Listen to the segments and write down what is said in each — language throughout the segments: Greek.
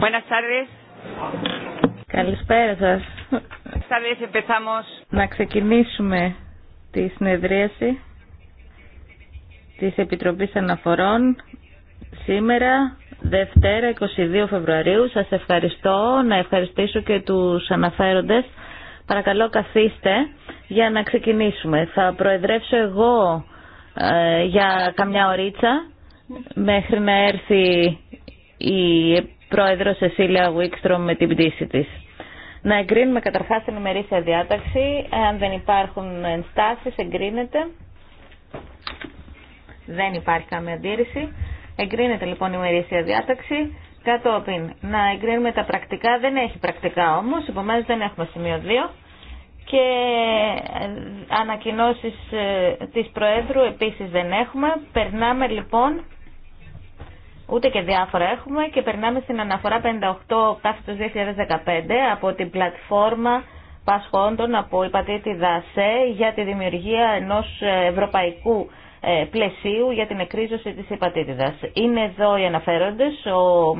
Buenas tardes. Καλησπέρα σας. Να ξεκινήσουμε τη συνεδρίαση της Επιτροπής Αναφορών σήμερα, Δευτέρα 22 Φεβρουαρίου. Σας ευχαριστώ. Να ευχαριστήσω και τους αναφέροντες. Παρακαλώ καθίστε για να ξεκινήσουμε. Θα προεδρεύσω εγώ ε, για καμιά ωρίτσα μέχρι να έρθει η πρόεδρο Σεσίλια Βίκστρομ με την πτήση της. Να εγκρίνουμε καταρχά την ημερήσια διάταξη. Αν δεν υπάρχουν ενστάσεις, εγκρίνεται. Δεν υπάρχει καμία αντίρρηση. Εγκρίνεται λοιπόν η ημερήσια διάταξη. Κατόπιν, να εγκρίνουμε τα πρακτικά. Δεν έχει πρακτικά όμως, Επομένω δεν έχουμε σημείο 2. Και ανακοινώσεις ε, της Προέδρου επίσης δεν έχουμε. Περνάμε λοιπόν ούτε και διάφορα έχουμε και περνάμε στην αναφορά 58 2015 από την πλατφόρμα Πασχόντων από υπατήτη ΔΑΣΕ για τη δημιουργία ενός ε, ευρωπαϊκού ε, πλαισίου για την εκρίζωση της υπατήτηδας. Είναι εδώ οι αναφέροντες, ο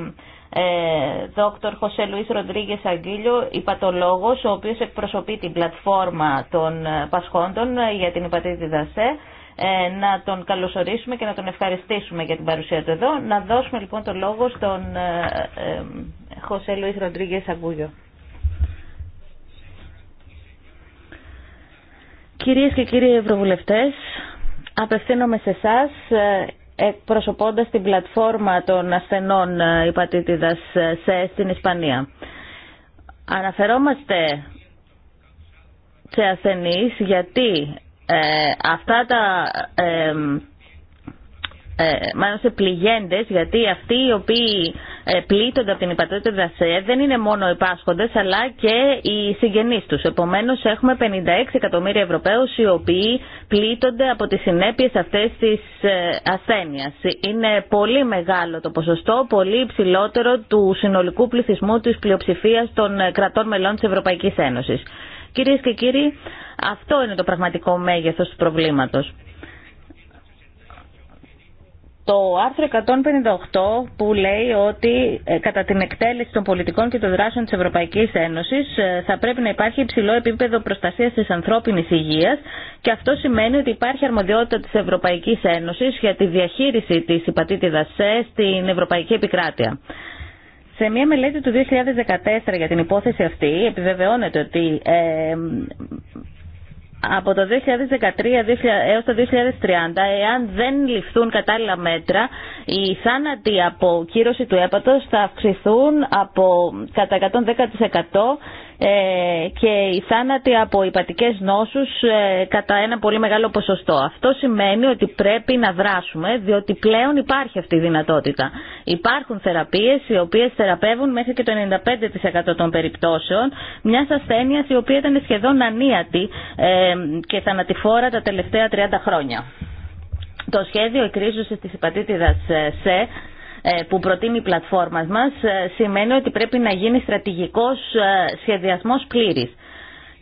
ε, δόκτωρ Χωσέ Λουίς Ροντρίγκες Αγγίλιο, υπατολόγος, ο οποίος εκπροσωπεί την πλατφόρμα των ε, Πασχόντων για την υπατήτη ΔΑΣΕ ε, να τον καλωσορίσουμε και να τον ευχαριστήσουμε για την παρουσία του εδώ. Να δώσουμε λοιπόν το λόγο στον ε, ε, Χωσέ Λουίς Ροντρίγκες Αγκούγιο. Κυρίες και κύριοι Ευρωβουλευτές, απευθύνομαι σε εσά εκπροσωπώντας την πλατφόρμα των ασθενών υπατήτηδας σε στην Ισπανία. Αναφερόμαστε σε ασθενείς γιατί ε, αυτά τα ε, ε, μάλλον σε πληγέντες, γιατί αυτοί οι οποίοι ε, πλήττονται από την υπατότητα ΔΑΣΕ δεν είναι μόνο οι πάσχοντες αλλά και οι συγγενείς τους. Επομένως έχουμε 56 εκατομμύρια Ευρωπαίους οι οποίοι πλήττονται από τις συνέπειες αυτές της ασθένειας. Είναι πολύ μεγάλο το ποσοστό, πολύ υψηλότερο του συνολικού πληθυσμού της πλειοψηφίας των κρατών μελών της Ευρωπαϊκής Ένωσης. Κυρίε και κύριοι, αυτό είναι το πραγματικό μέγεθο του προβλήματο. Το άρθρο 158 που λέει ότι ε, κατά την εκτέλεση των πολιτικών και των δράσεων της Ευρωπαϊκής Ένωσης ε, θα πρέπει να υπάρχει υψηλό επίπεδο προστασίας της ανθρώπινης υγείας και αυτό σημαίνει ότι υπάρχει αρμοδιότητα της Ευρωπαϊκής Ένωσης για τη διαχείριση της υπατήτηδας στην Ευρωπαϊκή Επικράτεια. Σε μια μελέτη του 2014 για την υπόθεση αυτή επιβεβαιώνεται ότι ε, από το 2013 έως το 2030, εάν δεν ληφθούν κατάλληλα μέτρα, οι θάνατοι από κύρωση του έπατος θα αυξηθούν από κατά 110% ε, και οι θάνατοι από υπατικές νόσους ε, κατά ένα πολύ μεγάλο ποσοστό. Αυτό σημαίνει ότι πρέπει να δράσουμε διότι πλέον υπάρχει αυτή η δυνατότητα. Υπάρχουν θεραπείες οι οποίες θεραπεύουν μέχρι και το 95% των περιπτώσεων μια ασθένεια η οποία ήταν σχεδόν ανίατη ε, και θανατηφόρα τα τελευταία 30 χρόνια. Το σχέδιο εκρίζωσης της υπατήτηδας ΣΕ. Ε, που προτείνει η πλατφόρμα μας ε, σημαίνει ότι πρέπει να γίνει στρατηγικός ε, σχεδιασμός πλήρης.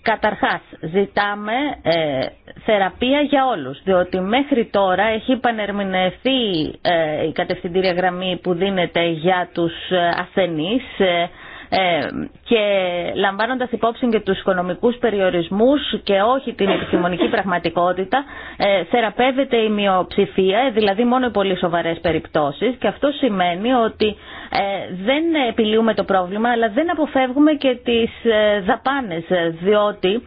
Καταρχάς, ζητάμε θεραπεία για όλους, διότι μέχρι τώρα έχει πανερμηνευθεί η κατευθυντήρια γραμμή που δίνεται για τους ασθενείς. Ε, και λαμβάνοντας υπόψη και τους οικονομικούς περιορισμούς και όχι την επιστημονική πραγματικότητα ε, θεραπεύεται η μειοψηφία, ε, δηλαδή μόνο οι πολύ σοβαρές περιπτώσεις και αυτό σημαίνει ότι δεν επιλύουμε το πρόβλημα αλλά δεν αποφεύγουμε και τις δαπάνες διότι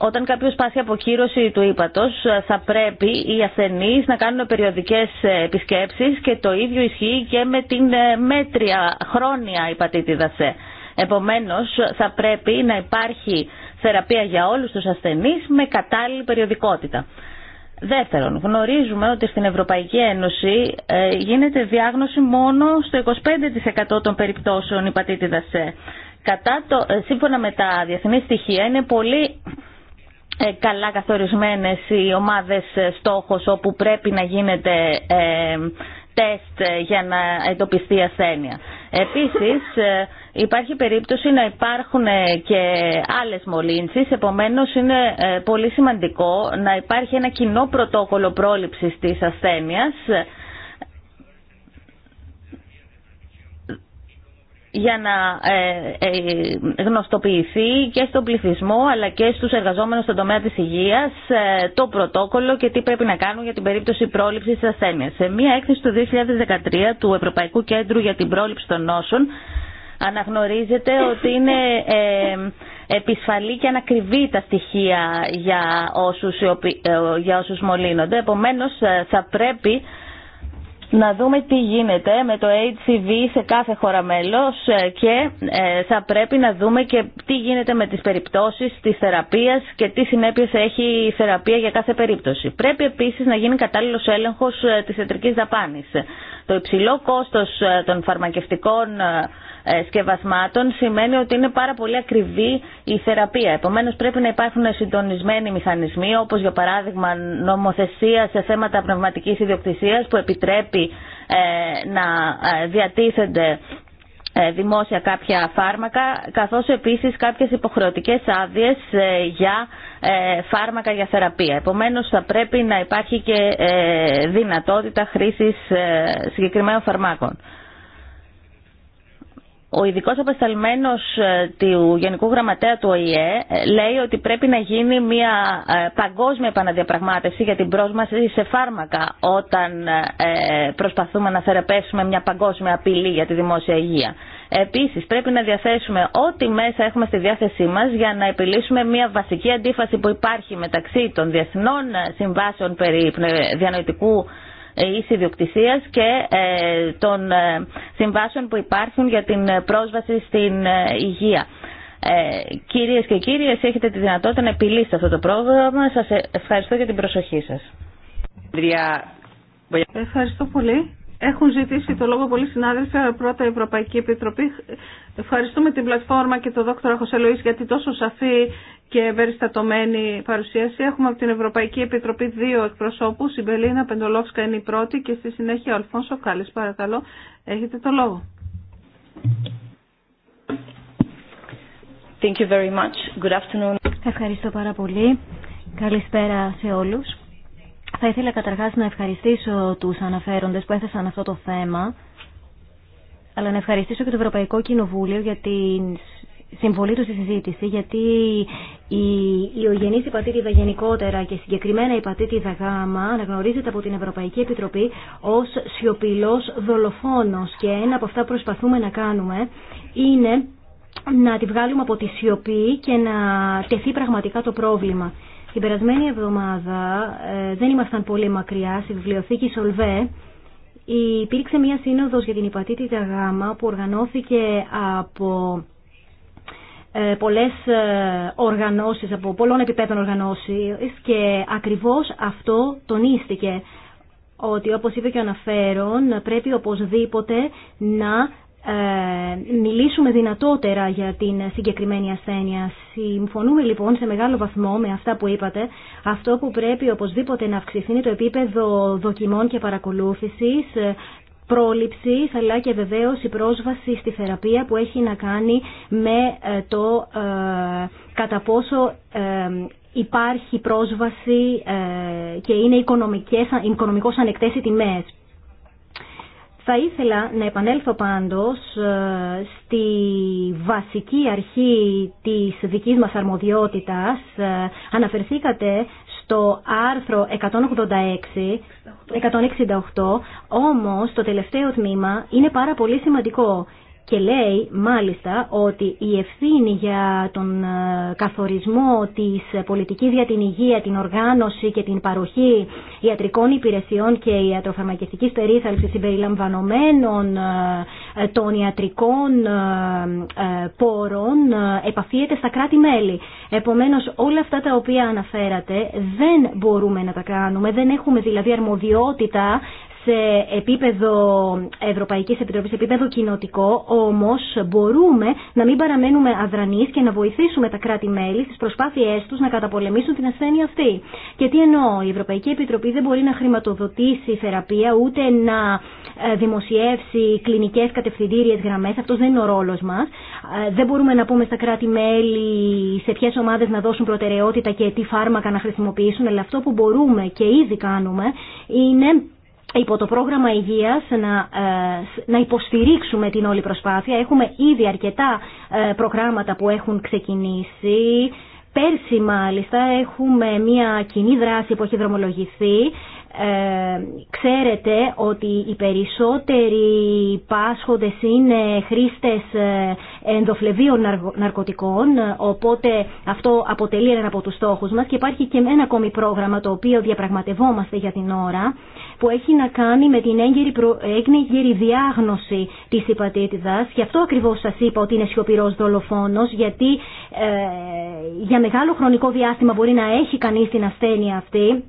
όταν κάποιος πάσει κύρωση του ύπατος θα πρέπει οι ασθενείς να κάνουν περιοδικές ε, επισκέψεις και το ίδιο ισχύει και με την ε, μέτρια χρόνια υπατήτη δασέ. Επομένως θα πρέπει να υπάρχει θεραπεία για όλους τους ασθενείς με κατάλληλη περιοδικότητα. Δεύτερον, γνωρίζουμε ότι στην Ευρωπαϊκή Ένωση ε, γίνεται διάγνωση μόνο στο 25% των περιπτώσεων υπατήτη δασέ. Κατά το, σύμφωνα με τα διεθνή στοιχεία είναι πολύ ε, καλά καθορισμένες οι ομάδες ε, στόχος όπου πρέπει να γίνεται ε, τεστ για να εντοπιστεί ασθένεια. Επίσης υπάρχει περίπτωση να υπάρχουν και άλλες μολύνσεις, επομένως είναι πολύ σημαντικό να υπάρχει ένα κοινό πρωτόκολλο πρόληψης της ασθένειας για να ε, ε, γνωστοποιηθεί και στον πληθυσμό αλλά και στους εργαζόμενους στον τομέα της υγείας ε, το πρωτόκολλο και τι πρέπει να κάνουν για την περίπτωση πρόληψης της ασθένειας. Σε μία έκθεση του 2013 του Ευρωπαϊκού Κέντρου για την Πρόληψη των Νόσων αναγνωρίζεται ότι είναι επισφαλή και ανακριβή τα στοιχεία για όσους, για μολύνονται. Επομένως, θα πρέπει να δούμε τι γίνεται με το HCV σε κάθε χώρα μέλος ε, και ε, θα πρέπει να δούμε και τι γίνεται με τις περιπτώσεις της θεραπείας και τι συνέπειες έχει η θεραπεία για κάθε περίπτωση. Πρέπει επίσης να γίνει κατάλληλος έλεγχος ε, της ιατρικής δαπάνης. Το υψηλό κόστος των φαρμακευτικών ε, σκευασμάτων σημαίνει ότι είναι πάρα πολύ ακριβή η θεραπεία. Επομένως πρέπει να υπάρχουν συντονισμένοι μηχανισμοί όπως για παράδειγμα νομοθεσία σε θέματα πνευματικής ιδιοκτησίας που επιτρέπει ε, να ε, διατίθενται δημόσια κάποια φάρμακα, καθώς επίσης κάποιες υποχρεωτικές άδειες για φάρμακα για θεραπεία. Επομένως θα πρέπει να υπάρχει και δυνατότητα χρήσης συγκεκριμένων φαρμάκων. Ο ειδικό απεσταλμένο ε, του Γενικού Γραμματέα του ΟΗΕ ε, λέει ότι πρέπει να γίνει μια ε, παγκόσμια επαναδιαπραγμάτευση για την πρόσβαση σε φάρμακα όταν προσπαθούμε να θεραπεύσουμε μια παγκόσμια απειλή για τη δημόσια υγεία. Επίσης πρέπει να διαθέσουμε ό,τι μέσα έχουμε στη διάθεσή μα για να επιλύσουμε μια βασική αντίφαση που υπάρχει μεταξύ των διεθνών συμβάσεων περί διανοητικού ίση ε, ιδιοκτησία και ε, των ε, συμβάσεων που υπάρχουν για την πρόσβαση στην υγεία. Ε, κυρίες και κύριοι, εσείς έχετε τη δυνατότητα να επιλύσετε αυτό το πρόγραμμα. Σας ευχαριστώ για την προσοχή σας. Ευχαριστώ πολύ. Έχουν ζητήσει το λόγο πολλοί συνάδελφοι, πρώτα η Ευρωπαϊκή Επιτροπή. Ευχαριστούμε την πλατφόρμα και τον δόκτωρα Χωσελοής γιατί τόσο σαφή και ευεριστατωμένη παρουσίαση. Έχουμε από την Ευρωπαϊκή Επιτροπή δύο εκπροσώπους. Η Μπελίνα Πεντολόφσκα είναι η πρώτη και στη συνέχεια ο Αλφόνσο Κάλλης. Παρακαλώ, έχετε το λόγο. Ευχαριστώ πάρα πολύ. Καλησπέρα σε όλους. Θα ήθελα καταρχάς να ευχαριστήσω τους αναφέροντες που έθεσαν αυτό το θέμα αλλά να ευχαριστήσω και το Ευρωπαϊκό Κοινοβούλιο για τις συμβολή του στη συζήτηση γιατί η, η ογενής υπατήτηδα γενικότερα και συγκεκριμένα η υπατήτηδα γάμα αναγνωρίζεται από την Ευρωπαϊκή Επιτροπή ως σιωπηλό δολοφόνος και ένα από αυτά που προσπαθούμε να κάνουμε είναι να τη βγάλουμε από τη σιωπή και να τεθεί πραγματικά το πρόβλημα. Την περασμένη εβδομάδα ε, δεν ήμασταν πολύ μακριά στη βιβλιοθήκη Σολβέ υπήρξε μια σύνοδος για την υπατήτητα γάμα που οργανώθηκε από ε, πολλές ε, οργανώσεις, από πολλών επιπέδων οργανώσεις και ακριβώς αυτό τονίστηκε ότι όπως είπε και ο αναφέρον πρέπει οπωσδήποτε να ε, μιλήσουμε δυνατότερα για την συγκεκριμένη ασθένεια. Συμφωνούμε λοιπόν σε μεγάλο βαθμό με αυτά που είπατε. Αυτό που πρέπει οπωσδήποτε να αυξηθεί είναι το επίπεδο δοκιμών και παρακολούθησης αλλά και βεβαίως η πρόσβαση στη θεραπεία που έχει να κάνει με ε, το ε, κατά πόσο ε, υπάρχει πρόσβαση και είναι οικονομικές, οικονομικώς ανεκτές οι τιμές. Θα ήθελα να επανέλθω πάντως στη βασική αρχή της δικής μας αρμοδιότητας. Αναφερθήκατε το άρθρο 186, 168, όμως το τελευταίο τμήμα είναι πάρα πολύ σημαντικό και λέει μάλιστα ότι η ευθύνη για τον ε, καθορισμό της πολιτικής για την υγεία, την οργάνωση και την παροχή ιατρικών υπηρεσιών και ιατροφαρμακευτικής περίθαλψης συμπεριλαμβανομένων ε, των ιατρικών ε, πόρων επαφίεται στα κράτη-μέλη. Επομένως όλα αυτά τα οποία αναφέρατε δεν μπορούμε να τα κάνουμε, δεν έχουμε δηλαδή αρμοδιότητα σε επίπεδο Ευρωπαϊκής Επιτροπής, σε επίπεδο κοινοτικό, όμως μπορούμε να μην παραμένουμε αδρανείς και να βοηθήσουμε τα κράτη-μέλη στις προσπάθειές τους να καταπολεμήσουν την ασθένεια αυτή. Και τι εννοώ, η Ευρωπαϊκή Επιτροπή δεν μπορεί να χρηματοδοτήσει θεραπεία ούτε να ε, δημοσιεύσει κλινικές κατευθυντήριες γραμμές, αυτός δεν είναι ο ρόλος μας. Ε, δεν μπορούμε να πούμε στα κράτη-μέλη σε ποιες ομάδες να δώσουν προτεραιότητα και τι φάρμακα να χρησιμοποιήσουν, αλλά αυτό που μπορούμε και ήδη κάνουμε είναι υπό το πρόγραμμα υγείας να, ε, να υποστηρίξουμε την όλη προσπάθεια. Έχουμε ήδη αρκετά ε, προγράμματα που έχουν ξεκινήσει. Πέρσι μάλιστα έχουμε μια κοινή δράση που έχει δρομολογηθεί ε, ξέρετε ότι οι περισσότεροι πάσχοντες είναι χρήστες ε, ενδοφλεβίων ναρκωτικών, οπότε αυτό αποτελεί ένα από τους στόχους μας και υπάρχει και ένα ακόμη πρόγραμμα το οποίο διαπραγματευόμαστε για την ώρα που έχει να κάνει με την έγκαιρη, διάγνωση της υπατήτηδας. Γι' αυτό ακριβώς σας είπα ότι είναι σιωπηρός δολοφόνος, γιατί ε, για μεγάλο χρονικό διάστημα μπορεί να έχει κανείς την ασθένεια αυτή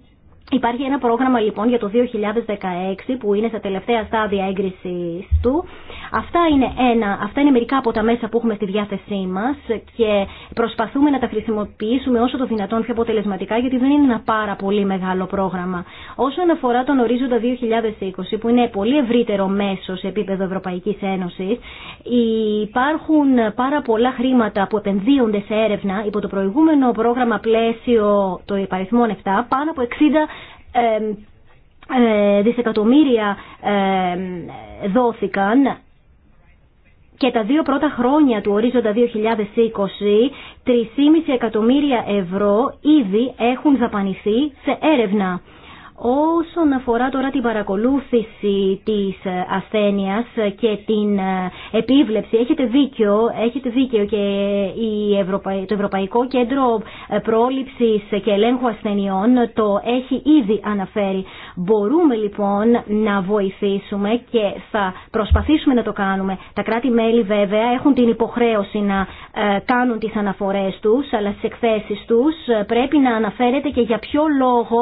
Υπάρχει ένα πρόγραμμα λοιπόν για το 2016 που είναι στα τελευταία στάδια έγκρισης του Αυτά είναι, ένα, αυτά είναι μερικά από τα μέσα που έχουμε στη διάθεσή μας και προσπαθούμε να τα χρησιμοποιήσουμε όσο το δυνατόν πιο αποτελεσματικά γιατί δεν είναι ένα πάρα πολύ μεγάλο πρόγραμμα. Όσον αφορά τον ορίζοντα 2020 που είναι πολύ ευρύτερο μέσο σε επίπεδο Ευρωπαϊκής Ένωσης υπάρχουν πάρα πολλά χρήματα που επενδύονται σε έρευνα υπό το προηγούμενο πρόγραμμα πλαίσιο το υπαριθμών 7 πάνω από 60 ε, ε, δισεκατομμύρια ε, δόθηκαν και τα δύο πρώτα χρόνια του ορίζοντα 2020 3,5 εκατομμύρια ευρώ ήδη έχουν δαπανηθεί σε έρευνα. Όσον αφορά τώρα την παρακολούθηση της ε, ασθένειας και την ε, επίβλεψη, έχετε δίκιο, έχετε δίκιο και η το Ευρωπαϊκό Κέντρο ε, Πρόληψης και Ελέγχου Ασθενειών το έχει ήδη αναφέρει. Μπορούμε λοιπόν να βοηθήσουμε και θα προσπαθήσουμε να το κάνουμε. Τα κράτη-μέλη βέβαια έχουν την υποχρέωση να κάνουν τις αναφορές τους, αλλά στις εκθέσεις τους πρέπει να αναφέρεται και για ποιο λόγο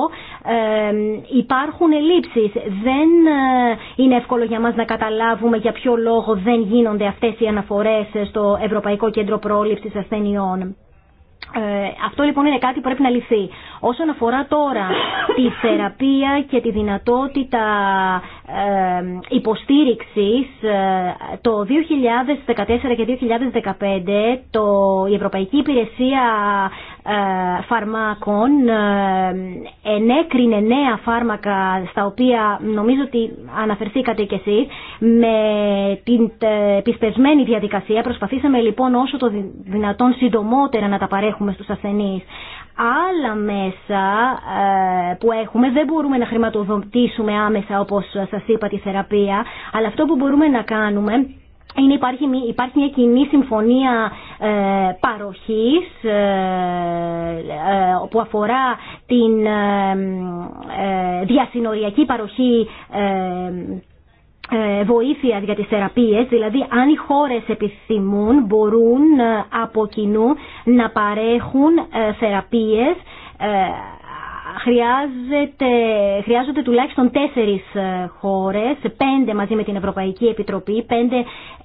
υπάρχουν ελλείψεις. Δεν ε, είναι εύκολο για μας να καταλάβουμε για ποιο λόγο δεν γίνονται αυτές οι αναφορές στο Ευρωπαϊκό Κέντρο Πρόληψης Ασθενειών. Ε, αυτό λοιπόν είναι κάτι που πρέπει να λυθεί. Όσον αφορά τώρα τη θεραπεία και τη δυνατότητα ε, υποστήριξης, ε, το 2014 και 2015 το, η Ευρωπαϊκή Υπηρεσία φαρμάκων ε, ενέκρινε νέα φάρμακα στα οποία νομίζω ότι αναφερθήκατε κι εσείς με την ε, επισπεσμένη διαδικασία. Προσπαθήσαμε λοιπόν όσο το δυνατόν συντομότερα να τα παρέχουμε στους ασθενείς. Άλλα μέσα ε, που έχουμε δεν μπορούμε να χρηματοδοτήσουμε άμεσα όπως σας είπα τη θεραπεία αλλά αυτό που μπορούμε να κάνουμε είναι, υπάρχει, μια κοινή συμφωνία ε, παροχής ε, ε, που αφορά την ε, διασυνοριακή παροχή βοήθεια για τις θεραπείες, δηλαδή αν οι χώρες επιθυμούν μπορούν από κοινού να παρέχουν θεραπείες χρειάζεται, χρειάζονται τουλάχιστον τέσσερις ε, χώρες, πέντε μαζί με την Ευρωπαϊκή Επιτροπή, πέντε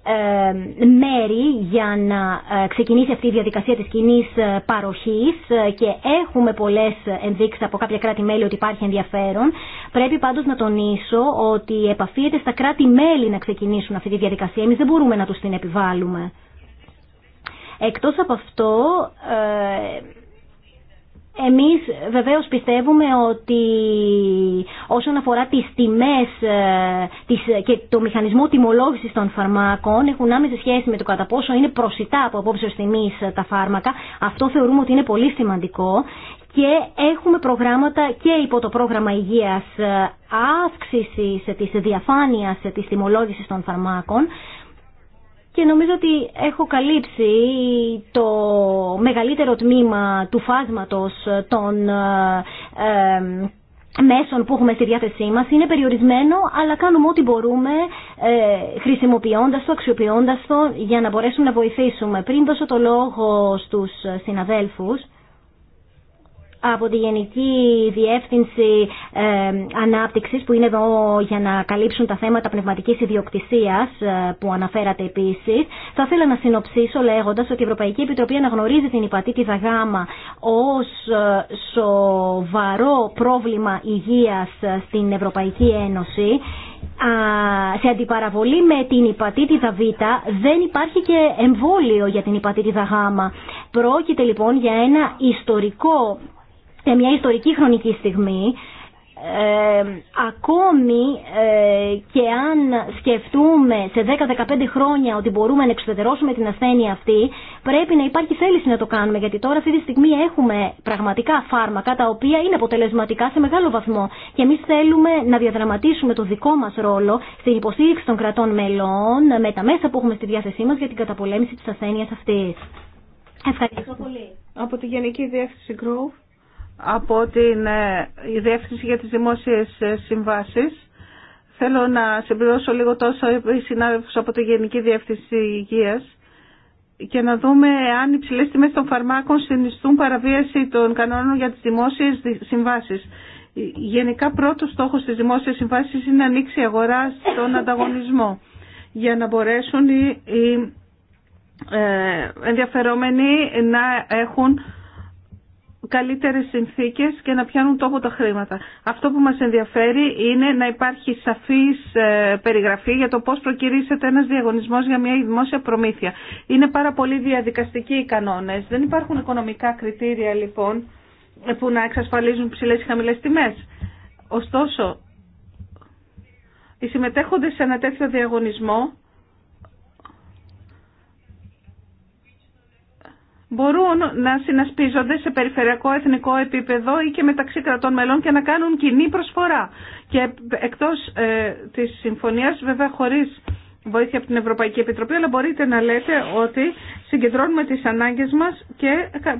ε, μέρη για να ε, ξεκινήσει αυτή η διαδικασία της κοινή παροχής και έχουμε πολλές ενδείξεις από κάποια κράτη-μέλη ότι υπάρχει ενδιαφέρον. Πρέπει πάντως να τονίσω ότι επαφίεται στα κράτη-μέλη να ξεκινήσουν αυτή τη διαδικασία. Εμείς δεν μπορούμε να τους την επιβάλλουμε. Εκτός από αυτό, εμείς βεβαίως πιστεύουμε ότι όσον αφορά τις τιμές ε, και το μηχανισμό τιμολόγησης των φαρμάκων έχουν άμεση σχέση με το κατά πόσο είναι προσιτά από απόψεως τιμής ε, τα φάρμακα. Αυτό θεωρούμε ότι είναι πολύ σημαντικό και έχουμε προγράμματα και υπό το πρόγραμμα υγείας ε, αύξησης της διαφάνειας της τιμολόγησης των φαρμάκων και νομίζω ότι έχω καλύψει το μεγαλύτερο τμήμα του φάσματος των ε, ε, μέσων που έχουμε στη διάθεσή μας είναι περιορισμένο αλλά κάνουμε ό,τι μπορούμε ε, χρησιμοποιώντας το, αξιοποιώντας το για να μπορέσουμε να βοηθήσουμε. Πριν δώσω το λόγο στους συναδέλφους από τη Γενική Διεύθυνση ε, Ανάπτυξης που είναι εδώ για να καλύψουν τα θέματα πνευματικής ιδιοκτησίας ε, που αναφέρατε επίσης. Θα ήθελα να συνοψίσω λέγοντας ότι η Ευρωπαϊκή Επιτροπή αναγνωρίζει την υπατήτη γάμα ως ε, σοβαρό πρόβλημα υγείας στην Ευρωπαϊκή Ένωση σε αντιπαραβολή με την υπατήτη Β δεν υπάρχει και εμβόλιο για την υπατήτη Γ. Πρόκειται λοιπόν για ένα ιστορικό σε μια ιστορική χρονική στιγμή ε, ακόμη ε, και αν σκεφτούμε σε 10-15 χρόνια ότι μπορούμε να εξουδετερώσουμε την ασθένεια αυτή, πρέπει να υπάρχει θέληση να το κάνουμε. Γιατί τώρα αυτή τη στιγμή έχουμε πραγματικά φάρμακα τα οποία είναι αποτελεσματικά σε μεγάλο βαθμό. Και εμείς θέλουμε να διαδραματίσουμε το δικό μας ρόλο στην υποστήριξη των κρατών μελών με τα μέσα που έχουμε στη διάθεσή μα για την καταπολέμηση της ασθένειας αυτής. Ευχαριστώ πολύ. Από τη Γενική Διεύθυνση Growth από την ε, Διεύθυνση για τις Δημόσιες ε, Συμβάσεις. Θέλω να συμπληρώσω λίγο τόσο η συνάδελφος από τη Γενική Διεύθυνση Υγείας και να δούμε αν οι ψηλές τιμές των φαρμάκων συνιστούν παραβίαση των κανόνων για τις δημόσιες συμβάσεις. Γενικά πρώτος στόχος της δημόσιας Συμβάσεις είναι να ανοίξει η αγορά στον ανταγωνισμό για να μπορέσουν οι ε, ενδιαφερόμενοι να έχουν καλύτερες συνθήκες και να πιάνουν τόπο τα χρήματα. Αυτό που μας ενδιαφέρει είναι να υπάρχει σαφής ε, περιγραφή για το πώς προκυρήσεται ένας διαγωνισμός για μια δημόσια προμήθεια. Είναι πάρα πολύ διαδικαστικοί οι κανόνες. Δεν υπάρχουν οικονομικά κριτήρια λοιπόν που να εξασφαλίζουν ψηλές ή χαμηλές τιμές. Ωστόσο, οι συμμετέχοντες σε ένα τέτοιο διαγωνισμό μπορούν να συνασπίζονται σε περιφερειακό εθνικό επίπεδο ή και μεταξύ κρατών μελών και να κάνουν κοινή προσφορά. Και εκτός ε, της συμφωνίας, βέβαια χωρίς βοήθεια από την Ευρωπαϊκή Επιτροπή, αλλά μπορείτε να λέτε ότι συγκεντρώνουμε τις ανάγκες μας και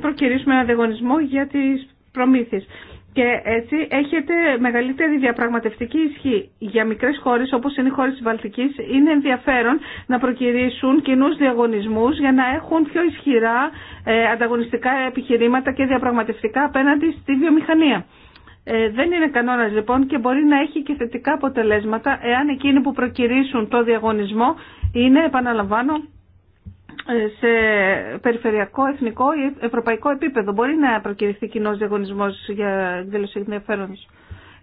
προκυρήσουμε ένα διαγωνισμό για τις προμήθειες. Και έτσι έχετε μεγαλύτερη διαπραγματευτική ισχύ. Για μικρές χώρε, όπως είναι οι χώρες τη Βαλτικής είναι ενδιαφέρον να προκυρήσουν κοινού διαγωνισμούς για να έχουν πιο ισχυρά ε, ανταγωνιστικά επιχειρήματα και διαπραγματευτικά απέναντι στη βιομηχανία. Ε, δεν είναι κανόνας λοιπόν και μπορεί να έχει και θετικά αποτελέσματα εάν εκείνοι που προκυρήσουν το διαγωνισμό είναι, επαναλαμβάνω, ε, σε περιφερειακό, εθνικό ή ευρωπαϊκό επίπεδο. Μπορεί να προκυρηθεί κοινό διαγωνισμό για εκδήλωση ενδιαφέροντο.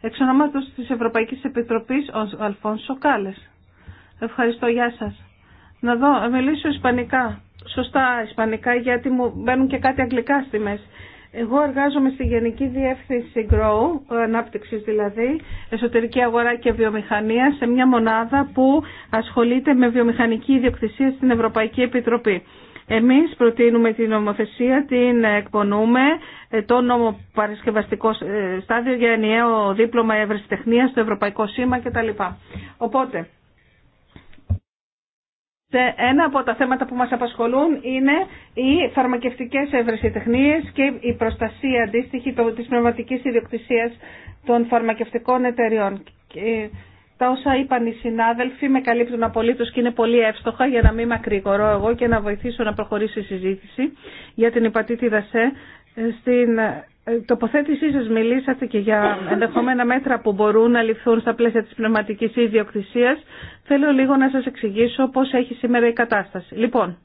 Εξ ονόματο τη Ευρωπαϊκή Επιτροπή, ο Αλφόνσο Κάλε. Ευχαριστώ, γεια σα. Να δω, μιλήσω ισπανικά. Σωστά ισπανικά, γιατί μου μπαίνουν και κάτι αγγλικά στη μέση. Εγώ εργάζομαι στη Γενική Διεύθυνση Grow, ανάπτυξη δηλαδή, εσωτερική αγορά και βιομηχανία, σε μια μονάδα που ασχολείται με βιομηχανική ιδιοκτησία στην Ευρωπαϊκή Επιτροπή. Εμείς προτείνουμε την νομοθεσία, την εκπονούμε, το νομοπαρασκευαστικό ε, στάδιο για ενιαίο δίπλωμα ευρεσιτεχνία, στο Ευρωπαϊκό Σήμα κτλ. Οπότε, ένα από τα θέματα που μας απασχολούν είναι οι φαρμακευτικές ευρεσιτεχνίες και η προστασία αντίστοιχη της πνευματικής ιδιοκτησίας των φαρμακευτικών εταιριών. Τα όσα είπαν οι συνάδελφοι με καλύπτουν απολύτω και είναι πολύ εύστοχα για να μην μακρηγορώ εγώ και να βοηθήσω να προχωρήσει η συζήτηση για την υπατήτη δασέ στην ε, τοποθέτησή σας μιλήσατε και για ενδεχόμενα μέτρα που μπορούν να ληφθούν στα πλαίσια της πνευματικής ιδιοκτησίας. Θέλω λίγο να σας εξηγήσω πώς έχει σήμερα η κατάσταση. Λοιπόν,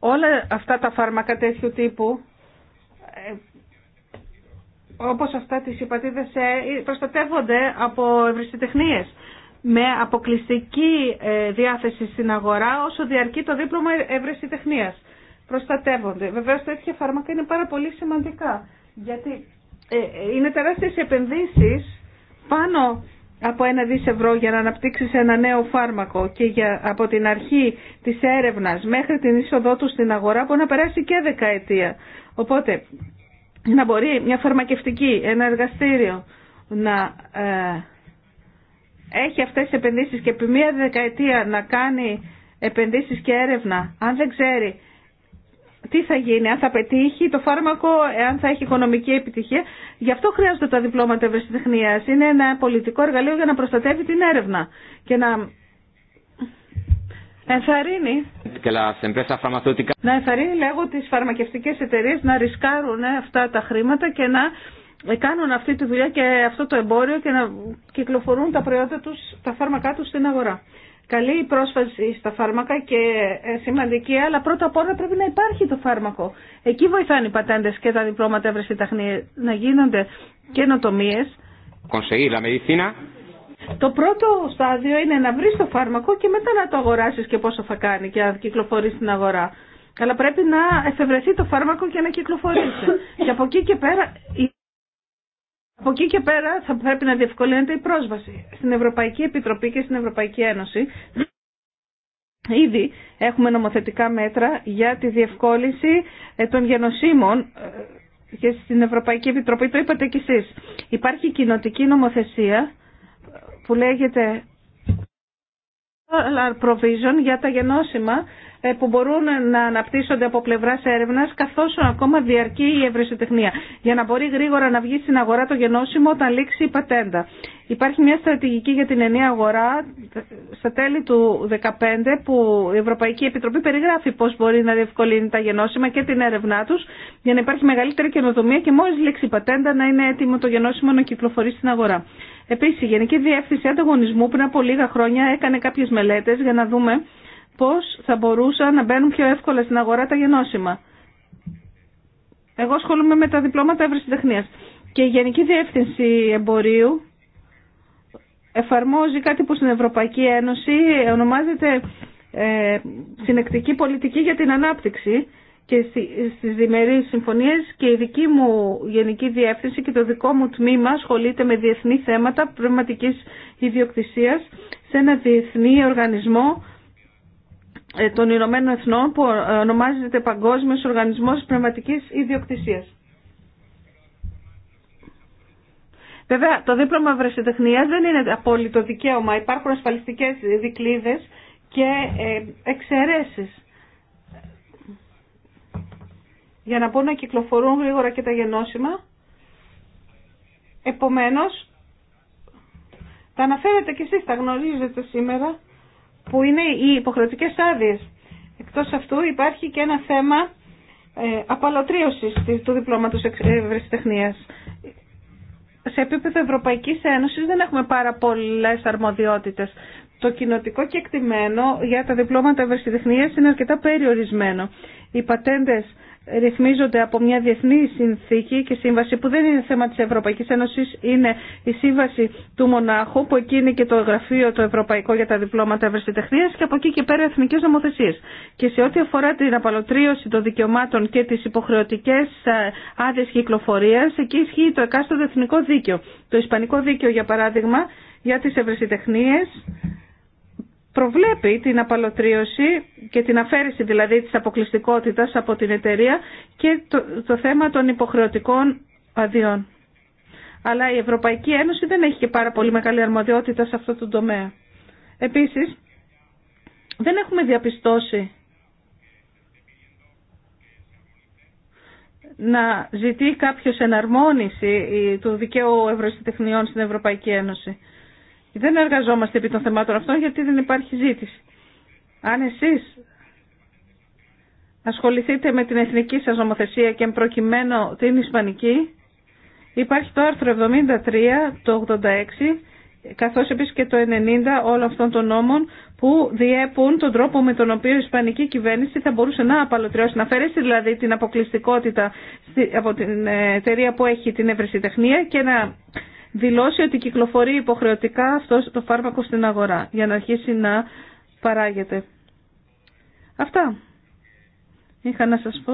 όλα αυτά τα φάρμακα τέτοιου τύπου, ε, όπως αυτά της υπατίδας, ε, προστατεύονται από ευρεσιτεχνίες με αποκλειστική διάθεση στην αγορά όσο διαρκεί το δίπλωμα ευρεσιτεχνίας προστατεύονται. Βεβαίως τέτοια φάρμακα είναι πάρα πολύ σημαντικά γιατί ε, ε, είναι τεράστιες επενδύσεις πάνω από ένα δις ευρώ για να αναπτύξεις ένα νέο φάρμακο και για, από την αρχή της έρευνας μέχρι την είσοδό του στην αγορά μπορεί να περάσει και δεκαετία. Οπότε να μπορεί μια φαρμακευτική, ένα εργαστήριο να ε, έχει αυτές τις επενδύσεις και επί μία δεκαετία να κάνει επενδύσεις και έρευνα αν δεν ξέρει τι θα γίνει, αν θα πετύχει το φάρμακο, αν θα έχει οικονομική επιτυχία. Γι' αυτό χρειάζονται τα διπλώματα ευρεσιτεχνία. Είναι ένα πολιτικό εργαλείο για να προστατεύει την έρευνα και να ενθαρρύνει. Και να ενθαρρύνει, λέγω, τι φαρμακευτικέ εταιρείε να ρισκάρουν ε, αυτά τα χρήματα και να κάνουν αυτή τη δουλειά και αυτό το εμπόριο και να κυκλοφορούν τα προϊόντα τους, τα φάρμακά τους στην αγορά καλή η στα φάρμακα και ε, σημαντική, αλλά πρώτα απ' όλα πρέπει να υπάρχει το φάρμακο. Εκεί βοηθάνε οι πατέντες και τα διπλώματα ευρεσιταχνία να γίνονται καινοτομίε. Το πρώτο στάδιο είναι να βρεις το φάρμακο και μετά να το αγοράσεις και πόσο θα κάνει και να κυκλοφορεί στην αγορά. Αλλά πρέπει να εφευρεθεί το φάρμακο και να κυκλοφορήσει. και από εκεί και πέρα από εκεί και πέρα θα πρέπει να διευκολύνεται η πρόσβαση στην Ευρωπαϊκή Επιτροπή και στην Ευρωπαϊκή Ένωση. Ήδη έχουμε νομοθετικά μέτρα για τη διευκόλυνση ε, των γενοσύμων ε, και στην Ευρωπαϊκή Επιτροπή, το είπατε κι εσείς. Υπάρχει κοινοτική νομοθεσία που λέγεται Provision για τα γενώσιμα ε, που μπορούν να αναπτύσσονται από πλευρά έρευνα, καθώ ακόμα διαρκεί η ευρεσιτεχνία, για να μπορεί γρήγορα να βγει στην αγορά το γενώσιμο όταν λήξει η πατέντα. Υπάρχει μια στρατηγική για την ενιαία αγορά ε, στα τέλη του 2015 που η Ευρωπαϊκή Επιτροπή περιγράφει πώ μπορεί να διευκολύνει τα γενώσιμα και την έρευνά του για να υπάρχει μεγαλύτερη καινοτομία και μόλι λήξει η πατέντα να είναι έτοιμο το γενώσιμο να κυκλοφορεί στην αγορά. Επίση, η Γενική Διεύθυνση Ανταγωνισμού πριν από λίγα χρόνια έκανε κάποιε μελέτε για να δούμε πώς θα μπορούσαν να μπαίνουν πιο εύκολα στην αγορά τα γενώσιμα. Εγώ ασχολούμαι με τα διπλώματα ευρεσιτεχνία. και η Γενική Διεύθυνση Εμπορίου εφαρμόζει κάτι που στην Ευρωπαϊκή Ένωση ονομάζεται ε, συνεκτική πολιτική για την ανάπτυξη και στις διμερείς συμφωνίες και η δική μου γενική διεύθυνση και το δικό μου τμήμα ασχολείται με διεθνή θέματα πνευματικής ιδιοκτησίας σε ένα διεθνή οργανισμό ε, των Ηνωμένων Εθνών που ε, ονομάζεται Παγκόσμιος Οργανισμός Πνευματικής Ιδιοκτησίας. Βέβαια, το δίπλωμα βρεσιτεχνία δεν είναι απόλυτο δικαίωμα. Υπάρχουν ασφαλιστικέ δικλείδε και ε, εξαιρέσει. Για να μπορούν να κυκλοφορούν γρήγορα και τα γενώσιμα. Επομένω, τα αναφέρετε κι εσεί, τα γνωρίζετε σήμερα που είναι οι υποχρεωτικές άδειε. Εκτός αυτού υπάρχει και ένα θέμα ε, απαλωτρίωσης του διπλώματος ευρεσιτεχνίας. Σε επίπεδο Ευρωπαϊκής Ένωσης δεν έχουμε πάρα πολλές αρμοδιότητες. Το κοινοτικό κεκτημένο για τα διπλώματα ευρεσιτεχνίας είναι αρκετά περιορισμένο. Οι πατέντες ρυθμίζονται από μια διεθνή συνθήκη και σύμβαση που δεν είναι θέμα της Ευρωπαϊκής Ένωσης, είναι η σύμβαση του Μονάχου που εκεί είναι και το γραφείο το Ευρωπαϊκό για τα Διπλώματα Ευρεσιτεχνίας και από εκεί και πέρα εθνικές νομοθεσίες. Και σε ό,τι αφορά την απαλωτρίωση των δικαιωμάτων και τις υποχρεωτικές ε, άδειε κυκλοφορίας, εκεί ισχύει το εκάστοτε εθνικό δίκαιο. Το Ισπανικό δίκαιο, για παράδειγμα, για τις ευρεσιτεχνίες προβλέπει την απαλωτρίωση και την αφαίρεση δηλαδή της αποκλειστικότητας από την εταιρεία και το, θέμα των υποχρεωτικών αδειών. Αλλά η Ευρωπαϊκή Ένωση δεν έχει και πάρα πολύ μεγάλη αρμοδιότητα σε αυτό το τομέα. Επίσης, δεν έχουμε διαπιστώσει να ζητεί κάποιος εναρμόνιση του δικαίου ευρωστητεχνιών στην Ευρωπαϊκή Ένωση. Δεν εργαζόμαστε επί των θεμάτων αυτών γιατί δεν υπάρχει ζήτηση. Αν εσείς ασχοληθείτε με την εθνική σας νομοθεσία και προκειμένου την ισπανική, υπάρχει το άρθρο 73, το 86 καθώς επίσης και το 90 όλων αυτών των νόμων που διέπουν τον τρόπο με τον οποίο η Ισπανική κυβέρνηση θα μπορούσε να απαλωτριώσει, να αφαιρέσει δηλαδή την αποκλειστικότητα από την ε, εταιρεία που έχει την ευρεσιτεχνία και να δηλώσει ότι κυκλοφορεί υποχρεωτικά αυτό το φάρμακο στην αγορά για να αρχίσει να παράγεται. Αυτά είχα να σας πω.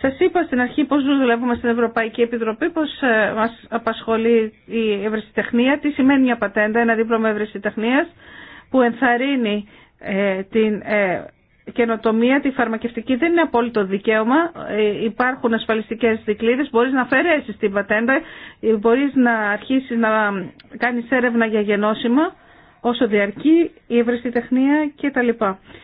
Σας είπα στην αρχή πώς δουλεύουμε στην Ευρωπαϊκή Επιτροπή, πώς ε, μας απασχολεί η ευρεσιτεχνία, τι σημαίνει μια πατέντα, ένα δίπλωμα ευρεσιτεχνίας που ενθαρρύνει ε, την ε, καινοτομία, τη φαρμακευτική δεν είναι απόλυτο δικαίωμα. Ε, υπάρχουν ασφαλιστικές δικλείδες, μπορείς να αφαιρέσει την πατέντα, ε, μπορείς να αρχίσεις να κάνεις έρευνα για γενώσιμα όσο διαρκεί η ευρεσιτεχνία κτλ.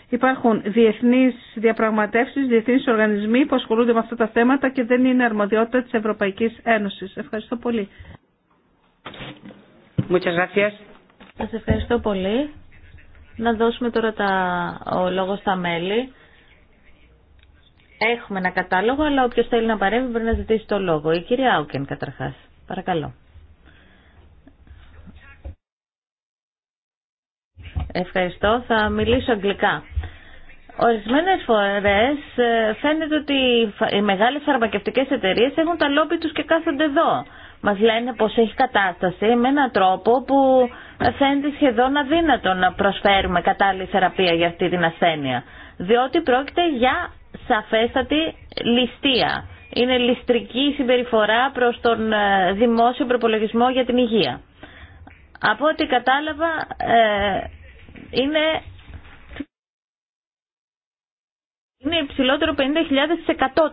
Υπάρχουν διεθνείς διαπραγματεύσεις, διεθνείς οργανισμοί που ασχολούνται με αυτά τα θέματα και δεν είναι αρμοδιότητα τη Ευρωπαϊκή Ένωση. Ευχαριστώ πολύ. Muchas ευχαριστώ πολύ. Να δώσουμε τώρα τα, ο λόγο στα μέλη. Έχουμε ένα κατάλογο, αλλά όποιος θέλει να παρέμβει μπορεί να ζητήσει το λόγο. Η κυρία Άουκεν καταρχάς. Παρακαλώ. Ευχαριστώ. Θα μιλήσω αγγλικά. Ορισμένες φορές ε, φαίνεται ότι οι μεγάλες φαρμακευτικές εταιρείες έχουν τα λόμπι τους και κάθονται εδώ μας λένε πως έχει κατάσταση με έναν τρόπο που φαίνεται σχεδόν αδύνατο να προσφέρουμε κατάλληλη θεραπεία για αυτή την ασθένεια. Διότι πρόκειται για σαφέστατη ληστεία. Είναι ληστρική συμπεριφορά προς τον ε, δημόσιο προπολογισμό για την υγεία. Από ό,τι κατάλαβα ε, είναι είναι υψηλότερο 50.000%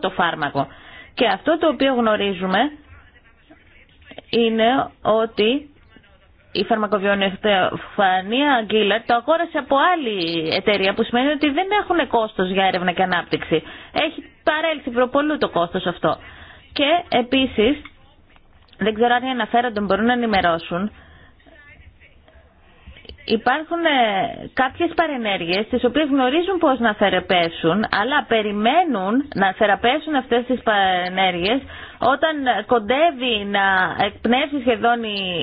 το φάρμακο. Και αυτό το οποίο γνωρίζουμε είναι ότι η φαρμακοβιομηχανία Αγγίλα το αγόρασε από άλλη εταιρεία που σημαίνει ότι δεν έχουν κόστος για έρευνα και ανάπτυξη. Έχει παρέλθει προπολού το κόστος αυτό. Και επίσης, δεν ξέρω αν οι αναφέρονται μπορούν να ενημερώσουν, υπάρχουν ε, κάποιες παρενέργειες τις οποίες γνωρίζουν πώς να θεραπεύσουν αλλά περιμένουν να θεραπεύσουν αυτές τις παρενέργειες όταν κοντεύει να εκπνεύσει σχεδόν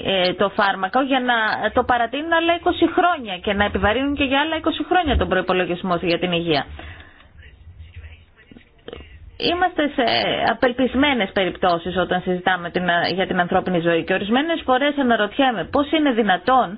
ε, το φάρμακο για να το παρατείνουν άλλα 20 χρόνια και να επιβαρύνουν και για άλλα 20 χρόνια τον προϋπολογισμό για την υγεία. Είμαστε σε απελπισμένες περιπτώσεις όταν συζητάμε για την ανθρώπινη ζωή και ορισμένες φορές αναρωτιέμαι πώς είναι δυνατόν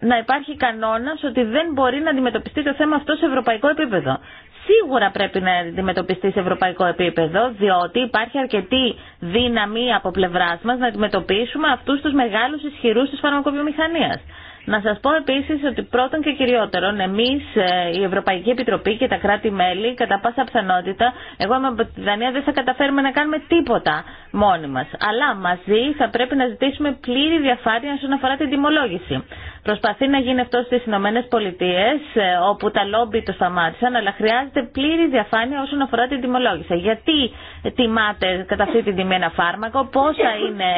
να υπάρχει κανόνας ότι δεν μπορεί να αντιμετωπιστεί το θέμα αυτό σε ευρωπαϊκό επίπεδο. Σίγουρα πρέπει να αντιμετωπιστεί σε ευρωπαϊκό επίπεδο, διότι υπάρχει αρκετή δύναμη από πλευρά μα να αντιμετωπίσουμε αυτού του μεγάλου ισχυρού τη φαρμακοβιομηχανία. Να σας πω επίσης ότι πρώτον και κυριότερον, εμείς, ε, η Ευρωπαϊκή Επιτροπή και τα κράτη-μέλη, κατά πάσα πιθανότητα, εγώ είμαι από τη Δανία, δεν θα καταφέρουμε να κάνουμε τίποτα μόνοι μας. Αλλά μαζί θα πρέπει να ζητήσουμε πλήρη διαφάνεια όσον αφορά την τιμολόγηση. Προσπαθεί να γίνει αυτό στι Ηνωμένε Πολιτείε, ε, όπου τα λόμπι το σταμάτησαν, αλλά χρειάζεται πλήρη διαφάνεια όσον αφορά την τιμολόγηση. Γιατί τιμάται κατά αυτή την τιμή ένα φάρμακο, πόσα είναι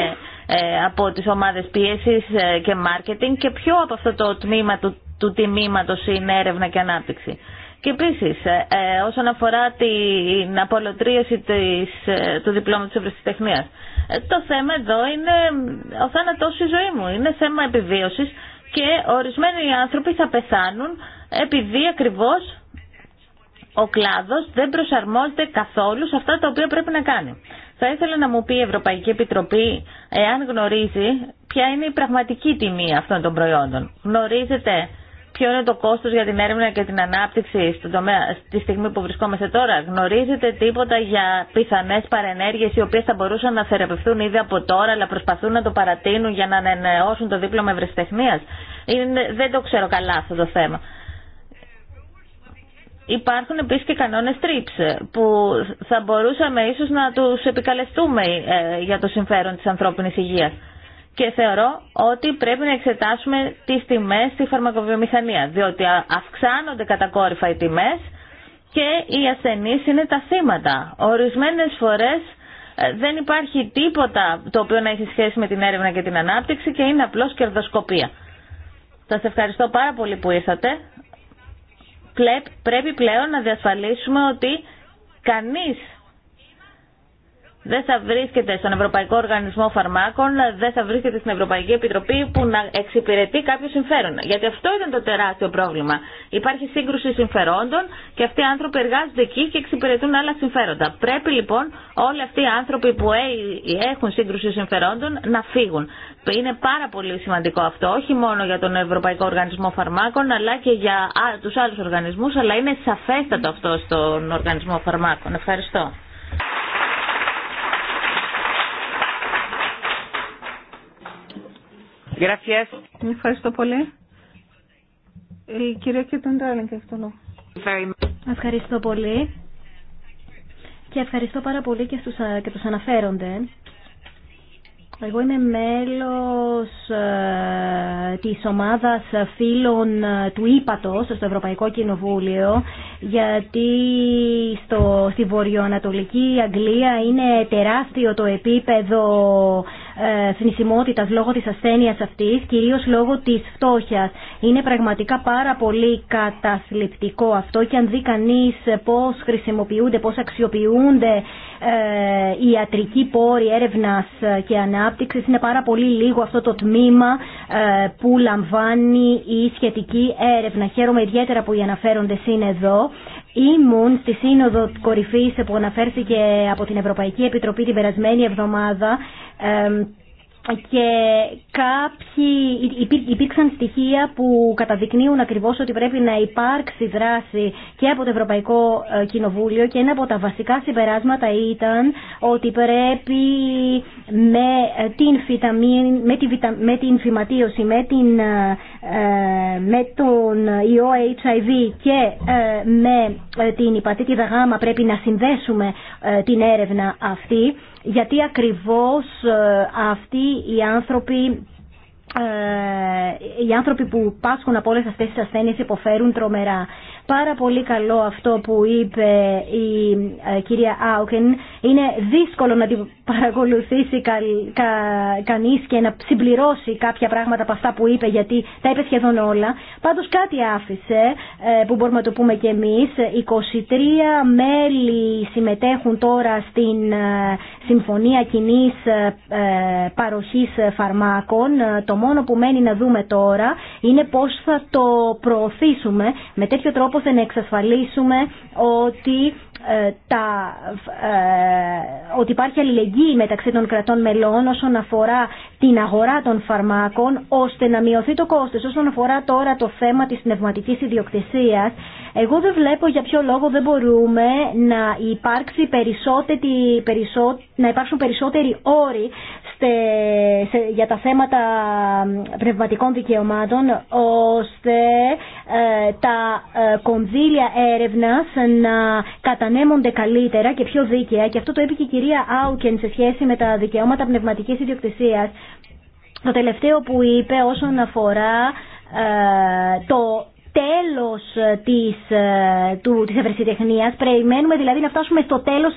ε, από τις ομάδες πίεσης ε, και μάρκετινγκ και ποιο από αυτό το τμήμα του, του τιμήματος είναι έρευνα και ανάπτυξη. Και επίση, ε, ε, όσον αφορά την απολωτρίωση του διπλώματο ευρεσιτεχνία, ε, το θέμα εδώ είναι ο θάνατό στη ζωή μου. Είναι θέμα επιβίωση και ορισμένοι άνθρωποι θα πεθάνουν επειδή ακριβώ ο κλάδο δεν προσαρμόζεται καθόλου σε αυτά τα οποία πρέπει να κάνει. Θα ήθελα να μου πει η Ευρωπαϊκή Επιτροπή εάν γνωρίζει ποια είναι η πραγματική τιμή αυτών των προϊόντων. Γνωρίζετε ποιο είναι το κόστος για την έρευνα και την ανάπτυξη στον τομέα, στη στιγμή που βρισκόμαστε τώρα. Γνωρίζετε τίποτα για πιθανές παρενέργειες οι οποίες θα μπορούσαν να θεραπευθούν ήδη από τώρα αλλά προσπαθούν να το παρατείνουν για να ανανεώσουν το δίπλωμα ευρεσιτεχνία. δεν το ξέρω καλά αυτό το θέμα. Υπάρχουν επίσης και κανόνες TRIPS που θα μπορούσαμε ίσως να τους επικαλεστούμε ε, για το συμφέρον της ανθρώπινης υγείας. Και θεωρώ ότι πρέπει να εξετάσουμε τις τιμές στη φαρμακοβιομηχανία, διότι αυξάνονται κατακόρυφα οι τιμές και οι ασθενείς είναι τα θύματα. Ορισμένες φορές ε, δεν υπάρχει τίποτα το οποίο να έχει σχέση με την έρευνα και την ανάπτυξη και είναι απλώς κερδοσκοπία. Σας ευχαριστώ πάρα πολύ που ήρθατε πρέπει πλέον να διασφαλίσουμε ότι κανείς δεν θα βρίσκεται στον Ευρωπαϊκό Οργανισμό Φαρμάκων, δεν θα βρίσκεται στην Ευρωπαϊκή Επιτροπή που να εξυπηρετεί κάποιο συμφέρον. Γιατί αυτό ήταν το τεράστιο πρόβλημα. Υπάρχει σύγκρουση συμφερόντων και αυτοί οι άνθρωποι εργάζονται εκεί και εξυπηρετούν άλλα συμφέροντα. Πρέπει λοιπόν όλοι αυτοί οι άνθρωποι που έχουν σύγκρουση συμφερόντων να φύγουν. Είναι πάρα πολύ σημαντικό αυτό, όχι μόνο για τον Ευρωπαϊκό Οργανισμό Φαρμάκων, αλλά και για του άλλου οργανισμού, αλλά είναι σαφέστατο αυτό στον Οργανισμό Φαρμάκων. Ευχαριστώ. Gracias. Ευχαριστώ πολύ. Η κυρία Κιουτεντάλεν και αυτό Ευχαριστώ πολύ. Και ευχαριστώ πάρα πολύ και, στους, και τους αναφέρονται. Εγώ είμαι μέλος της ομάδας φίλων του Ήπατος στο Ευρωπαϊκό Κοινοβούλιο γιατί στο, στη βορειοανατολική Αγγλία είναι τεράστιο το επίπεδο ε, θνησιμότητα λόγω της ασθένειας αυτής, κυρίως λόγω της φτώχειας. Είναι πραγματικά πάρα πολύ καταθλιπτικό αυτό και αν δει κανεί πώ χρησιμοποιούνται, πώ αξιοποιούνται ε, οι ιατρικοί πόροι έρευνας και ανάπτυξη. είναι πάρα πολύ λίγο αυτό το τμήμα ε, που λαμβάνει η σχετική έρευνα. Χαίρομαι ιδιαίτερα που οι αναφέροντε είναι εδώ Ήμουν στη Σύνοδο Κορυφής που αναφέρθηκε από την Ευρωπαϊκή Επιτροπή την περασμένη εβδομάδα και κάποιοι, υπήρξαν στοιχεία που καταδεικνύουν ακριβώς ότι πρέπει να υπάρξει δράση και από το Ευρωπαϊκό ε, Κοινοβούλιο και ένα από τα βασικά συμπεράσματα ήταν ότι πρέπει με ε, την, με την, με την φυματίωση, με, ε, με τον ιό HIV και με την υπατήτη γάμα πρέπει να συνδέσουμε την έρευνα αυτή γιατί ακριβώς ε, αυτοί οι άνθρωποι ε, οι άνθρωποι που πάσχουν από όλες αυτές τις ασθένειες υποφέρουν τρομερά. Πάρα πολύ καλό αυτό που είπε η ε, κυρία Άουκεν. Είναι δύσκολο να την παρακολουθήσει κα, και να συμπληρώσει κάποια πράγματα από αυτά που είπε γιατί τα είπε σχεδόν όλα. Πάντως κάτι άφησε ε, που μπορούμε να το πούμε και εμείς. 23 μέλη συμμετέχουν τώρα στην ε, Συμφωνία κοινή Παροχής Φαρμάκων. Το μόνο που μένει να δούμε τώρα είναι πώς θα το προωθήσουμε. Με τέτοιο τρόπο όπω να εξασφαλίσουμε ότι ε, τα, ε, ότι υπάρχει αλληλεγγύη μεταξύ των κρατών μελών όσον αφορά την αγορά των φαρμάκων ώστε να μειωθεί το κόστος. Όσον αφορά τώρα το θέμα της πνευματικής ιδιοκτησίας, εγώ δεν βλέπω για ποιο λόγο δεν μπορούμε να, υπάρξει περισσότερη, περισσό, να υπάρξουν περισσότεροι όροι στε, για τα θέματα πνευματικών δικαιωμάτων ώστε ε, τα κονδύλια έρευνας να κατανοήσουν ανέμονται καλύτερα και πιο δίκαια και αυτό το είπε και η κυρία Άουκεν σε σχέση με τα δικαιώματα πνευματικής ιδιοκτησίας. Το τελευταίο που είπε όσον αφορά ε, το τέλος της, ε, του, της ευρεσιτεχνίας. Περιμένουμε δηλαδή να φτάσουμε στο τέλος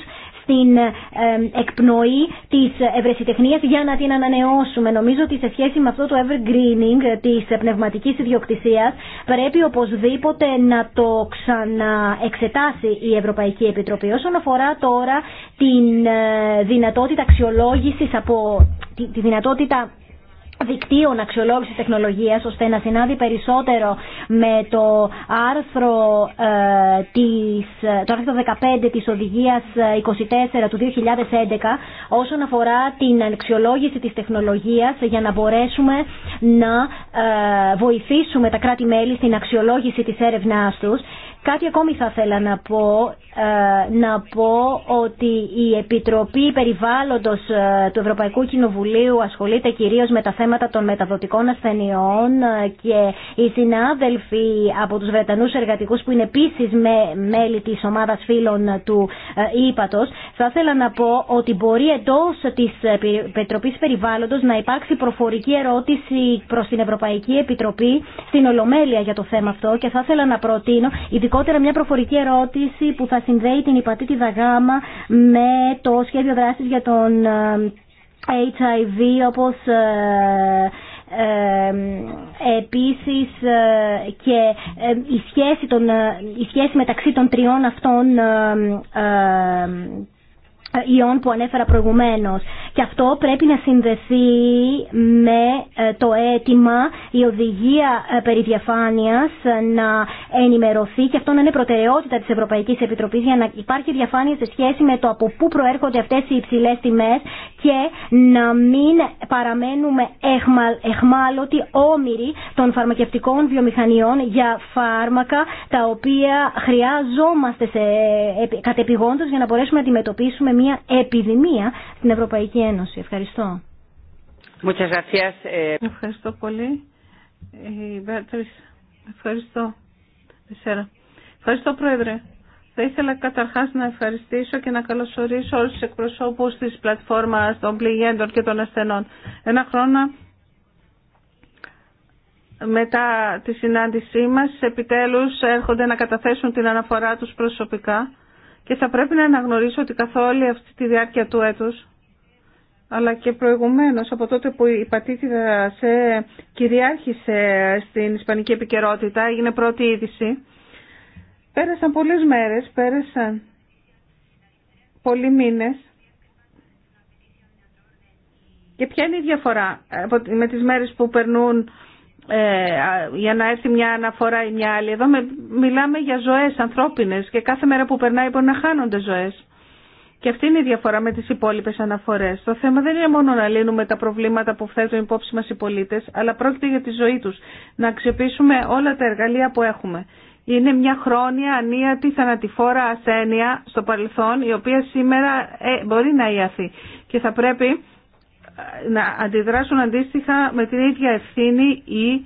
την εκπνοή της ευρεσιτεχνίας για να την ανανεώσουμε. Νομίζω ότι σε σχέση με αυτό το evergreening της πνευματικής ιδιοκτησίας πρέπει οπωσδήποτε να το ξαναεξετάσει η Ευρωπαϊκή Επιτροπή. Όσον αφορά τώρα την ε, δυνατότητα αξιολόγησης από τη δυνατότητα δικτύων αξιολόγηση τεχνολογίας ώστε να συνάδει περισσότερο με το άρθρο, ε, της, το άρθρο 15 της οδηγίας 24 ε, του 2011 όσον αφορά την αξιολόγηση της τεχνολογίας για να μπορέσουμε να ε, βοηθήσουμε τα κράτη-μέλη στην αξιολόγηση της έρευνάς τους Κάτι ακόμη θα ήθελα να πω, ε, να πω ότι η Επιτροπή Περιβάλλοντος ε, του Ευρωπαϊκού Κοινοβουλίου ασχολείται κυρίως με τα θέματα των μεταδοτικών ασθενειών ε, και οι συνάδελφοι από τους Βρετανούς εργατικούς που είναι επίσης μέλη της ομάδας φίλων του Ήπατος θα ήθελα να πω ότι μπορεί εντός της Επιτροπής Περιβάλλοντος να υπάρξει προφορική ερώτηση προς την Ευρωπαϊκή Επιτροπή στην Ολομέλεια για το θέμα αυτό και θα ήθελα να προτείνω ειδικότερα μια προφορική ερώτηση που θα συνδέει την υπατήτη δαγάμα με το σχέδιο δράσης για τον ε, HIV όπως ε, ε επίσης ε, και η, σχέση των, η σχέση μεταξύ των τριών αυτών ιών που ανέφερα προηγουμένως. Και αυτό πρέπει να συνδεθεί με ε, το αίτημα η οδηγία ε, περί διαφάνειας ε, να ενημερωθεί και αυτό να είναι προτεραιότητα της Ευρωπαϊκής Επιτροπής για να υπάρχει διαφάνεια σε σχέση με το από πού προέρχονται αυτές οι υψηλές τιμές και να μην παραμένουμε εχμάλωτοι όμοιροι των φαρμακευτικών βιομηχανιών για φάρμακα τα οποία χρειάζομαστε σε, κατεπηγόντως για να μπορέσουμε να αντιμετωπίσουμε μια επιδημία στην Ευρωπαϊκή Ένωση. Ευχαριστώ. Eh. Ευχαριστώ πολύ. Ε, ευχαριστώ. Ευχαριστώ, Πρόεδρε. Θα ήθελα καταρχάς να ευχαριστήσω και να καλωσορίσω όλους τους εκπροσώπους της πλατφόρμας των πληγέντων και των ασθενών. Ένα χρόνο μετά τη συνάντησή μας επιτέλους έρχονται να καταθέσουν την αναφορά τους προσωπικά και θα πρέπει να αναγνωρίσω ότι καθ' όλη αυτή τη διάρκεια του έτους αλλά και προηγουμένως από τότε που η πατήτηδα σε κυριάρχησε στην ισπανική επικαιρότητα έγινε πρώτη είδηση Πέρασαν πολλές μέρες, πέρασαν πολλοί μήνες. Και ποια είναι η διαφορά ε, με τις μέρες που περνούν ε, για να έρθει μια αναφορά ή μια άλλη. Εδώ μιλάμε για ζωές ανθρώπινες και κάθε μέρα που περνάει μπορεί να χάνονται ζωές. Και αυτή είναι η διαφορά με τις υπόλοιπες αναφορές. Το θέμα δεν είναι μόνο να λύνουμε τα προβλήματα που φθέτουν υπόψη μας οι πολίτες, αλλά πρόκειται για τη ζωή τους. Να αξιοποιήσουμε όλα τα εργαλεία που έχουμε είναι μια χρόνια ανίατη θανατηφόρα ασθένεια στο παρελθόν, η οποία σήμερα ε, μπορεί να ιαθεί. Και θα πρέπει ε, να αντιδράσουν αντίστοιχα με την ίδια ευθύνη οι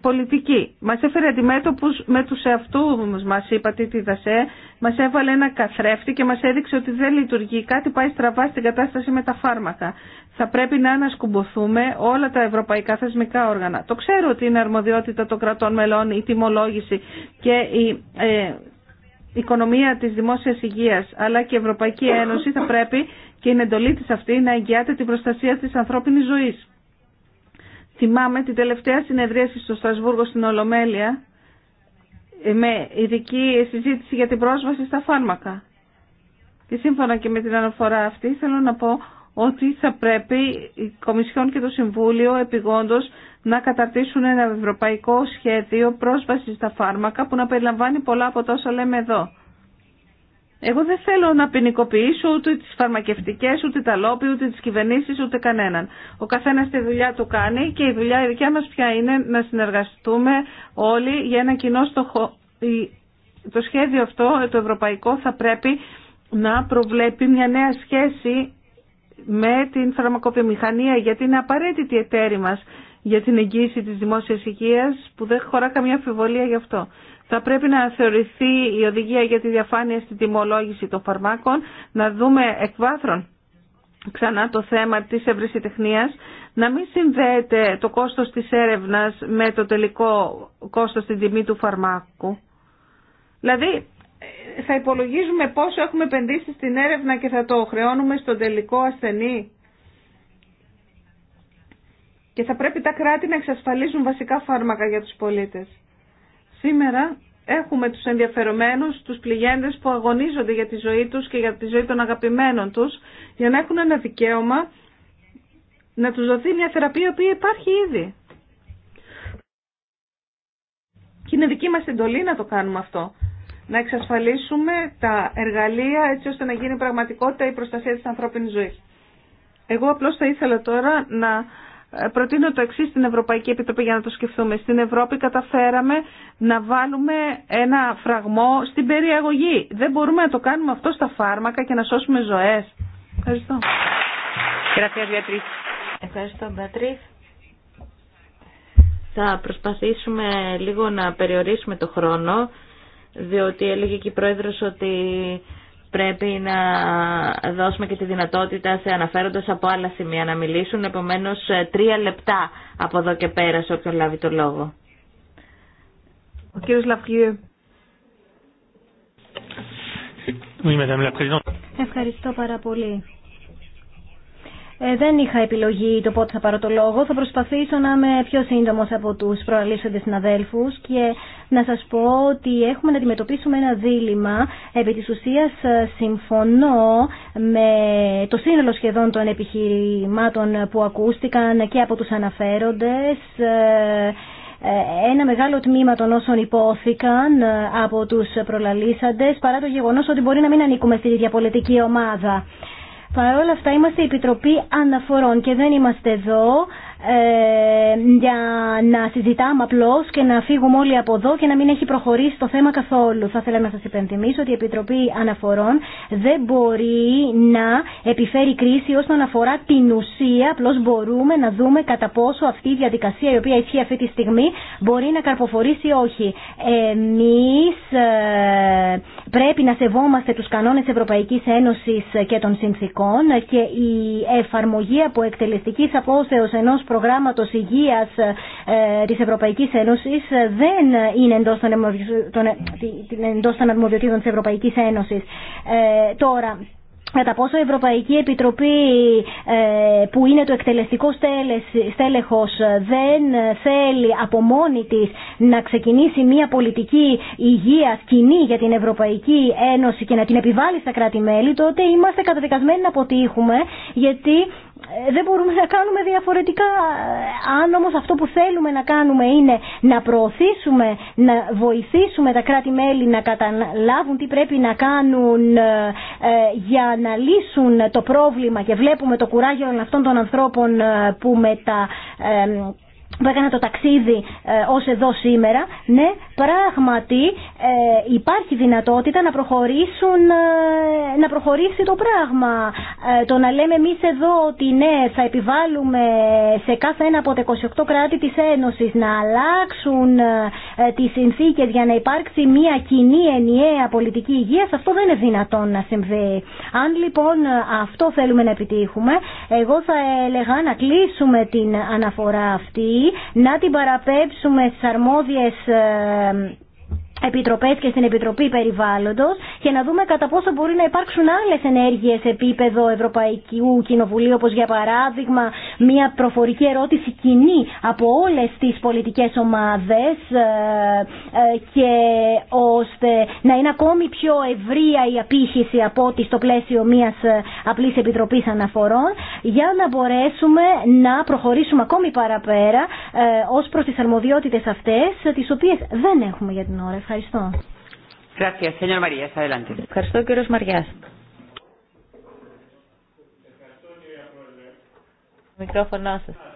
πολιτική. Μας έφερε αντιμέτωπου με του εαυτού μα είπατε τη Δασέ, μα έβαλε ένα καθρέφτη και μα έδειξε ότι δεν λειτουργεί. Κάτι πάει στραβά στην κατάσταση με τα φάρμακα. Θα πρέπει να ανασκουμποθούμε όλα τα ευρωπαϊκά θεσμικά όργανα. Το ξέρω ότι είναι αρμοδιότητα των κρατών μελών, η τιμολόγηση και η ε, οικονομία της δημόσιας υγείας, αλλά και η Ευρωπαϊκή Ένωση θα πρέπει και η εντολή της αυτή να εγγυάται την προστασία της ανθρώπινης ζωής. Θυμάμαι την τελευταία συνεδρίαση στο Στρασβούργο στην Ολομέλεια με ειδική συζήτηση για την πρόσβαση στα φάρμακα. Και σύμφωνα και με την αναφορά αυτή θέλω να πω ότι θα πρέπει η Κομισιόν και το Συμβούλιο επιγόντως να καταρτήσουν ένα ευρωπαϊκό σχέδιο πρόσβασης στα φάρμακα που να περιλαμβάνει πολλά από τόσα λέμε εδώ. Εγώ δεν θέλω να ποινικοποιήσω ούτε τι φαρμακευτικέ ούτε τα λόπη, ούτε τι κυβερνήσει, ούτε κανέναν. Ο καθένα τη δουλειά του κάνει και η δουλειά η δικιά μας πια είναι να συνεργαστούμε όλοι για ένα κοινό στόχο. Το σχέδιο αυτό, το ευρωπαϊκό, θα πρέπει να προβλέπει μια νέα σχέση με την φαρμακοβιομηχανία, γιατί είναι απαραίτητη η εταίρη μα για την εγγύηση της δημόσιας υγείας, που δεν χωρά καμία αφιβολία γι' αυτό θα πρέπει να θεωρηθεί η οδηγία για τη διαφάνεια στην τιμολόγηση των φαρμάκων, να δούμε εκβάθρον ξανά το θέμα της ευρυσιτεχνίας. να μην συνδέεται το κόστος της έρευνας με το τελικό κόστος στην τιμή του φαρμάκου. Δηλαδή, θα υπολογίζουμε πόσο έχουμε επενδύσει στην έρευνα και θα το χρεώνουμε στον τελικό ασθενή. Και θα πρέπει τα κράτη να εξασφαλίζουν βασικά φάρμακα για τους πολίτες. Σήμερα έχουμε τους ενδιαφερομένους, τους πληγέντες που αγωνίζονται για τη ζωή τους και για τη ζωή των αγαπημένων τους για να έχουν ένα δικαίωμα να τους δοθεί μια θεραπεία που υπάρχει ήδη. Και είναι δική μας εντολή να το κάνουμε αυτό. Να εξασφαλίσουμε τα εργαλεία έτσι ώστε να γίνει πραγματικότητα η προστασία της ανθρώπινης ζωής. Εγώ απλώς θα ήθελα τώρα να ε, προτείνω το εξή στην Ευρωπαϊκή Επιτροπή για να το σκεφτούμε. Στην Ευρώπη καταφέραμε να βάλουμε ένα φραγμό στην περιαγωγή. Δεν μπορούμε να το κάνουμε αυτό στα φάρμακα και να σώσουμε ζωές. Ευχαριστώ. Ευχαριστώ, Μπατρίς. Θα προσπαθήσουμε λίγο να περιορίσουμε το χρόνο, διότι έλεγε και η Πρόεδρος ότι πρέπει να δώσουμε και τη δυνατότητα σε αναφέροντα από άλλα σημεία να μιλήσουν. Επομένως, ε, τρία λεπτά από εδώ και πέρα σε όποιον λάβει το λόγο. Ο κύριος Ευχαριστώ πάρα πολύ. Ε, δεν είχα επιλογή το πότε θα πάρω το λόγο. Θα προσπαθήσω να είμαι πιο σύντομο από του προαλήσαντες συναδέλφου, και να σας πω ότι έχουμε να αντιμετωπίσουμε ένα δίλημα. Επί τη ουσίας ε, συμφωνώ με το σύνολο σχεδόν των επιχειρημάτων που ακούστηκαν και από τους αναφέροντες ε, ένα μεγάλο τμήμα των όσων υπόθηκαν από τους προλαλήσαντες παρά το γεγονός ότι μπορεί να μην ανήκουμε στην ίδια πολιτική ομάδα. Παρ' όλα αυτά είμαστε η Επιτροπή Αναφορών και δεν είμαστε εδώ ε, για να συζητάμε απλώς και να φύγουμε όλοι από εδώ και να μην έχει προχωρήσει το θέμα καθόλου. Θα ήθελα να σας υπενθυμίσω ότι η Επιτροπή Αναφορών δεν μπορεί να επιφέρει κρίση όσον αφορά την ουσία, απλώς μπορούμε να δούμε κατά πόσο αυτή η διαδικασία η οποία ισχύει αυτή τη στιγμή μπορεί να καρποφορήσει ή όχι. Εμείς ε, πρέπει να σεβόμαστε τους κανόνες Ευρωπαϊκής Ένωσης και των συνθήκων και η εφαρμογή από εκτελεστικής απόθεως ενός προγράμματος υγείας ε, της Ευρωπαϊκής Ένωσης ε, δεν είναι εντός των, ε, εντός των αρμοδιοτήτων της Ευρωπαϊκής Ένωσης. τώρα, κατά πόσο η Ευρωπαϊκή Επιτροπή ε, που είναι το εκτελεστικό στέλεχος ε, δεν θέλει από μόνη της να ξεκινήσει μια πολιτική υγείας κοινή για την Ευρωπαϊκή Ένωση και να την επιβάλλει στα κράτη-μέλη τότε είμαστε καταδικασμένοι να αποτύχουμε γιατί ε, δεν μπορούμε να κάνουμε διαφορετικά. Αν όμως αυτό που θέλουμε να κάνουμε είναι να προωθήσουμε, να βοηθήσουμε τα κράτη-μέλη να καταλάβουν τι πρέπει να κάνουν για να λύσουν το πρόβλημα και βλέπουμε το κουράγιο αυτών των ανθρώπων ε, που με τα ε, που έκανα το ταξίδι ε, ως εδώ σήμερα, ναι, πράγματι ε, υπάρχει δυνατότητα να, προχωρήσουν, ε, να προχωρήσει το πράγμα. Ε, το να λέμε εμεί εδώ ότι ναι, θα επιβάλλουμε σε κάθε ένα από τα 28 κράτη της Ένωσης να αλλάξουν ε, τις συνθήκες για να υπάρξει μια κοινή ενιαία πολιτική υγείας, αυτό δεν είναι δυνατόν να συμβεί. Αν λοιπόν αυτό θέλουμε να επιτύχουμε, εγώ θα έλεγα να κλείσουμε την αναφορά αυτή να την παραπέψουμε στι αρμόδιε. Ε, επιτροπές και στην Επιτροπή Περιβάλλοντος και να δούμε κατά πόσο μπορεί να υπάρξουν άλλες ενέργειες σε επίπεδο Ευρωπαϊκού Κοινοβουλίου όπως για παράδειγμα μια προφορική ερώτηση κοινή από όλες τις πολιτικές ομάδες ε, ε, και ώστε να είναι ακόμη πιο ευρία η απήχηση από ότι στο πλαίσιο μιας ε, απλής Επιτροπής Αναφορών για να μπορέσουμε να προχωρήσουμε ακόμη παραπέρα ως προς τις αρμοδιότητες αυτές τις οποίες δεν έχουμε για την ώρα. Ευχαριστώ. Ευχαριστώ κύριο Μαριάς. Μικρόφωνο σα.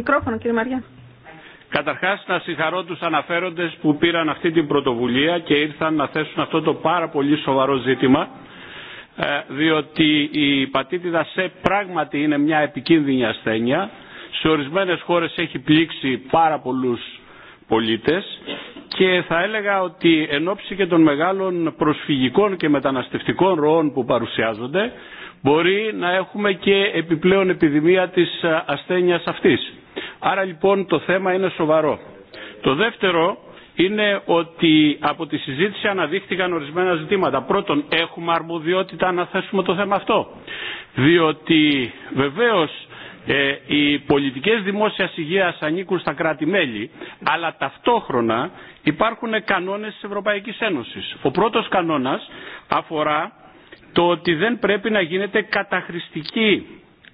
Μικρόφωνο κύριε Μαριά. Καταρχά, να συγχαρώ του αναφέροντε που πήραν αυτή την πρωτοβουλία και ήρθαν να θέσουν αυτό το πάρα πολύ σοβαρό ζήτημα ε, διότι η πατήτηδα σε πράγματι είναι μια επικίνδυνη ασθένεια σε ορισμένες χώρες έχει πλήξει πάρα πολλούς πολίτες και θα έλεγα ότι εν ώψη και των μεγάλων προσφυγικών και μεταναστευτικών ροών που παρουσιάζονται μπορεί να έχουμε και επιπλέον επιδημία της ε, ασθένειας αυτής. Άρα λοιπόν το θέμα είναι σοβαρό. Το δεύτερο είναι ότι από τη συζήτηση αναδείχθηκαν ορισμένα ζητήματα. Πρώτον, έχουμε αρμοδιότητα να θέσουμε το θέμα αυτό. Διότι βεβαίως ε, οι πολιτικές δημόσιας υγείας ανήκουν στα κράτη-μέλη, αλλά ταυτόχρονα υπάρχουν κανόνες της Ευρωπαϊκής Ένωσης. Ο πρώτος κανόνας αφορά το ότι δεν πρέπει να γίνεται καταχρηστική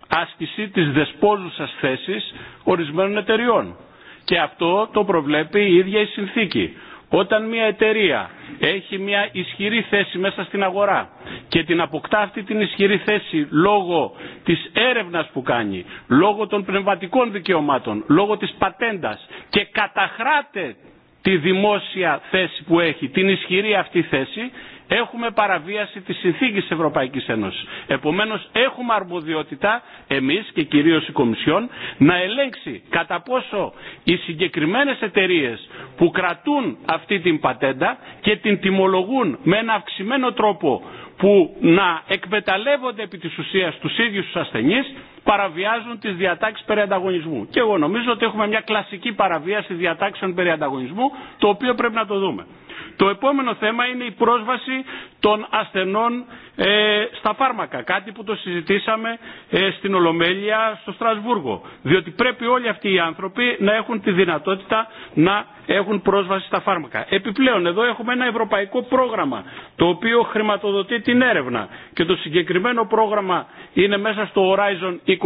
άσκηση της δεσπόζουσας θέσης ορισμένων εταιριών. Και αυτό το προβλέπει η ίδια η συνθήκη. Όταν μια εταιρεία έχει μια ισχυρή θέση μέσα στην αγορά και την αποκτά αυτή την ισχυρή θέση λόγω της έρευνας που κάνει, λόγω των πνευματικών δικαιωμάτων, λόγω της πατέντας και καταχράτε τη δημόσια θέση που έχει, την ισχυρή αυτή θέση, Έχουμε παραβίαση της συνθήκης της Ευρωπαϊκής Ένωσης. Επομένως έχουμε αρμοδιότητα εμείς και κυρίως η Κομισιόν να ελέγξει κατά πόσο οι συγκεκριμένες εταιρείε που κρατούν αυτή την πατέντα και την τιμολογούν με ένα αυξημένο τρόπο που να εκμεταλλεύονται επί της ουσίας τους ίδιους τους ασθενείς παραβιάζουν τις διατάξεις περί ανταγωνισμού. Και εγώ νομίζω ότι έχουμε μια κλασική παραβίαση διατάξεων περί ανταγωνισμού το οποίο πρέπει να το δούμε. Το επόμενο θέμα είναι η πρόσβαση των ασθενών ε, στα φάρμακα. Κάτι που το συζητήσαμε ε, στην Ολομέλεια, στο Στρασβούργο. Διότι πρέπει όλοι αυτοί οι άνθρωποι να έχουν τη δυνατότητα να έχουν πρόσβαση στα φάρμακα. Επιπλέον, εδώ έχουμε ένα ευρωπαϊκό πρόγραμμα το οποίο χρηματοδοτεί την έρευνα και το συγκεκριμένο πρόγραμμα είναι μέσα στο Horizon 2020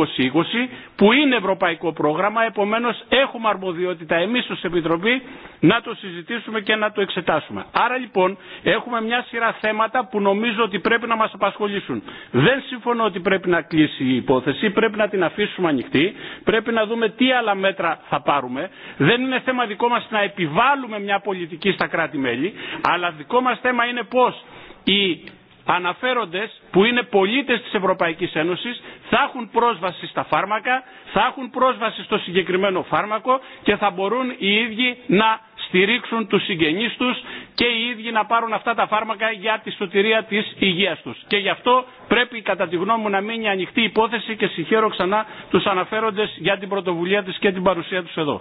που είναι ευρωπαϊκό πρόγραμμα, επομένως έχουμε αρμοδιότητα εμείς ως Επιτροπή να το συζητήσουμε και να το εξετάσουμε. Άρα λοιπόν έχουμε μια σειρά θέματα που νομίζω ότι πρέπει να μας απασχολήσουν. Δεν συμφωνώ ότι πρέπει να κλείσει η υπόθεση, πρέπει να την αφήσουμε ανοιχτή, πρέπει να δούμε τι άλλα μέτρα θα πάρουμε. Δεν είναι θέμα δικό μας επιβάλλουμε μια πολιτική στα κράτη-μέλη, αλλά δικό μας θέμα είναι πώς οι αναφέροντες που είναι πολίτες της Ευρωπαϊκής Ένωσης θα έχουν πρόσβαση στα φάρμακα, θα έχουν πρόσβαση στο συγκεκριμένο φάρμακο και θα μπορούν οι ίδιοι να στηρίξουν τους συγγενείς τους και οι ίδιοι να πάρουν αυτά τα φάρμακα για τη σωτηρία της υγείας τους. Και γι' αυτό πρέπει κατά τη γνώμη μου να μείνει ανοιχτή υπόθεση και συγχαίρω ξανά τους αναφέροντες για την πρωτοβουλία της και την παρουσία τους εδώ.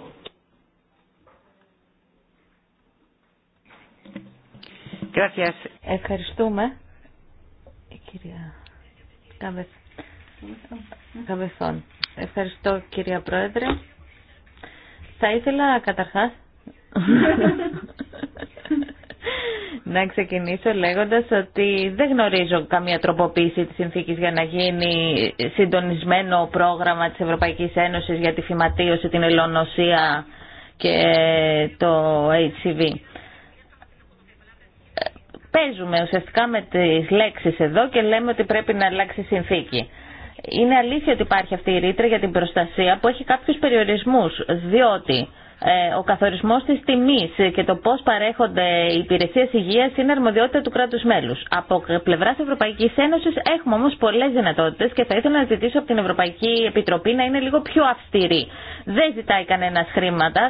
Gracias. Ευχαριστούμε. Η κυρία Ευχαριστώ κυρία Πρόεδρε. Θα ήθελα καταρχάς να ξεκινήσω λέγοντας ότι δεν γνωρίζω καμία τροποποίηση της συνθήκης για να γίνει συντονισμένο πρόγραμμα της Ευρωπαϊκής Ένωσης για τη φυματίωση, την ελονοσία και το HCV. Παίζουμε ουσιαστικά με τις λέξεις εδώ και λέμε ότι πρέπει να αλλάξει συνθήκη. Είναι αλήθεια ότι υπάρχει αυτή η ρήτρα για την προστασία που έχει κάποιους περιορισμούς, διότι ε, ο καθορισμός της τιμής και το πώς παρέχονται οι υπηρεσίες υγείας είναι αρμοδιότητα του κράτους μέλους. Από πλευράς Ευρωπαϊκής Ένωσης έχουμε όμως πολλές δυνατότητες και θα ήθελα να ζητήσω από την Ευρωπαϊκή Επιτροπή να είναι λίγο πιο αυστηρή. Δεν ζητάει κανένας χρήματα,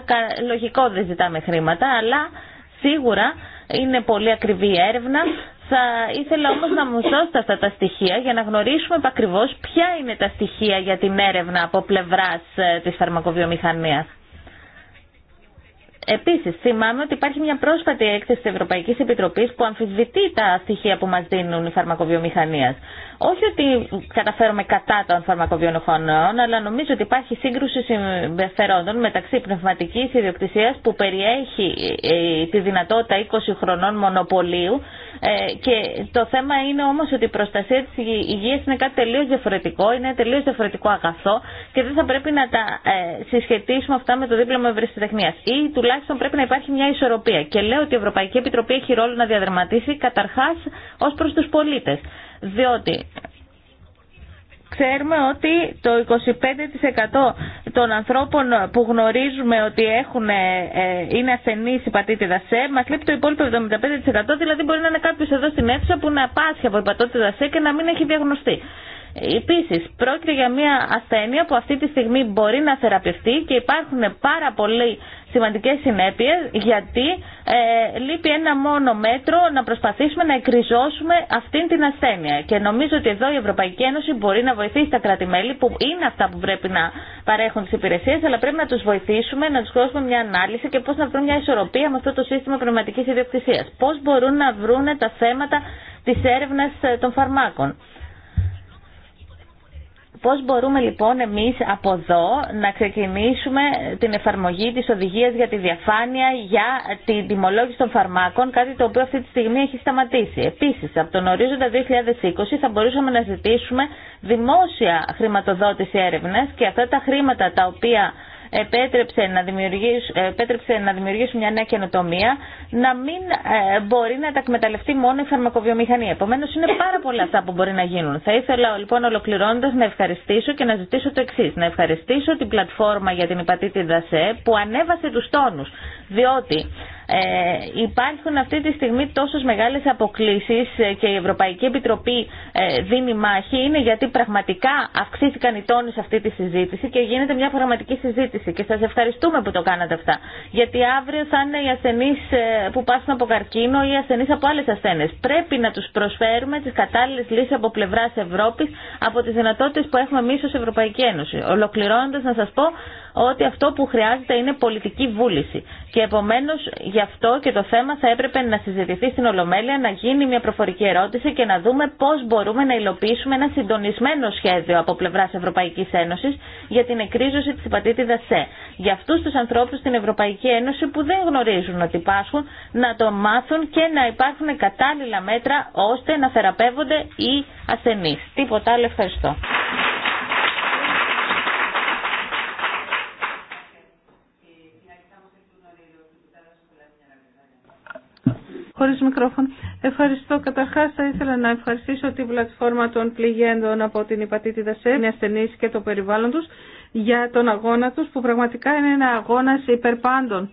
λογικό δεν ζητάμε χρήματα, αλλά σίγουρα είναι πολύ ακριβή έρευνα. Θα ήθελα όμως να μου δώσετε αυτά τα στοιχεία για να γνωρίσουμε ακριβώ ποια είναι τα στοιχεία για την έρευνα από πλευράς ε, της φαρμακοβιομηχανίας. Επίση, θυμάμαι ότι υπάρχει μια πρόσφατη έκθεση τη Ευρωπαϊκή Επιτροπή που αμφισβητεί τα στοιχεία που μα δίνουν οι φαρμακοβιομηχανίες. Όχι ότι καταφέρουμε κατά των φαρμακοβιονοχωνών, αλλά νομίζω ότι υπάρχει σύγκρουση συμπεριφέροντων μεταξύ πνευματική ιδιοκτησία που περιέχει ε, τη δυνατότητα 20 χρονών μονοπωλίου ε, και το θέμα είναι όμω ότι η προστασία τη υγεία είναι κάτι τελείω διαφορετικό, είναι τελείω διαφορετικό αγαθό και δεν θα πρέπει να τα ε, συσχετίσουμε αυτά με το δίπλωμα ευρεσιτεχνία τουλάχιστον πρέπει να υπάρχει μια ισορροπία. Και λέω ότι η Ευρωπαϊκή Επιτροπή έχει ρόλο να διαδραματίσει καταρχά ω προ του πολίτε. Διότι ξέρουμε ότι το 25% των ανθρώπων που γνωρίζουμε ότι έχουν, ε, είναι ασθενείς πατήτηδα ΣΕ, μα λείπει το υπόλοιπο 75%, δηλαδή μπορεί να είναι κάποιο εδώ στην αίθουσα που να πάσχει από πατήτηδα ΣΕ και να μην έχει διαγνωστεί. Επίση, πρόκειται για μια ασθένεια που αυτή τη στιγμή μπορεί να θεραπευτεί και υπάρχουν πάρα πολλοί σημαντικές συνέπειες γιατί ε, λείπει ένα μόνο μέτρο να προσπαθήσουμε να εκριζώσουμε αυτήν την ασθένεια. Και νομίζω ότι εδώ η Ευρωπαϊκή Ένωση μπορεί να βοηθήσει τα κράτη-μέλη που είναι αυτά που πρέπει να παρέχουν τις υπηρεσίες αλλά πρέπει να τους βοηθήσουμε, να τους δώσουμε μια ανάλυση και πώς να βρουν μια ισορροπία με αυτό το σύστημα πνευματικής ιδιοκτησίας. Πώς μπορούν να βρουν τα θέματα τη έρευνα ε, των φαρμάκων. Πώς μπορούμε λοιπόν εμείς από εδώ να ξεκινήσουμε την εφαρμογή της οδηγίας για τη διαφάνεια, για την τιμολόγηση των φαρμάκων, κάτι το οποίο αυτή τη στιγμή έχει σταματήσει. Επίσης, από τον ορίζοντα 2020 θα μπορούσαμε να ζητήσουμε δημόσια χρηματοδότηση έρευνας και αυτά τα χρήματα τα οποία επέτρεψε να, δημιουργήσει, να μια νέα καινοτομία, να μην ε, μπορεί να τα εκμεταλλευτεί μόνο η φαρμακοβιομηχανία. Επομένω, είναι πάρα πολλά αυτά που μπορεί να γίνουν. Θα ήθελα λοιπόν ολοκληρώνοντα να ευχαριστήσω και να ζητήσω το εξή. Να ευχαριστήσω την πλατφόρμα για την υπατήτη ΔΑΣΕ που ανέβασε του τόνου. Διότι ε, υπάρχουν αυτή τη στιγμή τόσες μεγάλες αποκλήσει ε, και η Ευρωπαϊκή Επιτροπή ε, δίνει μάχη είναι γιατί πραγματικά αυξήθηκαν οι τόνοι σε αυτή τη συζήτηση και γίνεται μια πραγματική συζήτηση και σας ευχαριστούμε που το κάνατε αυτά γιατί αύριο θα είναι οι ασθενείς ε, που πάσουν από καρκίνο ή οι ασθενεί από άλλε ασθένειε. πρέπει να του προσφέρουμε τι κατάλληλε λύσει από πλευρά Ευρώπη από τι δυνατότητε που έχουμε εμεί ω Ευρωπαϊκή Ένωση ολοκληρώνοντα να σα πω ότι αυτό που χρειάζεται είναι πολιτική βούληση. Και επομένω γι' αυτό και το θέμα θα έπρεπε να συζητηθεί στην Ολομέλεια, να γίνει μια προφορική ερώτηση και να δούμε πώ μπορούμε να υλοποιήσουμε ένα συντονισμένο σχέδιο από πλευρά Ευρωπαϊκή Ένωση για την εκρίζωση τη υπατήτηδα ΣΕ. Για αυτού του ανθρώπου στην Ευρωπαϊκή Ένωση που δεν γνωρίζουν ότι υπάρχουν, να το μάθουν και να υπάρχουν κατάλληλα μέτρα ώστε να θεραπεύονται οι ασθενεί. Τίποτα άλλο ευχαριστώ. χωρίς μικρόφωνο. Ευχαριστώ. Καταρχάς θα ήθελα να ευχαριστήσω την πλατφόρμα των πληγέντων από την Υπατήτη σε μια ασθενής και το περιβάλλον τους για τον αγώνα τους που πραγματικά είναι ένα αγώνας υπερπάντων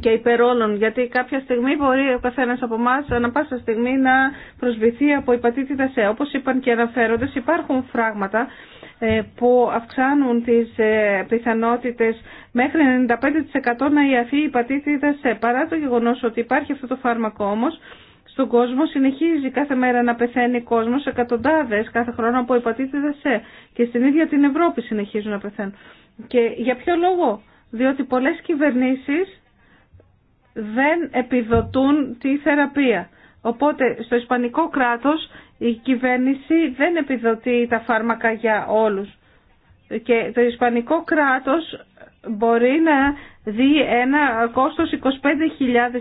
και υπερόλων. γιατί κάποια στιγμή μπορεί ο καθένας από εμά ανά πάσα στιγμή να προσβηθεί από υπατήτητα σε. Όπως είπαν και αναφέροντες, υπάρχουν φράγματα ε, που αυξάνουν τις ε, πιθανότητες μέχρι 95% να ιαθεί η πατήτητα σε. Παρά το γεγονός ότι υπάρχει αυτό το φάρμακο όμως, στον κόσμο συνεχίζει κάθε μέρα να πεθαίνει κόσμος εκατοντάδε κάθε χρόνο από υπατήτητα σε. Και στην ίδια την Ευρώπη συνεχίζουν να πεθαίνουν. Και για ποιο λόγο, διότι πολλές κυβερνήσεις δεν επιδοτούν τη θεραπεία. Οπότε στο Ισπανικό κράτος η κυβέρνηση δεν επιδοτεί τα φάρμακα για όλους και το Ισπανικό κράτος μπορεί να δει ένα κόστος 25.000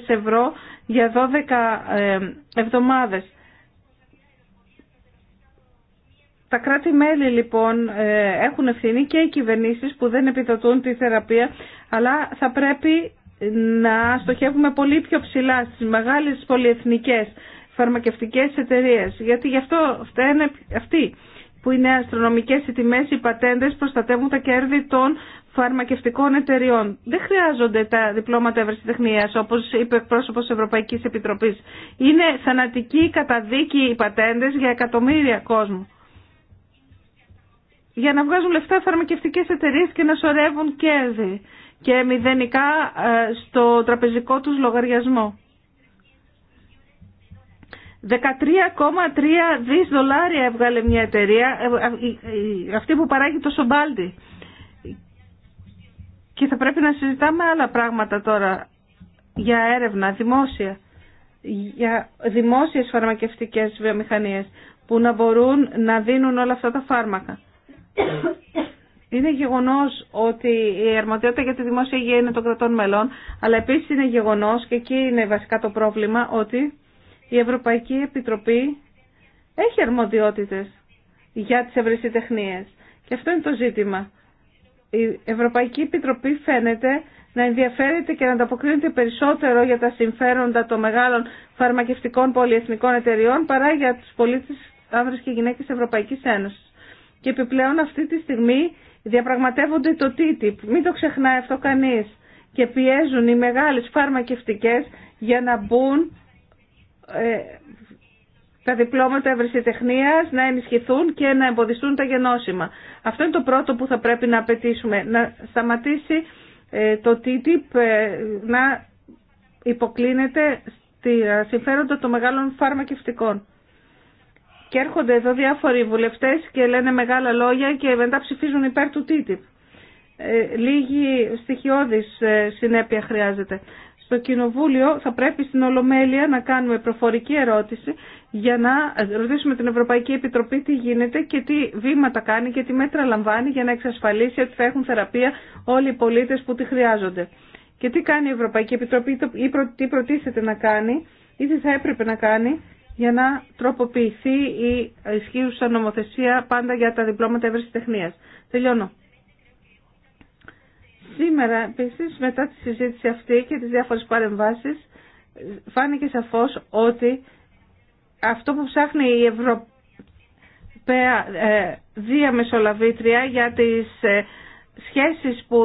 ευρώ για 12 ε, εβδομάδες. Τα κράτη-μέλη λοιπόν ε, έχουν ευθύνη και οι κυβερνήσεις που δεν επιδοτούν τη θεραπεία, αλλά θα πρέπει να στοχεύουμε πολύ πιο ψηλά στις μεγάλες πολυεθνικές φαρμακευτικές εταιρείες. Γιατί γι' αυτό φταίνε αυτοί που είναι αστρονομικές οι τιμές, οι πατέντες προστατεύουν τα κέρδη των φαρμακευτικών εταιριών. Δεν χρειάζονται τα διπλώματα ευρεσιτεχνία, όπως είπε πρόσωπο Ευρωπαϊκής Επιτροπής. Είναι θανατική καταδίκη οι πατέντες για εκατομμύρια κόσμου. Για να βγάζουν λεφτά φαρμακευτικές εταιρείες και να σωρεύουν κέρδη και μηδενικά ε, στο τραπεζικό τους λογαριασμό. 13,3 δις δολάρια έβγαλε μια εταιρεία, ε, ε, αυτή που παράγει το Σομπάλτι. Και θα πρέπει να συζητάμε άλλα πράγματα τώρα για έρευνα, δημόσια, για δημόσιες φαρμακευτικές βιομηχανίες που να μπορούν να δίνουν όλα αυτά τα φάρμακα. Είναι γεγονός ότι η αρμοδιότητα για τη δημόσια υγεία είναι των κρατών μελών, αλλά επίσης είναι γεγονός, και εκεί είναι βασικά το πρόβλημα, ότι η Ευρωπαϊκή Επιτροπή έχει αρμοδιότητες για τις ευρεσιτεχνίες. Και αυτό είναι το ζήτημα. Η Ευρωπαϊκή Επιτροπή φαίνεται να ενδιαφέρεται και να ανταποκρίνεται περισσότερο για τα συμφέροντα των μεγάλων φαρμακευτικών πολυεθνικών εταιριών παρά για τους πολίτες άνδρες και γυναίκες Ευρωπαϊκής Ένωσης. Και επιπλέον αυτή τη στιγμή διαπραγματεύονται το TTIP. Μην το ξεχνάει αυτό κανείς. Και πιέζουν οι μεγάλες φαρμακευτικές για να μπουν ε, τα διπλώματα ευρεσιτεχνίας να ενισχυθούν και να εμποδιστούν τα γενώσιμα. Αυτό είναι το πρώτο που θα πρέπει να απαιτήσουμε. Να σταματήσει ε, το TTIP ε, να υποκλίνεται στη συμφέροντα των μεγάλων φαρμακευτικών. Και έρχονται εδώ διάφοροι βουλευτές και λένε μεγάλα λόγια και μετά ψηφίζουν υπέρ του TTIP. Λίγη στοιχειώδης συνέπεια χρειάζεται. Το Κοινοβούλιο θα πρέπει στην Ολομέλεια να κάνουμε προφορική ερώτηση για να ρωτήσουμε την Ευρωπαϊκή Επιτροπή τι γίνεται και τι βήματα κάνει και τι μέτρα λαμβάνει για να εξασφαλίσει ότι θα έχουν θεραπεία όλοι οι πολίτες που τη χρειάζονται. Και τι κάνει η Ευρωπαϊκή Επιτροπή ή τι προτίθεται να κάνει ή τι θα έπρεπε να κάνει για να τροποποιηθεί η ισχύουσα νομοθεσία πάντα για τα διπλώματα εύρεση τεχνίας. Τελειώνω. Σήμερα επίση, μετά τη συζήτηση αυτή και τις διάφορες παρεμβάσεις φάνηκε σαφώς ότι αυτό που ψάχνει η Ευρωπαϊκή ε, διαμεσολαβήτρια για τις ε, σχέσεις που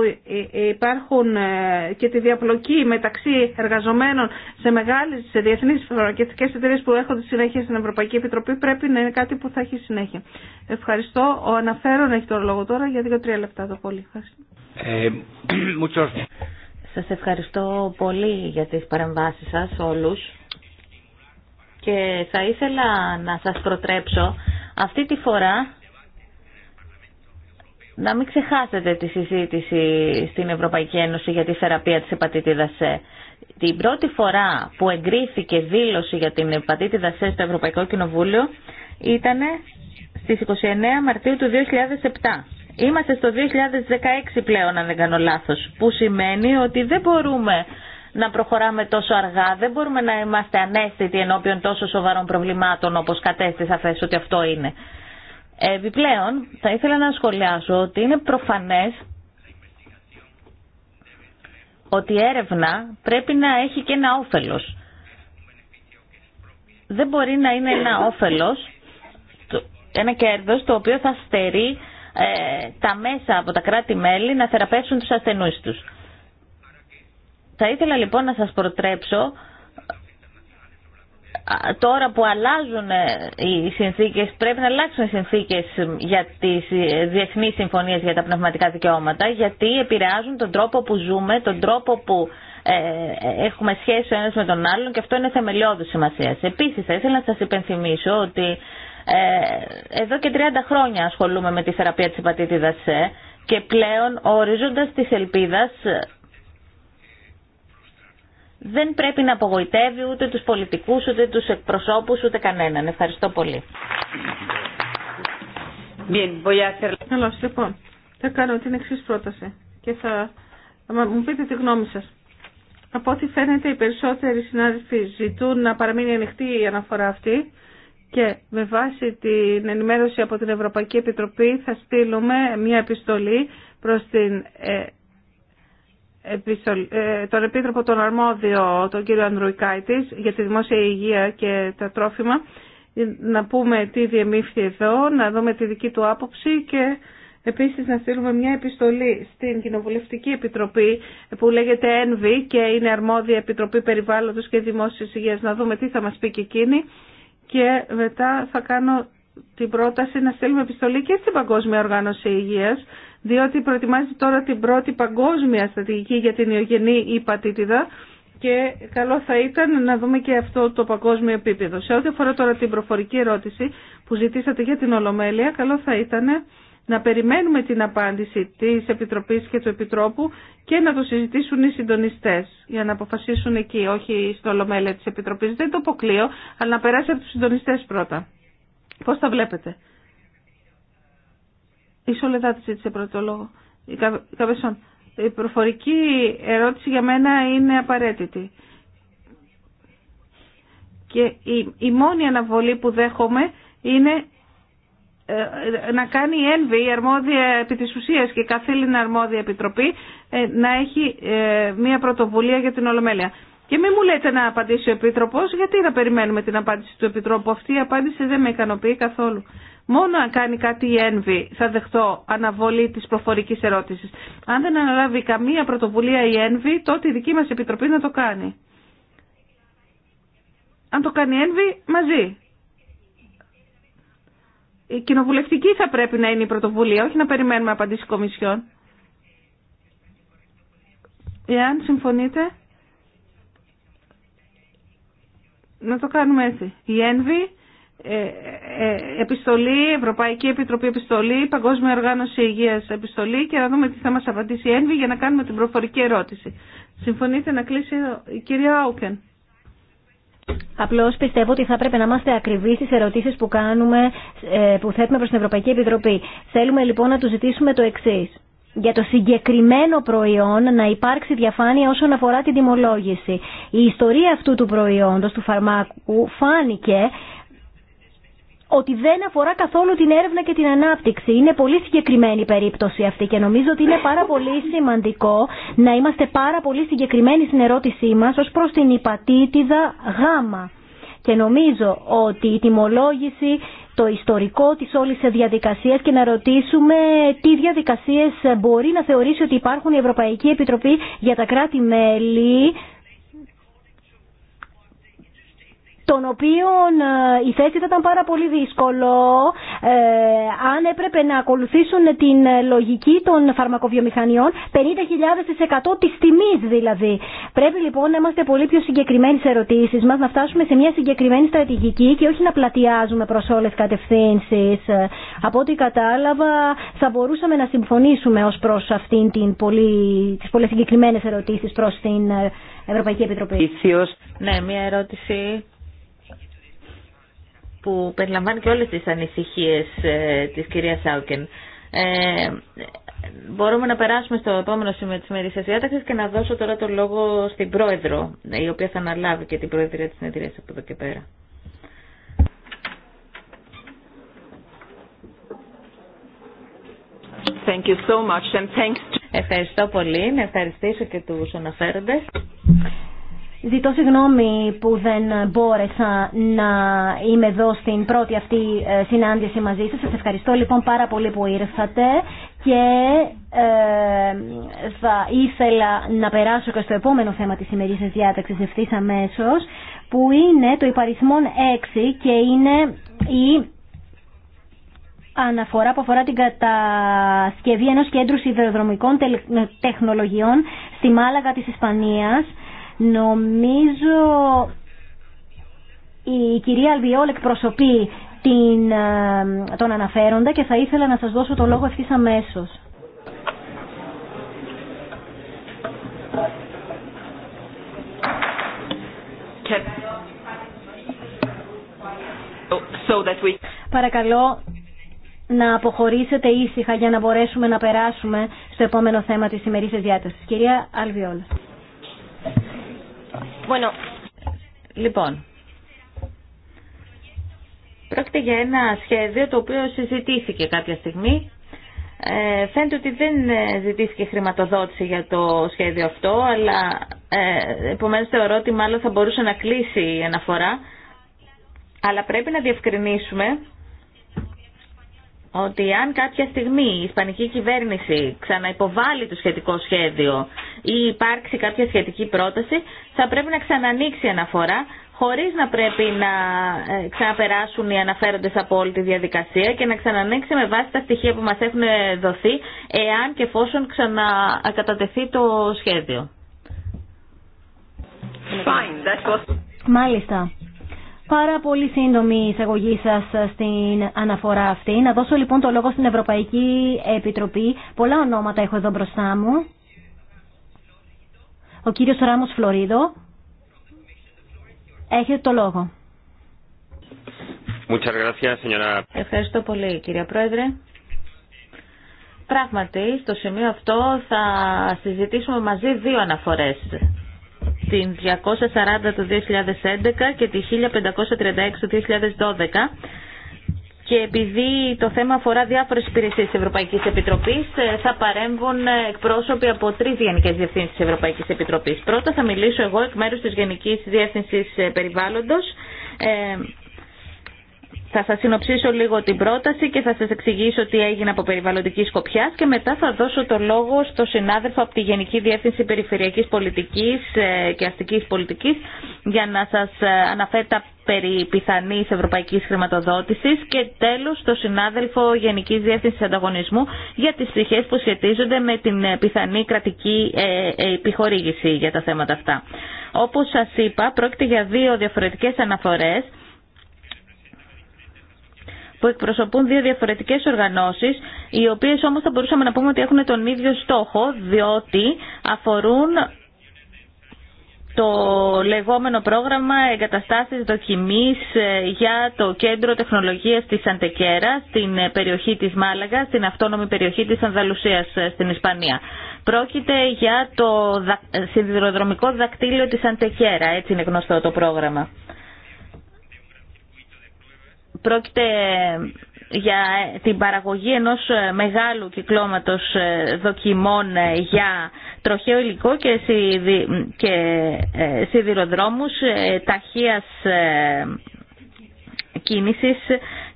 υπάρχουν ε, και τη διαπλοκή μεταξύ εργαζομένων σε μεγάλες σε διεθνείς φαρμακευτικές εταιρείες που έχουν συνέχεια στην Ευρωπαϊκή Επιτροπή πρέπει να είναι κάτι που θα έχει συνέχεια. Ευχαριστώ. Ο αναφέρον έχει τον λόγο τώρα για δύο-τρία λεπτά το πολύ. Ευχαριστώ. Ε, σας ευχαριστώ πολύ για τις παρεμβάσεις σας όλους και θα ήθελα να σας προτρέψω αυτή τη φορά να μην ξεχάσετε τη συζήτηση στην Ευρωπαϊκή Ένωση για τη θεραπεία της επατήτηδας C. Την πρώτη φορά που εγκρίθηκε δήλωση για την επατήτηδα C στο Ευρωπαϊκό Κοινοβούλιο ήταν στις 29 Μαρτίου του 2007. Είμαστε στο 2016 πλέον, αν δεν κάνω λάθος, που σημαίνει ότι δεν μπορούμε να προχωράμε τόσο αργά, δεν μπορούμε να είμαστε ανέστητοι ενώπιον τόσο σοβαρών προβλημάτων όπως κατέστησα θες ότι αυτό είναι. Επιπλέον, θα ήθελα να σχολιάσω ότι είναι προφανές ότι η έρευνα πρέπει να έχει και ένα όφελος. Δεν μπορεί να είναι ένα όφελος, ένα κέρδος το οποίο θα στερεί ε, τα μέσα από τα κράτη-μέλη να θεραπεύσουν τους ασθενούς τους. Θα ήθελα λοιπόν να σας προτρέψω τώρα που αλλάζουν ε, οι συνθήκες, πρέπει να αλλάξουν οι συνθήκες για τις ε, διεθνείς συμφωνίες για τα πνευματικά δικαιώματα, γιατί επηρεάζουν τον τρόπο που ζούμε, τον τρόπο που ε, έχουμε σχέση ο ένας με τον άλλον και αυτό είναι θεμελιώδη σημασία. Επίσης, θα ήθελα να σας υπενθυμίσω ότι εδώ και 30 χρόνια ασχολούμαι με τη θεραπεία της υπατήτηδας και πλέον ο ορίζοντας της ελπίδας δεν πρέπει να απογοητεύει ούτε τους πολιτικούς, ούτε τους εκπροσώπους, ούτε κανέναν. Ευχαριστώ πολύ. Καλώς, λοιπόν. Θα κάνω την εξή πρόταση και θα, μου πείτε τη γνώμη σας. Από ό,τι φαίνεται οι περισσότεροι συνάδελφοι ζητούν να παραμείνει ανοιχτή η αναφορά αυτή και με βάση την ενημέρωση από την Ευρωπαϊκή Επιτροπή θα στείλουμε μια επιστολή προς την ε, ε, τον Επίτροπο τον Αρμόδιο, τον κύριο Ανδρουικάητης, για τη δημόσια υγεία και τα τρόφιμα, να πούμε τι διεμήφθη εδώ, να δούμε τη δική του άποψη και επίσης να στείλουμε μια επιστολή στην Κοινοβουλευτική Επιτροπή που λέγεται ΕΝΒΗ και είναι αρμόδια Επιτροπή Περιβάλλοντος και Δημόσιας Υγείας, να δούμε τι θα μας πει και εκείνη και μετά θα κάνω την πρόταση να στείλουμε επιστολή και στην Παγκόσμια Οργάνωση Υγείας διότι προετοιμάζεται τώρα την πρώτη παγκόσμια στρατηγική για την ιογενή υπατήτηδα και καλό θα ήταν να δούμε και αυτό το παγκόσμιο επίπεδο. Σε ό,τι αφορά τώρα την προφορική ερώτηση που ζητήσατε για την Ολομέλεια, καλό θα ήταν να περιμένουμε την απάντηση της Επιτροπής και του Επιτρόπου και να το συζητήσουν οι συντονιστές για να αποφασίσουν εκεί, όχι στο Ολομέλεια της Επιτροπής. Δεν το αποκλείω, αλλά να περάσει από τους συντονιστές πρώτα. Πώς τα βλέπετε. Η Σολεδά τη ζήτησε πρώτο λόγο. Η προφορική ερώτηση για μένα είναι απαραίτητη. Και η, μόνη αναβολή που δέχομαι είναι ε, ε, να κάνει η ΕΝΒΗ, η αρμόδια επί της ουσίας και η καθήλυνα αρμόδια επιτροπή, ε, να έχει μία πρωτοβουλία για την Ολομέλεια. Και μην μου λέτε να απαντήσει ο Επίτροπος, γιατί να περιμένουμε την απάντηση του Επιτρόπου. Αυτή η απάντηση δεν με ικανοποιεί καθόλου. Μόνο αν κάνει κάτι η ΕΝΒΗ θα δεχτώ αναβολή της προφορικής ερώτησης. Αν δεν αναλάβει καμία πρωτοβουλία η ΕΝΒΗ, τότε η δική μας επιτροπή να το κάνει. Αν το κάνει η ΕΝΒΗ, μαζί. Η κοινοβουλευτική θα πρέπει να είναι η πρωτοβουλία, όχι να περιμένουμε απαντήσει κομισιών. Εάν συμφωνείτε, να το κάνουμε έτσι. Η ΕΝΒΗ ε, ε, ε, επιστολή, Ευρωπαϊκή Επιτροπή Επιστολή, Παγκόσμια Οργάνωση Υγείας Επιστολή και να δούμε τι θα μας απαντήσει η ένβη για να κάνουμε την προφορική ερώτηση. Συμφωνείτε να κλείσει η κυρία Άουκεν. Απλώ πιστεύω ότι θα πρέπει να είμαστε ακριβεί στι ερωτήσει που, κάνουμε, που θέτουμε προ την Ευρωπαϊκή Επιτροπή. Θέλουμε λοιπόν να του ζητήσουμε το εξή. Για το συγκεκριμένο προϊόν να υπάρξει διαφάνεια όσον αφορά την τιμολόγηση. Η ιστορία αυτού του προϊόντος, του φαρμάκου, φάνηκε ότι δεν αφορά καθόλου την έρευνα και την ανάπτυξη. Είναι πολύ συγκεκριμένη η περίπτωση αυτή και νομίζω ότι είναι πάρα πολύ σημαντικό να είμαστε πάρα πολύ συγκεκριμένοι στην ερώτησή μας ως προς την υπατήτηδα γάμα. Και νομίζω ότι η τιμολόγηση το ιστορικό της όλης διαδικασίας και να ρωτήσουμε τι διαδικασίες μπορεί να θεωρήσει ότι υπάρχουν η Ευρωπαϊκή Επιτροπή για τα κράτη-μέλη των οποίων ε, η θέση θα ήταν πάρα πολύ δύσκολο ε, αν έπρεπε να ακολουθήσουν την λογική των φαρμακοβιομηχανιών 50.000% της τιμής δηλαδή. Πρέπει λοιπόν να είμαστε πολύ πιο συγκεκριμένοι σε ερωτήσεις μας, να φτάσουμε σε μια συγκεκριμένη στρατηγική και όχι να πλατιάζουμε προς όλες κατευθύνσεις. Από ό,τι κατάλαβα θα μπορούσαμε να συμφωνήσουμε ως προς αυτήν την πολύ, τις πολύ συγκεκριμένες ερωτήσεις προς την ε, Ευρωπαϊκή Επιτροπή. Ναι, μια ερώτηση που περιλαμβάνει και όλες τις ανησυχίες ε, της κυρίας Σάουκεν. Ε, μπορούμε να περάσουμε στο επόμενο σημείο της μερικής διάταξης και να δώσω τώρα το λόγο στην Πρόεδρο, η οποία θα αναλάβει και την Προεδρία της συνεδρίας από εδώ και πέρα. Thank you so much and thanks to... Ευχαριστώ πολύ. Να ευχαριστήσω και τους αναφέροντες. Ζητώ συγγνώμη που δεν μπόρεσα να είμαι εδώ στην πρώτη αυτή ε, συνάντηση μαζί σας. Σας ευχαριστώ λοιπόν πάρα πολύ που ήρθατε και ε, θα ήθελα να περάσω και στο επόμενο θέμα της σημερινής διάταξης ευθύς αμέσως που είναι το υπαριθμόν 6 και είναι η αναφορά που αφορά την κατασκευή ενός κέντρου σιδεροδρομικών τεχνολογιών στη Μάλαγα της Ισπανίας Νομίζω η κυρία Αλβιόλ εκπροσωπεί ε, τον αναφέροντα και θα ήθελα να σας δώσω το λόγο ευθύς αμέσως. Oh, Παρακαλώ να αποχωρήσετε ήσυχα για να μπορέσουμε να περάσουμε στο επόμενο θέμα της σημερινής διάτασης. Κυρία Αλβιόλ. Λοιπόν, πρόκειται για ένα σχέδιο το οποίο συζητήθηκε κάποια στιγμή. Ε, φαίνεται ότι δεν ε, ζητήθηκε χρηματοδότηση για το σχέδιο αυτό, αλλά ε, επομένως θεωρώ ότι μάλλον θα μπορούσε να κλείσει η αναφορά. Αλλά πρέπει να διευκρινίσουμε ότι αν κάποια στιγμή η Ισπανική κυβέρνηση ξαναυποβάλει το σχετικό σχέδιο ή υπάρξει κάποια σχετική πρόταση, θα πρέπει να ξανανοίξει η αναφορά χωρίς να πρέπει να ε, ξαναπεράσουν οι αναφέροντες από όλη τη διαδικασία και να ξανανοίξει με βάση τα στοιχεία που μας έχουν δοθεί, εάν και εφόσον ξανακατατεθεί το σχέδιο. Μάλιστα πάρα πολύ σύντομη η εισαγωγή σα στην αναφορά αυτή. Να δώσω λοιπόν το λόγο στην Ευρωπαϊκή Επιτροπή. Πολλά ονόματα έχω εδώ μπροστά μου. Ο κύριο Ράμο Φλωρίδο. Έχετε το λόγο. Ευχαριστώ πολύ κύριε Πρόεδρε. Πράγματι, στο σημείο αυτό θα συζητήσουμε μαζί δύο αναφορές την 240 το 2011 και τη 1536 το 2012 και επειδή το θέμα αφορά διάφορες υπηρεσίες της Ευρωπαϊκής Επιτροπής ε, θα παρέμβουν ε, εκπρόσωποι από τρεις Γενικές Διευθύνσεις της Ευρωπαϊκής Επιτροπής. Πρώτα θα μιλήσω εγώ εκ μέρους της Γενικής Διεύθυνσης ε, Περιβάλλοντος θα σας συνοψίσω λίγο την πρόταση και θα σας εξηγήσω τι έγινε από περιβαλλοντική σκοπιά και μετά θα δώσω το λόγο στο συνάδελφο από τη Γενική Διεύθυνση Περιφερειακής Πολιτικής ε, και Αστικής Πολιτικής για να σας ε, αναφέρει τα περί πιθανής ευρωπαϊκής χρηματοδότησης και τέλος στο συνάδελφο Γενικής Διεύθυνσης Ανταγωνισμού για τις πτυχές που σχετίζονται με την ε, πιθανή κρατική επιχορήγηση για τα θέματα αυτά. Όπως σας είπα, πρόκειται για δύο διαφορετικές αναφορές που εκπροσωπούν δύο διαφορετικέ οργανώσει, οι οποίε όμω θα μπορούσαμε να πούμε ότι έχουν τον ίδιο στόχο, διότι αφορούν το λεγόμενο πρόγραμμα εγκαταστάσεις δοκιμής ε, για το Κέντρο Τεχνολογίας της Αντεκέρα στην ε, περιοχή της Μάλαγα, στην αυτόνομη περιοχή της Ανδαλουσίας ε, στην Ισπανία. Πρόκειται για το σιδηροδρομικό δακτύλιο της Αντεκέρα, έτσι είναι γνωστό το πρόγραμμα πρόκειται για την παραγωγή ενός ε, μεγάλου κυκλώματος ε, δοκιμών ε, για τροχαίο υλικό και, σιδη, και σιδηροδρόμους ταχείας κίνησης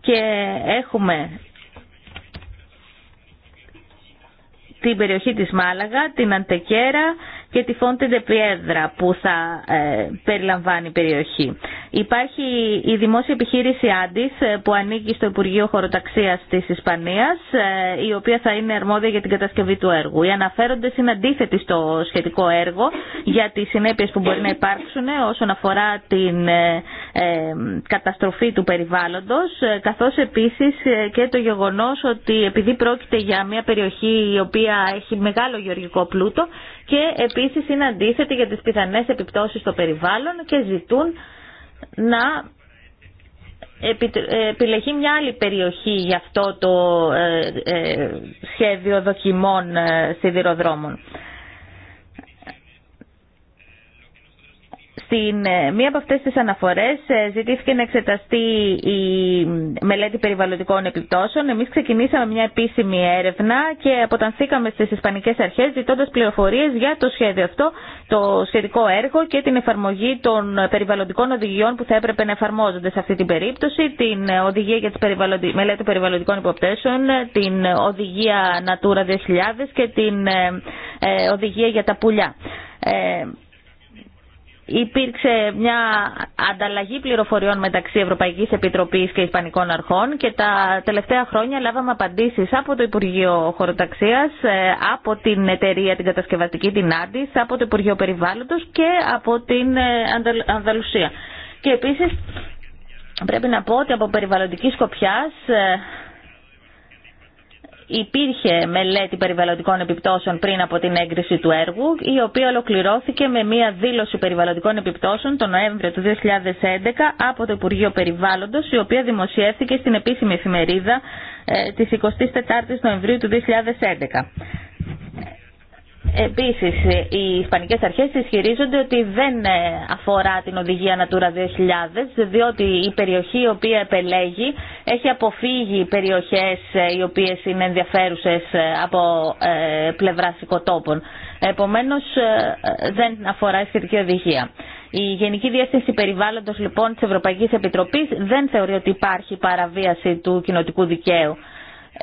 και έχουμε την περιοχή της Μάλαγα, την Αντεκέρα και τη Φόντεντε Πιέδρα που θα ε, περιλαμβάνει η περιοχή. Υπάρχει η δημόσια επιχείρηση Άντις ε, που ανήκει στο Υπουργείο Χωροταξίας της Ισπανίας ε, η οποία θα είναι αρμόδια για την κατασκευή του έργου. Οι αναφέροντες είναι αντίθετοι στο σχετικό έργο για τις συνέπειες που μπορεί να υπάρξουν όσον αφορά την καταστροφή του περιβάλλοντος καθώς επίσης και το γεγονός ότι επειδή πρόκειται για μια περιοχή η οποία έχει μεγάλο γεωργικό πλούτο και επίσης είναι αντίθετοι για τις πιθανές επιπτώσεις στο περιβάλλον και ζητούν να επιλεγεί μια άλλη περιοχή για αυτό το ε, ε, σχέδιο δοκιμών ε, σιδηροδρόμων. Στην ε, μία από αυτές τις αναφορές ε, ζητήθηκε να εξεταστεί η μελέτη περιβαλλοντικών επιπτώσεων. Εμείς ξεκινήσαμε μια επίσημη έρευνα και αποτανθήκαμε στις Ισπανικές Αρχές ζητώντας πληροφορίες για το σχέδιο αυτό, το σχετικό έργο και την εφαρμογή των περιβαλλοντικών οδηγιών που θα έπρεπε να εφαρμόζονται σε αυτή την περίπτωση, την ε, οδηγία για τις περιβαλλοντι... μελέτη περιβαλλοντικών υποπτέσεων, την οδηγία Natura 2000 και την οδηγία για τα πουλιά υπήρξε μια ανταλλαγή πληροφοριών μεταξύ Ευρωπαϊκής Επιτροπής και Ισπανικών Αρχών και τα τελευταία χρόνια λάβαμε απαντήσεις από το Υπουργείο Χωροταξίας, ε, από την εταιρεία την κατασκευαστική την Άντις, από το Υπουργείο Περιβάλλοντος και από την ε, Ανδαλουσία. Και επίσης Πρέπει να πω ότι από περιβαλλοντική σκοπιάς ε, υπήρχε μελέτη περιβαλλοντικών επιπτώσεων πριν από την έγκριση του έργου, η οποία ολοκληρώθηκε με μία δήλωση περιβαλλοντικών επιπτώσεων τον Νοέμβριο του 2011 από το Υπουργείο Περιβάλλοντος, η οποία δημοσιεύθηκε στην επίσημη εφημερίδα ε, της 24ης Νοεμβρίου του 2011. Επίσης, οι Ισπανικές Αρχές ισχυρίζονται ότι δεν ε, αφορά την οδηγία Natura 2000, διότι η περιοχή η οποία επελέγει έχει αποφύγει περιοχές ε, οι οποίες είναι ενδιαφέρουσε ε, από πλευρά οικοτόπων. Επομένως, δεν αφορά η σχετική οδηγία. Η Γενική Διεύθυνση Περιβάλλοντος λοιπόν της Ευρωπαϊκής Επιτροπής δεν θεωρεί ότι υπάρχει παραβίαση του κοινοτικού δικαίου.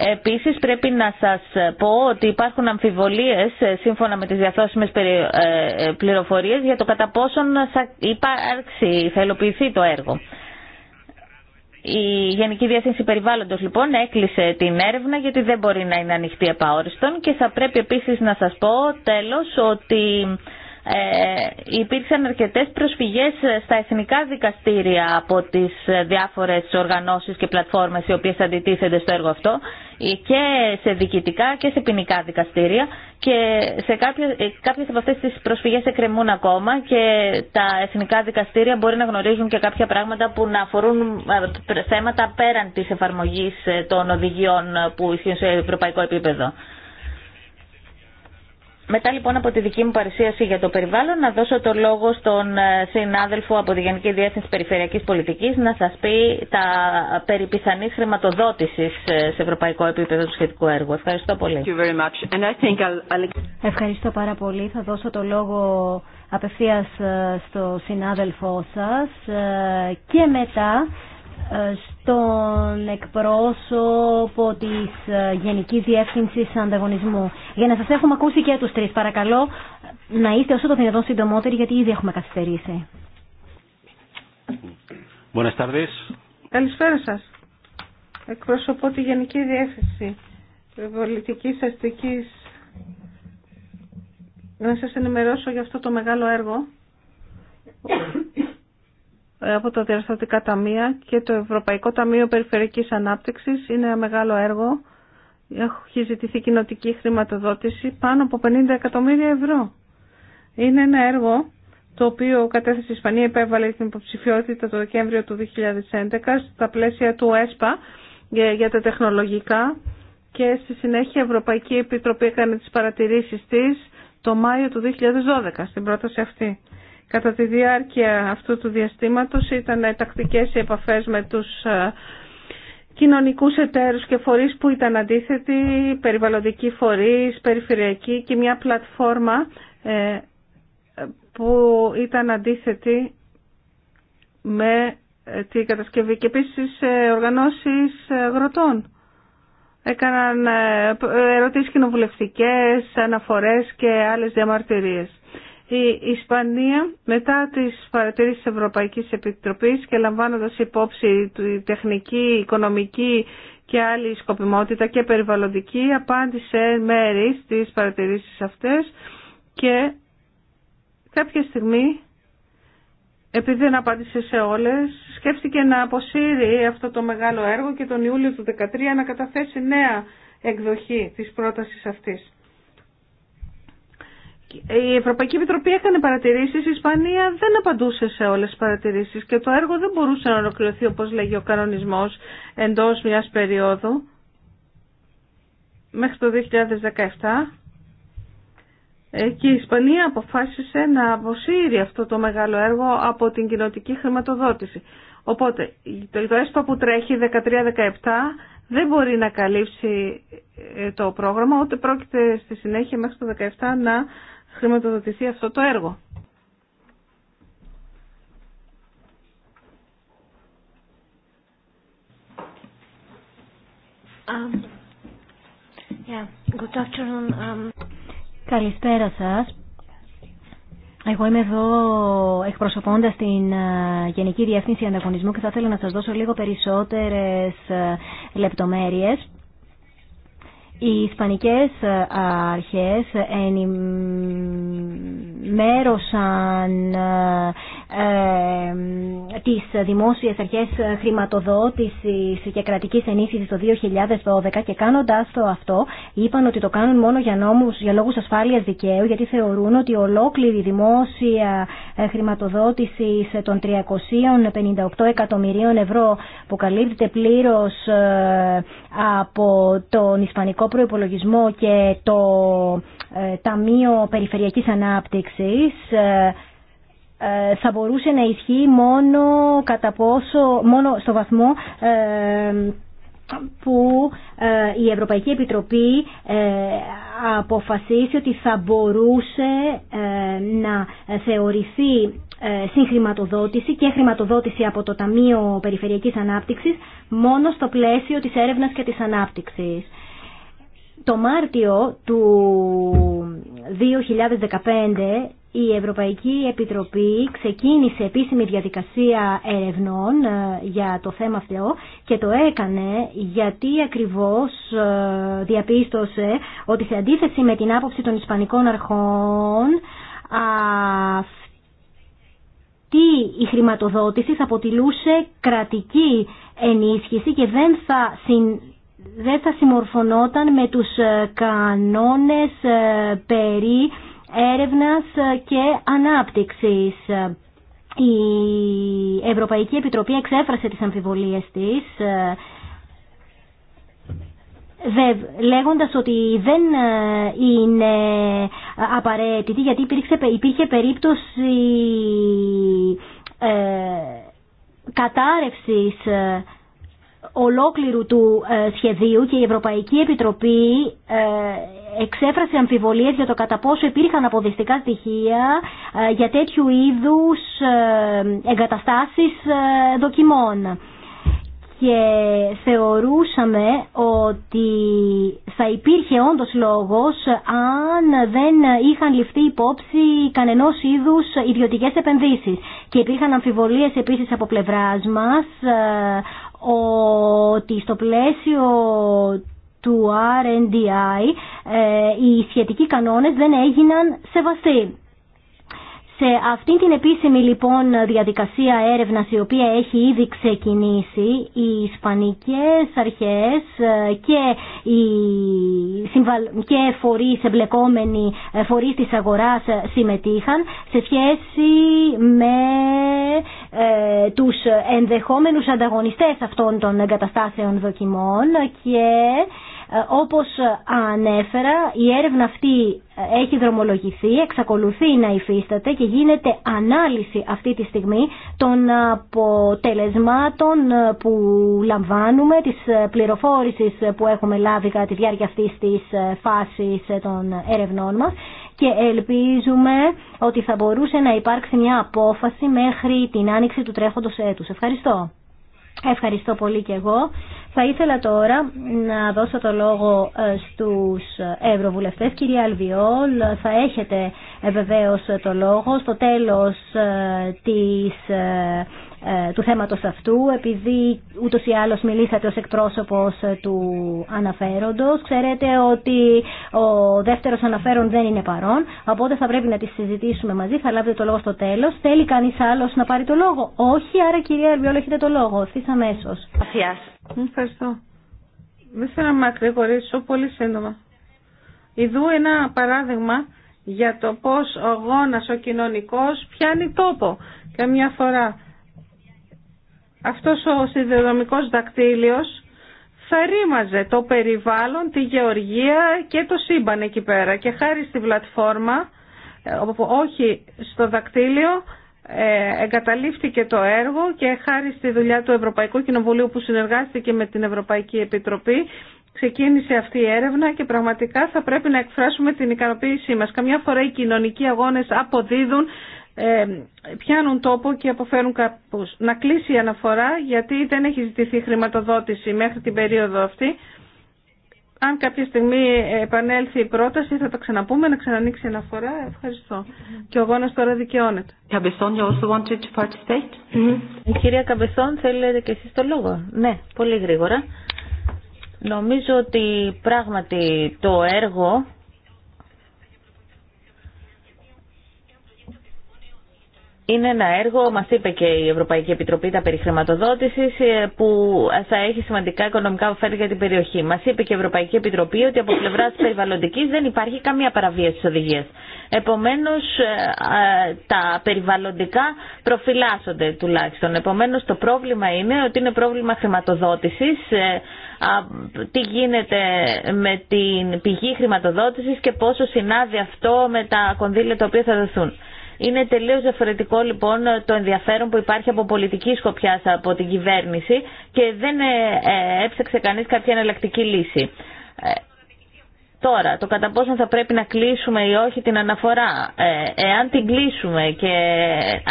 Επίσης πρέπει να σας πω ότι υπάρχουν αμφιβολίες ε, σύμφωνα με τις διαθέσιμες ε, ε, πληροφορίες για το κατά πόσον θα υπάρξει, θα υλοποιηθεί το έργο. Η Γενική Διεύθυνση Περιβάλλοντος, λοιπόν έκλεισε την έρευνα γιατί δεν μπορεί να είναι ανοιχτή επαόριστον και θα πρέπει επίσης να σας πω τέλος ότι ε, υπήρξαν αρκετές προσφυγές στα εθνικά δικαστήρια από τις διάφορες οργανώσεις και πλατφόρμες οι οποίες αντιτίθενται στο έργο αυτό ε, και σε διοικητικά και σε ποινικά δικαστήρια και σε κάποιες, κάποιες από αυτές τις προσφυγές εκκρεμούν ακόμα και τα εθνικά δικαστήρια μπορεί να γνωρίζουν και κάποια πράγματα που να αφορούν ε, θέματα πέραν της εφαρμογής των οδηγιών που ισχύουν σε ευρωπαϊκό επίπεδο. Μετά λοιπόν από τη δική μου παρουσίαση για το περιβάλλον να δώσω το λόγο στον ε, συνάδελφο από τη Γενική Διεύθυνση Περιφερειακής Πολιτικής να σας πει τα περί πιθανής χρηματοδότησης ε, σε ευρωπαϊκό επίπεδο του σχετικού έργου. Ευχαριστώ πολύ. Ευχαριστώ πάρα πολύ. Θα δώσω το λόγο απευθεία ε, στο συνάδελφό σας και μετά τον εκπρόσωπο της ε, γενική διεύθυνση Ανταγωνισμού. Για να σας έχουμε ακούσει και τους τρεις, παρακαλώ να είστε όσο το δυνατόν συντομότεροι, γιατί ήδη έχουμε καθυστερήσει. Καλησπέρα σας. Εκπροσωπώ τη Γενική Διεύθυνση Πολιτική Αστική. Να σας ενημερώσω για αυτό το μεγάλο έργο ε, από τα Διαστατικά Ταμεία και το Ευρωπαϊκό Ταμείο Περιφερειακής Ανάπτυξης. Είναι ένα μεγάλο έργο. Έχει ζητηθεί κοινοτική χρηματοδότηση πάνω από 50 εκατομμύρια ευρώ. Είναι ένα έργο το οποίο κατέθεσε η Ισπανία επέβαλε την υποψηφιότητα το Δεκέμβριο του 2011 στα πλαίσια του ΕΣΠΑ για τα τεχνολογικά και στη συνέχεια η Ευρωπαϊκή Επιτροπή έκανε τις παρατηρήσεις της το Μάιο του 2012 στην πρόταση αυτή. Κατά τη διάρκεια αυτού του διαστήματος ήταν τακτικές οι επαφές με τους ε, κοινωνικούς εταίρους και φορείς που ήταν αντίθετοι, περιβαλλοντικοί φορείς, περιφερειακοί και μια πλατφόρμα ε, που ήταν αντίθετη με ε, την κατασκευή και επίσης οργανώσεις γροτών. Έκαναν ερωτήσεις κοινοβουλευτικές, αναφορές και άλλες διαμαρτυρίες. Η Ισπανία μετά τις παρατηρήσεις της Ευρωπαϊκής Επιτροπής και λαμβάνοντας υπόψη τη τεχνική, οικονομική και άλλη σκοπιμότητα και περιβαλλοντική απάντησε μέρη στις παρατηρήσεις αυτές και κάποια στιγμή επειδή δεν απάντησε σε όλες, σκέφτηκε να αποσύρει αυτό το μεγάλο έργο και τον Ιούλιο του 2013 να καταθέσει νέα εκδοχή της πρότασης αυτής η Ευρωπαϊκή Επιτροπή έκανε παρατηρήσεις, η Ισπανία δεν απαντούσε σε όλες τις παρατηρήσεις και το έργο δεν μπορούσε να ολοκληρωθεί όπως λέγει ο κανονισμός εντός μιας περίοδου μέχρι το 2017 ε, και η Ισπανία αποφάσισε να αποσύρει αυτό το μεγάλο έργο από την κοινοτική χρηματοδότηση. Οπότε το ΕΣΠΑ που τρέχει 13-17 δεν μπορεί να καλύψει ε, το πρόγραμμα, ούτε πρόκειται στη συνέχεια μέχρι το 17 να χρηματοδοτηθεί αυτό το έργο. Um, um... Καλησπέρα σας. Εγώ είμαι εδώ εκπροσωπώντας την ε, Γενική Διευθύνση Ανταγωνισμού και θα ήθελα να σας δώσω λίγο περισσότερες ε, λεπτομέρειες οι Ισπανικές ε, αρχές ενημερώνουν ενημέρωσαν ε, ε, τις δημόσιες αρχές χρηματοδότησης και κρατικής ενίσχυσης το 2012 και κάνοντας το αυτό είπαν ότι το κάνουν μόνο για, νόμους, για λόγους ασφάλειας δικαίου γιατί θεωρούν ότι ολόκληρη δημόσια ε, χρηματοδότηση των 358 εκατομμυρίων ευρώ που καλύπτεται πλήρως από τον Ισπανικό προϋπολογισμό και το ε, Ταμείο Περιφερειακής Ανάπτυξης ε, ε, θα μπορούσε να ισχύει μόνο, κατά πόσο, μόνο στο βαθμό που η Ευρωπαϊκή Επιτροπή αποφασίσει ότι θα μπορούσε να θεωρηθεί συγχρηματοδότηση και χρηματοδότηση από το Ταμείο Περιφερειακής Ανάπτυξης μόνο στο πλαίσιο της έρευνας και της ανάπτυξης. Το Μάρτιο του 2015 η Ευρωπαϊκή Επιτροπή ξεκίνησε επίσημη διαδικασία ερευνών ε, για το θέμα αυτό και το έκανε γιατί ακριβώς ε, διαπίστωσε ότι σε αντίθεση με την άποψη των Ισπανικών αρχών αυτή η χρηματοδότηση θα αποτελούσε κρατική ενίσχυση και δεν θα συν δεν θα συμμορφωνόταν με τους ε, κανόνες ε, περί έρευνας ε, και ανάπτυξης. Η Ευρωπαϊκή Επιτροπή εξέφρασε τις αμφιβολίες της λέγοντας ότι δεν είναι απαραίτητη γιατί υπήρχε περίπτωση ε, κατάρρευσης ολόκληρου του ε, σχεδίου και η Ευρωπαϊκή Επιτροπή ε, εξέφρασε αμφιβολίες για το κατά πόσο υπήρχαν αποδιστικά στοιχεία ε, για τέτοιου είδους εγκαταστάσεις δοκιμών. Και θεωρούσαμε ότι θα υπήρχε όντως λόγος αν δεν είχαν ληφθεί υπόψη κανενός είδους ιδιωτικές επενδύσεις. Και υπήρχαν αμφιβολίες επίσης από πλευράς μας ότι στο πλαίσιο του RNDI ε, οι σχετικοί κανόνες δεν έγιναν σεβαστοί. Σε αυτή την επίσημη λοιπόν διαδικασία έρευνας η οποία έχει ήδη ξεκινήσει οι Ισπανικές αρχές ε, και οι και φορείς εμπλεκόμενοι ε, φορείς της αγοράς ε, συμμετείχαν σε σχέση με ε, τους ενδεχόμενους ανταγωνιστές αυτών των εγκαταστάσεων δοκιμών και ε, όπως ε, ανέφερα, η έρευνα αυτή ε, έχει δρομολογηθεί, εξακολουθεί να υφίσταται και γίνεται ανάλυση αυτή τη στιγμή των αποτελεσμάτων που λαμβάνουμε, της πληροφόρησης που έχουμε λάβει κατά τη διάρκεια αυτής της φάσης των ερευνών μας και ελπίζουμε ότι θα μπορούσε να υπάρξει μια απόφαση μέχρι την άνοιξη του τρέχοντος έτους. Ευχαριστώ. Ευχαριστώ πολύ και εγώ. Θα ήθελα τώρα να δώσω το λόγο ε, στους Ευρωβουλευτές. Κυρία Αλβιόλ, θα έχετε ε, βεβαίως το λόγο στο τέλος ε, της ε, του θέματος αυτού, επειδή ούτως ή άλλως μιλήσατε ως εκπρόσωπος ε, του αναφέροντος. Ξέρετε ότι ο δεύτερος αναφέρον δεν είναι παρόν, οπότε θα πρέπει να τη συζητήσουμε μαζί, θα λάβετε το λόγο στο τέλος. Θέλει κανείς άλλος να πάρει το λόγο. Όχι, άρα κυρία Ερβιόλ έχετε το λόγο. Ευθύς αμέσως. Ευχαριστώ. Δεν θέλω να μακρηγορήσω πολύ σύντομα. Ιδού ένα παράδειγμα για το πώς ο γόνας ο κοινωνικός πιάνει τόπο. Καμιά φορά αυτός ο σιδηροδρομικός δακτύλιος ρίμαζε το περιβάλλον, τη γεωργία και το σύμπαν εκεί πέρα. Και χάρη στην πλατφόρμα, όχι στο δακτύλιο, ε, εγκαταλείφθηκε το έργο και χάρη στη δουλειά του Ευρωπαϊκού Κοινοβουλίου που συνεργάστηκε με την Ευρωπαϊκή Επιτροπή ξεκίνησε αυτή η έρευνα και πραγματικά θα πρέπει να εκφράσουμε την ικανοποίησή μας. Καμιά φορά οι κοινωνικοί αγώνες αποδίδουν ε, πιάνουν τόπο και αποφέρουν κάπως. Να κλείσει η αναφορά γιατί δεν έχει ζητηθεί χρηματοδότηση μέχρι την περίοδο αυτή. Αν κάποια στιγμή επανέλθει η πρόταση θα το ξαναπούμε, να ξανανοίξει η αναφορά. Ευχαριστώ. Και ο γόνα τώρα δικαιώνεται. Mm-hmm. Η κυρία Καμπεσόν θέλετε και εσείς το λόγο. Ναι, πολύ γρήγορα. Νομίζω ότι πράγματι το έργο είναι ένα έργο, μα είπε και η Ευρωπαϊκή Επιτροπή τα περί χρηματοδότηση, ε, που θα έχει σημαντικά οικονομικά ωφέλη για την περιοχή. Μα είπε και η Ευρωπαϊκή Επιτροπή ότι από πλευρά περιβαλλοντική δεν υπάρχει καμία παραβίαση τη οδηγία. Επομένω, ε, ε, τα περιβαλλοντικά προφυλάσσονται τουλάχιστον. Επομένω, το πρόβλημα είναι ότι είναι πρόβλημα χρηματοδότηση. τι γίνεται με την πηγή χρηματοδότηση και πόσο συνάδει αυτό με τα κονδύλια τα οποία θα δοθούν. Είναι τελείως διαφορετικό λοιπόν το ενδιαφέρον που υπάρχει από πολιτική σκοπιά από την κυβέρνηση και δεν ε, ε, έψεξε κανείς κάποια εναλλακτική λύση. Ε, τώρα, το κατά πόσο θα πρέπει να κλείσουμε ή όχι την αναφορά. Ε, εάν την κλείσουμε και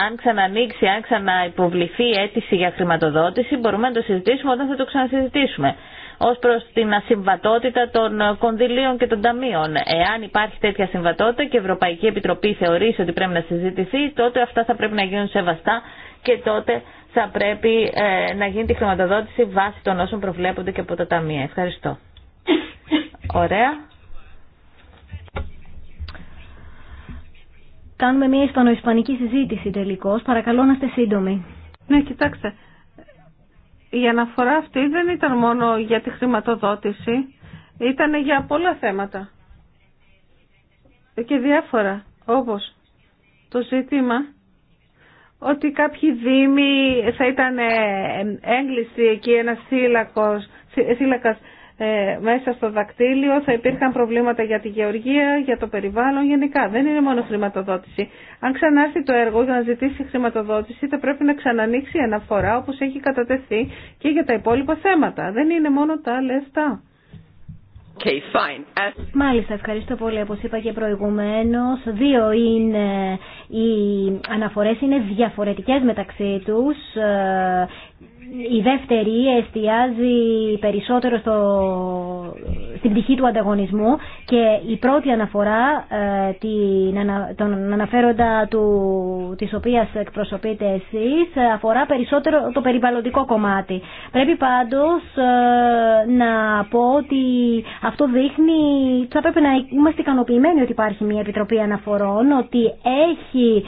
αν ξανανοίξει, αν ξαναυποβληθεί αίτηση για χρηματοδότηση, μπορούμε να το συζητήσουμε όταν θα το ξανασυζητήσουμε. Ω προ την ασυμβατότητα των κονδυλίων και των ταμείων. Εάν υπάρχει τέτοια συμβατότητα και η Ευρωπαϊκή Επιτροπή θεωρήσει ότι πρέπει να συζητηθεί, τότε αυτά θα πρέπει να γίνουν σεβαστά και τότε θα πρέπει ε, να γίνει τη χρηματοδότηση βάσει των όσων προβλέπονται και από τα ταμεία. Ευχαριστώ. Ωραία. Κάνουμε μια ισπανοϊσπανική συζήτηση τελικώς. Παρακαλώ να είστε σύντομοι. Ναι, κοιτάξτε η αναφορά αυτή δεν ήταν μόνο για τη χρηματοδότηση, ήταν για πολλά θέματα και διάφορα, όπως το ζήτημα ότι κάποιοι δήμοι θα ήταν ε, ε, έγκλειστοι εκεί ένας θύλακος, ε, μέσα στο δακτύλιο, θα υπήρχαν προβλήματα για τη γεωργία, για το περιβάλλον γενικά. Δεν είναι μόνο χρηματοδότηση. Αν ξανάρθει το έργο για να ζητήσει χρηματοδότηση, θα πρέπει να ξανανοίξει αναφορά όπως έχει κατατεθεί και για τα υπόλοιπα θέματα. Δεν είναι μόνο τα λεφτά. Okay, fine. Ε- Μάλιστα, ευχαριστώ πολύ. Όπως είπα και προηγουμένως, δύο είναι οι αναφορές, είναι διαφορετικές μεταξύ τους. Ε, η δεύτερη εστιάζει περισσότερο στο, στην πτυχή του ανταγωνισμού και η πρώτη αναφορά ε, την, τον αναφέροντα του, της οποίας εκπροσωπείτε εσείς αφορά περισσότερο το περιβαλλοντικό κομμάτι. Πρέπει πάντως ε, να πω ότι αυτό δείχνει θα πρέπει να είμαστε ικανοποιημένοι ότι υπάρχει μια Επιτροπή Αναφορών ότι έχει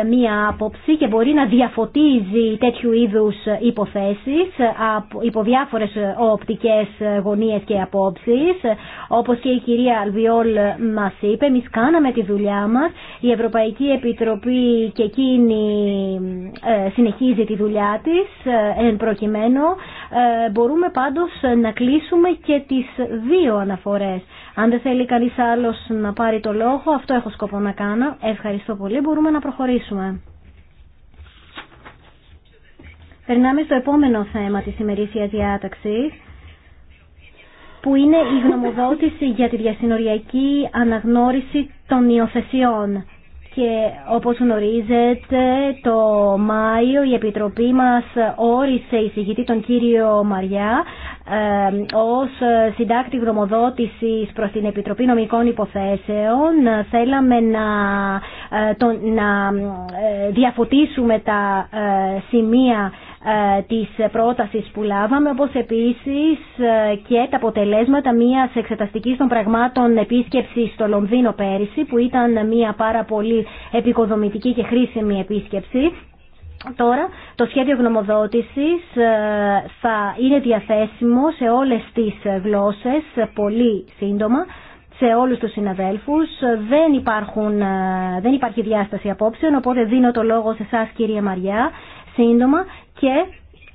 ε, μια άποψη και μπορεί να διαφωτίζει τέτοιου είδους υποθέσεις θέσεις υπό διάφορες ε, οπτικές ε, γωνίες και απόψεις. Όπως και η κυρία Αλβιόλ ε, μας είπε, εμεί κάναμε τη δουλειά μας. Η Ευρωπαϊκή Επιτροπή και εκείνη συνεχίζει τη δουλειά της εν προκειμένου. Μπορούμε πάντως να κλείσουμε και τις δύο αναφορές. Αν δεν θέλει κανείς άλλος να πάρει το λόγο, αυτό έχω σκοπό να κάνω. Ευχαριστώ πολύ, μπορούμε να προχωρήσουμε. Περνάμε στο επόμενο θέμα της ημερήσιας διάταξης που είναι η γνωμοδότηση για τη διασυνοριακή αναγνώριση των υιοθεσιών. Και όπως γνωρίζετε, το Μάιο η Επιτροπή μας όρισε εισηγητή τον κύριο Μαριά ε, ως συντάκτη γνωμοδότησης προς την Επιτροπή Νομικών Υποθέσεων. Θέλαμε να, ε, ε διαφωτίσουμε τα ε, σημεία ε, της πρότασης που λάβαμε, όπως επίσης ε, και τα αποτελέσματα μιας εξεταστικής των πραγμάτων επίσκεψης στο Λονδίνο πέρυσι, που ήταν μια πάρα πολύ επικοδομητική και χρήσιμη επίσκεψη. Τώρα το σχέδιο γνωμοδότησης ε, θα είναι διαθέσιμο σε όλες τις γλώσσες πολύ σύντομα σε όλους τους συναδέλφους. Δεν, υπάρχουν, δεν υπάρχει διάσταση απόψεων, οπότε δίνω το λόγο σε εσά κύριε Μαριά σύντομα και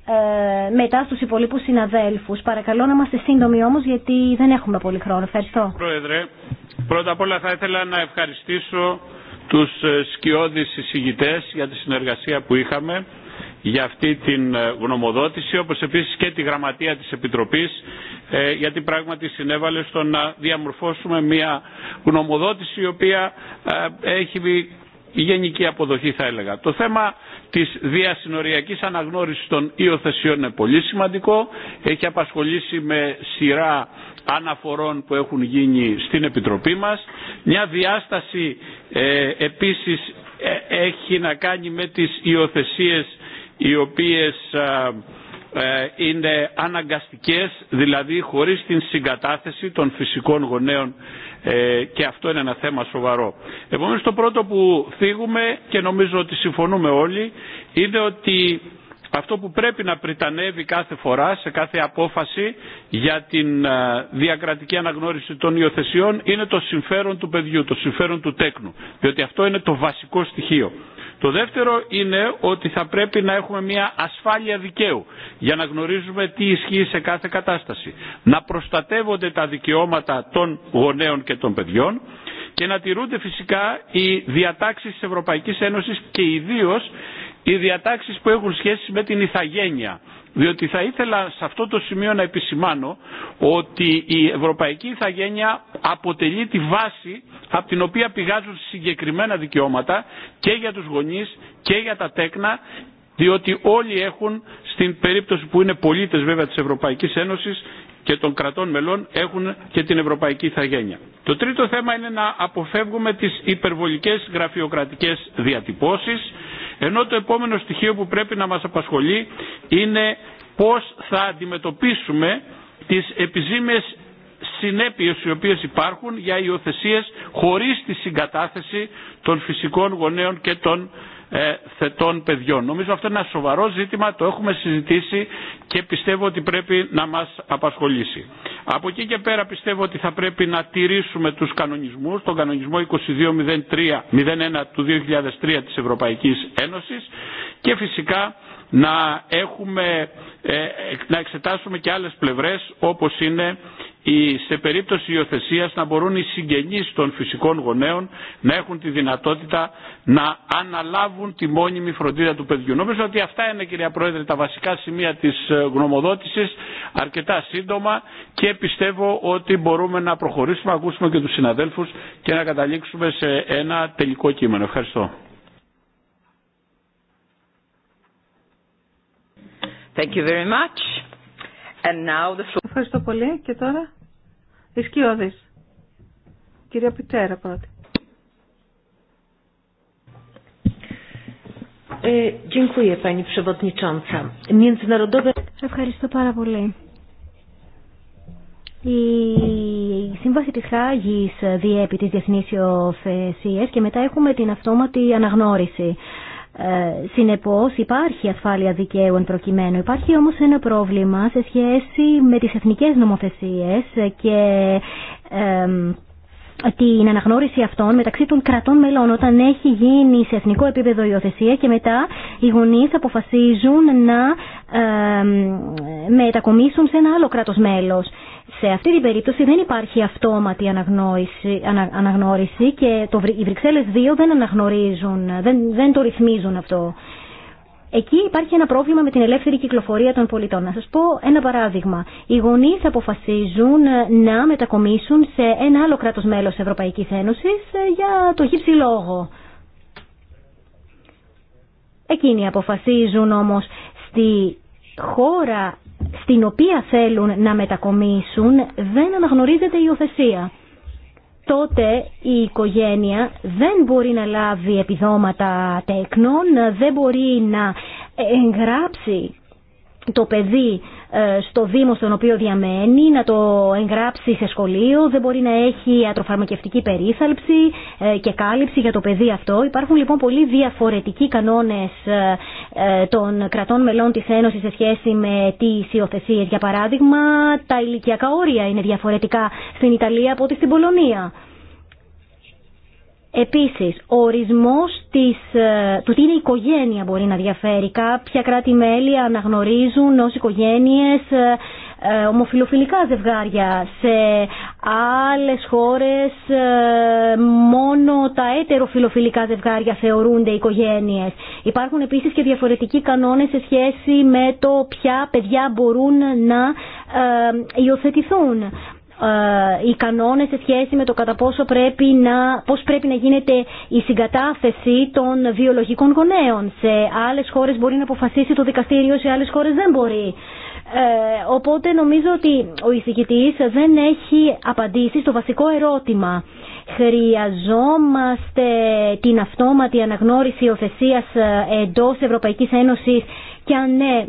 ε, μετά στους υπολείπους συναδέλφους. Παρακαλώ να είμαστε σύντομοι όμως γιατί δεν έχουμε πολύ χρόνο. Ευχαριστώ. Πρόεδρε, πρώτα απ' όλα θα ήθελα να ευχαριστήσω τους ε, σκιώδεις εισηγητές για τη συνεργασία που είχαμε για αυτή την ε, γνωμοδότηση όπως επίσης και τη γραμματεία της Επιτροπής γιατί πράγματι συνέβαλε στο να διαμορφώσουμε μια γνωμοδότηση η οποία έχει γενική αποδοχή θα έλεγα. Το θέμα της διασυνοριακής αναγνώρισης των υιοθεσιών είναι πολύ σημαντικό. Έχει απασχολήσει με σειρά αναφορών που έχουν γίνει στην Επιτροπή μας. Μια διάσταση ε, επίσης ε, έχει να κάνει με τις υιοθεσίε οι οποίες ε, ε, είναι αναγκαστικές, δηλαδή χωρίς την συγκατάθεση των φυσικών γονέων ε, και αυτό είναι ένα θέμα σοβαρό. Επομένως το πρώτο που θίγουμε και νομίζω ότι συμφωνούμε όλοι είναι ότι αυτό που πρέπει να πριτανεύει κάθε φορά σε κάθε απόφαση για την ε, διακρατική αναγνώριση των υιοθεσιών είναι το συμφέρον του παιδιού, το συμφέρον του τέκνου, διότι αυτό είναι το βασικό στοιχείο. Το δεύτερο είναι ότι θα πρέπει να έχουμε μια ασφάλεια δικαίου για να γνωρίζουμε τι ισχύει σε κάθε κατάσταση. Να προστατεύονται τα δικαιώματα των γονέων και των παιδιών και να τηρούνται φυσικά οι διατάξεις της Ευρωπαϊκής Ένωσης και ιδίως οι διατάξεις που έχουν σχέση με την ηθαγένεια. Διότι θα ήθελα σε αυτό το σημείο να επισημάνω ότι η ευρωπαϊκή ηθαγένεια αποτελεί τη βάση από την οποία πηγάζουν συγκεκριμένα δικαιώματα και για τους γονείς και για τα τέκνα διότι όλοι έχουν στην περίπτωση που είναι πολίτες βέβαια της Ευρωπαϊκής Ένωσης και των κρατών μελών έχουν και την ευρωπαϊκή ηθαγένεια. Το τρίτο θέμα είναι να αποφεύγουμε τις υπερβολικές γραφειοκρατικές διατυπώσεις ενώ το επόμενο στοιχείο που πρέπει να μας απασχολεί είναι πώς θα αντιμετωπίσουμε τις επιζήμιες συνέπειες οι οποίες υπάρχουν για υιοθεσίες χωρίς τη συγκατάθεση των φυσικών γονέων και των ε, θετών παιδιών. Νομίζω αυτό είναι ένα σοβαρό ζήτημα, το έχουμε συζητήσει και πιστεύω ότι πρέπει να μας απασχολήσει. Από εκεί και πέρα πιστεύω ότι θα πρέπει να τηρήσουμε τους κανονισμούς, τον κανονισμό 2203-01 του 2003 της Ευρωπαϊκής Ένωσης και φυσικά να, έχουμε, ε, να εξετάσουμε και άλλες πλευρές όπως είναι η, σε περίπτωση υιοθεσία να μπορούν οι συγγενείς των φυσικών γονέων να έχουν τη δυνατότητα να αναλάβουν τη μόνιμη φροντίδα του παιδιού. Νομίζω ότι αυτά είναι κυρία Πρόεδρε τα βασικά σημεία της ε, γνωμοδότησης αρκετά σύντομα και πιστεύω ότι μπορούμε να προχωρήσουμε, να ακούσουμε και τους συναδέλφους και να καταλήξουμε σε ένα τελικό κείμενο. Ευχαριστώ. Thank you very much. And now the floor... Ευχαριστώ πολύ και τώρα η Κυρία Πιτέρα πρώτη. Ε, Ευχαριστώ πάρα πολύ. Η Σύμβαση της Χάγης διέπει τις διεθνείς υιοθεσίες και μετά έχουμε την αυτόματη αναγνώριση. Ε, Συνεπώ, υπάρχει ασφάλεια δικαίου εν προκειμένου. Υπάρχει όμως ένα πρόβλημα σε σχέση με τις εθνικές νομοθεσίες και την αναγνώριση αυτών μεταξύ των κρατών μελών όταν έχει γίνει σε εθνικό επίπεδο υιοθεσία και μετά οι γονείς αποφασίζουν να ε, μετακομίσουν σε ένα άλλο κράτος μέλος. Σε αυτή την περίπτωση δεν υπάρχει αυτόματη αναγνώριση, αναγνώριση και το, οι Βρυξέλλες 2 δεν αναγνωρίζουν, δεν, δεν το ρυθμίζουν αυτό. Εκεί υπάρχει ένα πρόβλημα με την ελεύθερη κυκλοφορία των πολιτών. Να σα πω ένα παράδειγμα. Οι γονείς αποφασίζουν ε, να μετακομίσουν σε ένα άλλο κράτος μέλος Ευρωπαϊκής Ένωσης ε, για το γύψη λόγο. Εκείνοι αποφασίζουν όμως στη χώρα στην οποία θέλουν να μετακομίσουν δεν αναγνωρίζεται η οθεσία τότε η οικογένεια δεν μπορεί να λάβει επιδόματα τέκνων, δεν μπορεί να εγγράψει το παιδί ε, στο Δήμο στον οποίο διαμένει, να το εγγράψει σε σχολείο, δεν μπορεί να έχει ατροφαρμακευτική περίθαλψη ε, και κάλυψη για το παιδί αυτό. Υπάρχουν λοιπόν πολύ διαφορετικοί κανόνες ε, ε, των κρατών μελών της Ένωση σε σχέση με τις υιοθεσίε. Για παράδειγμα, τα ηλικιακά όρια είναι διαφορετικά στην Ιταλία από ό,τι στην Πολωνία. Επίσης, ο ορισμός της, ε, του τι είναι οικογένεια μπορεί να διαφέρει. Κάποια κράτη-μέλη αναγνωρίζουν ως οικογένειες ε, ε ομοφιλοφιλικά ζευγάρια. Σε άλλες χώρες ε, μόνο τα έτεροφιλοφιλικά ζευγάρια θεωρούνται οικογένειες. Υπάρχουν επίσης και διαφορετικοί κανόνες σε σχέση με το ποια παιδιά μπορούν να ε, υιοθετηθούν. Ε, οι κανόνες σε σχέση με το κατά πόσο πρέπει να, πώς πρέπει να γίνεται η συγκατάθεση των βιολογικών γονέων. Σε άλλε χώρε μπορεί να αποφασίσει το δικαστήριο, σε άλλε χώρε δεν μπορεί. Ε, οπότε νομίζω ότι ο εισηγητή δεν έχει απαντήσει στο βασικό ερώτημα. Χρειαζόμαστε την αυτόματη αναγνώριση οθεσίας εντό Ευρωπαϊκή Ένωσης και αν ναι,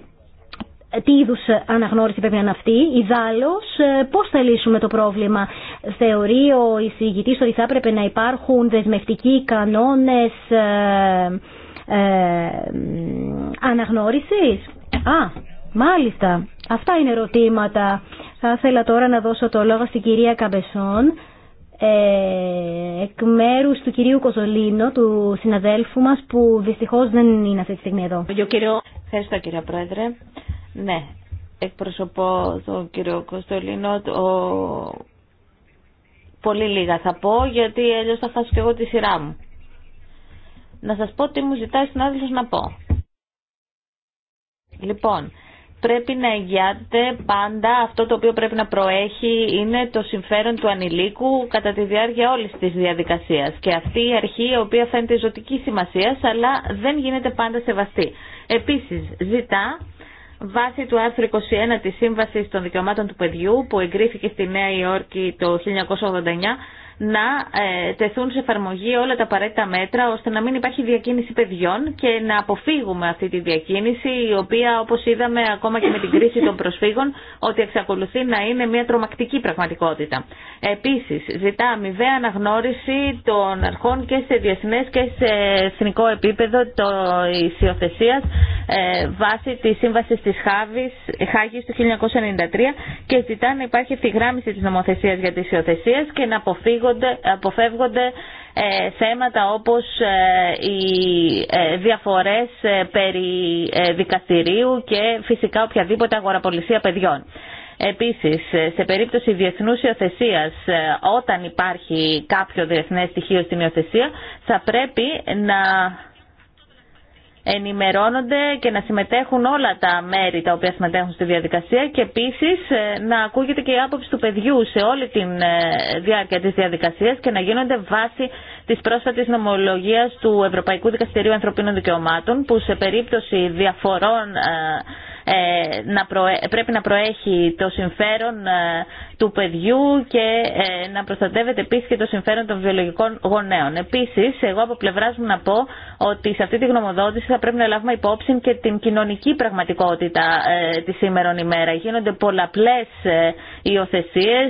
τι είδου ε, αναγνώριση πρέπει να είναι αυτή. Ιδάλω, ε, πώ θα λύσουμε το πρόβλημα. Θεωρεί ο εισηγητή ότι θα έπρεπε να υπάρχουν δεσμευτικοί κανόνε ε, ε αναγνώριση. Α, μάλιστα. Αυτά είναι ερωτήματα. Θα ήθελα τώρα να δώσω το λόγο στην κυρία Καμπεσόν. Ε, εκ μέρου του κυρίου Κοζολίνο, του συναδέλφου μα, που δυστυχώ δεν είναι αυτή τη στιγμή εδώ. Ευχαριστώ κύριε Πρόεδρε. Ναι, εκπροσωπώ τον κύριο Κωστολίνο. ό Πολύ λίγα θα πω, γιατί αλλιώ θα χάσω και εγώ τη σειρά μου. Να σας πω τι μου ζητάει συνάδελφος να πω. Λοιπόν, πρέπει να εγγυάται πάντα αυτό το οποίο πρέπει να προέχει είναι το συμφέρον του ανηλίκου κατά τη διάρκεια όλης της διαδικασίας και αυτή η αρχή η οποία φαίνεται ζωτική σημασία αλλά δεν γίνεται πάντα σεβαστή. Επίσης ζητά βάσει του άρθρου 21 της Σύμβασης των Δικαιωμάτων του Παιδιού που εγκρίθηκε στη Νέα Υόρκη το 1989 να ε, τεθούν σε εφαρμογή όλα τα απαραίτητα μέτρα ώστε να μην υπάρχει διακίνηση παιδιών και να αποφύγουμε αυτή τη διακίνηση η οποία όπως είδαμε ακόμα και με την κρίση των προσφύγων ότι εξακολουθεί να είναι μια τρομακτική πραγματικότητα. Επίσης ζητά αμοιβαία αναγνώριση των αρχών και σε διεθνές και σε εθνικό επίπεδο το ισιοθεσίας ε, βάσει τη σύμβασης της Χάβης, Χάγης του 1993 και ζητά να υπάρχει ευθυγράμμιση της νομοθεσίας για τις ισιοθεσίες και να αποφύγω αποφεύγονται, αποφεύγονται ε, θέματα όπως ε, οι ε, διαφορές περί δικαστηρίου και φυσικά οποιαδήποτε αγοραπολισία παιδιών. Επίσης, σε περίπτωση διεθνούς υιοθεσία, όταν υπάρχει κάποιο διεθνές στοιχείο στην υιοθεσία, θα πρέπει να ενημερώνονται και να συμμετέχουν όλα τα μέρη τα οποία συμμετέχουν στη διαδικασία και επίσης ε, να ακούγεται και η άποψη του παιδιού σε όλη τη ε, διάρκεια της διαδικασίας και να γίνονται βάση της πρόσφατης νομολογίας του Ευρωπαϊκού Δικαστηρίου Ανθρωπίνων Δικαιωμάτων που σε περίπτωση διαφορών ε, ε, να πρέπει να προέχει το συμφέρον ε, του παιδιού και ε, να προστατεύεται επίσης και το συμφέρον των βιολογικών γονέων. Επίσης, εγώ από πλευρά μου να πω ότι σε αυτή τη γνωμοδότηση θα πρέπει να λάβουμε υπόψη και την κοινωνική πραγματικότητα τη σήμερον ημέρα. Γίνονται πολλαπλές υιοθεσίε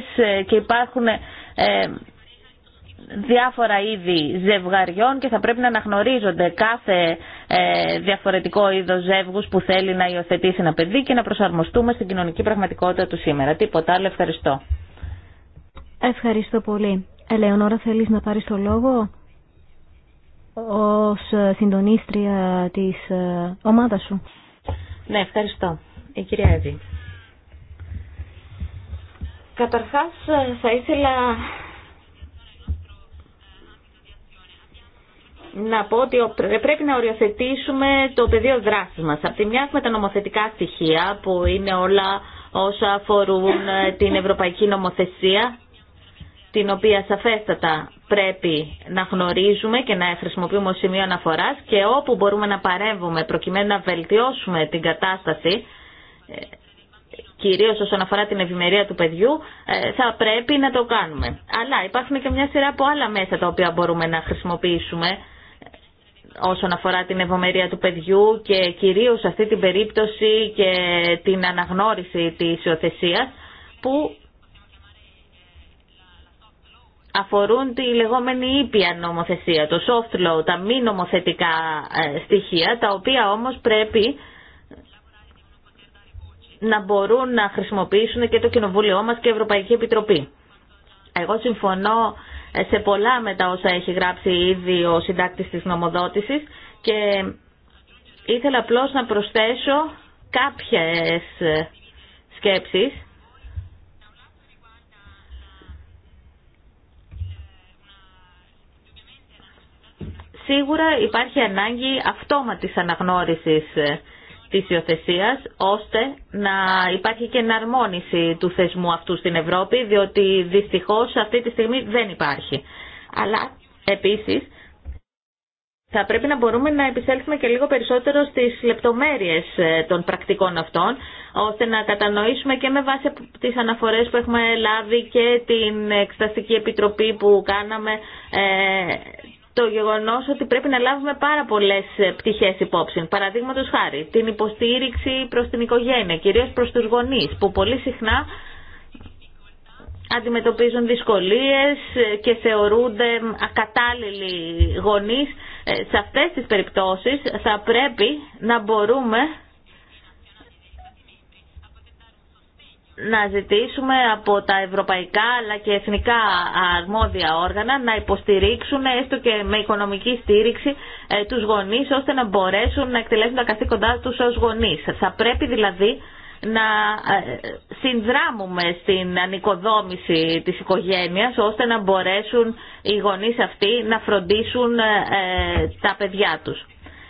και υπάρχουν διάφορα είδη ζευγαριών και θα πρέπει να αναγνωρίζονται κάθε ε, διαφορετικό είδο ζεύγους που θέλει να υιοθετήσει ένα παιδί και να προσαρμοστούμε στην κοινωνική πραγματικότητα του σήμερα. Τίποτα άλλο. Ευχαριστώ. Ευχαριστώ πολύ. Ελεονόρα, θέλεις να πάρεις το λόγο ως ε, συντονίστρια της ε, ομάδας σου. Ναι, ευχαριστώ. Η κυρία Εύη. Καταρχάς θα ήθελα να πω ότι πρέπει να οριοθετήσουμε το πεδίο δράσης μας. Από τη μια έχουμε τα νομοθετικά στοιχεία που είναι όλα όσα αφορούν ε, την ευρωπαϊκή νομοθεσία την οποία σαφέστατα πρέπει να γνωρίζουμε και να χρησιμοποιούμε ως σημείο αναφοράς και όπου μπορούμε να παρέμβουμε προκειμένου να βελτιώσουμε την κατάσταση ε, κυρίως όσον αφορά την ευημερία του παιδιού, ε, θα πρέπει να το κάνουμε. Αλλά υπάρχουν και μια σειρά από άλλα μέσα τα οποία μπορούμε να χρησιμοποιήσουμε όσον αφορά την ευωμερία του παιδιού και κυρίως αυτή την περίπτωση και την αναγνώριση της υιοθεσία που αφορούν τη λεγόμενη ήπια νομοθεσία, το soft law, τα μη νομοθετικά ε, στοιχεία, τα οποία όμως πρέπει να μπορούν να χρησιμοποιήσουν και το Κοινοβούλιο μας και η Ευρωπαϊκή Επιτροπή. Εγώ συμφωνώ σε πολλά με τα όσα έχει γράψει ήδη ο συντάκτης της νομοδότησης και ήθελα απλώ να προσθέσω κάποιες ε, σκέψεις. Σίγουρα υπάρχει ανάγκη αυτόματης αναγνώρισης ε, της υιοθεσία, ώστε να υπάρχει και εναρμόνιση του θεσμού αυτού στην Ευρώπη, διότι δυστυχώς αυτή τη στιγμή δεν υπάρχει. Αλλά επίσης θα πρέπει να μπορούμε να επισέλθουμε και λίγο περισσότερο στις λεπτομέρειες ε, των πρακτικών αυτών, ώστε να κατανοήσουμε και με βάση τις αναφορές που έχουμε λάβει και την Εξεταστική Επιτροπή που κάναμε ε, το γεγονό ότι πρέπει να λάβουμε πάρα πολλέ ε, πτυχέ υπόψη. Παραδείγματο χάρη, την υποστήριξη προ την οικογένεια, κυρίως προ του γονεί, που πολύ συχνά αντιμετωπίζουν δυσκολίες ε, και θεωρούνται ακατάλληλοι γονείς. Ε, σε αυτές τις περιπτώσεις θα πρέπει να μπορούμε να ζητήσουμε από τα ευρωπαϊκά αλλά και εθνικά αρμόδια όργανα να υποστηρίξουν έστω και με οικονομική στήριξη ε, τους γονείς ώστε να μπορέσουν να εκτελέσουν τα καθήκοντά τους ως γονείς. Θα πρέπει δηλαδή να ε, συνδράμουμε στην ανοικοδόμηση της οικογένειας ώστε να μπορέσουν οι γονείς αυτοί να φροντίσουν ε, τα παιδιά τους.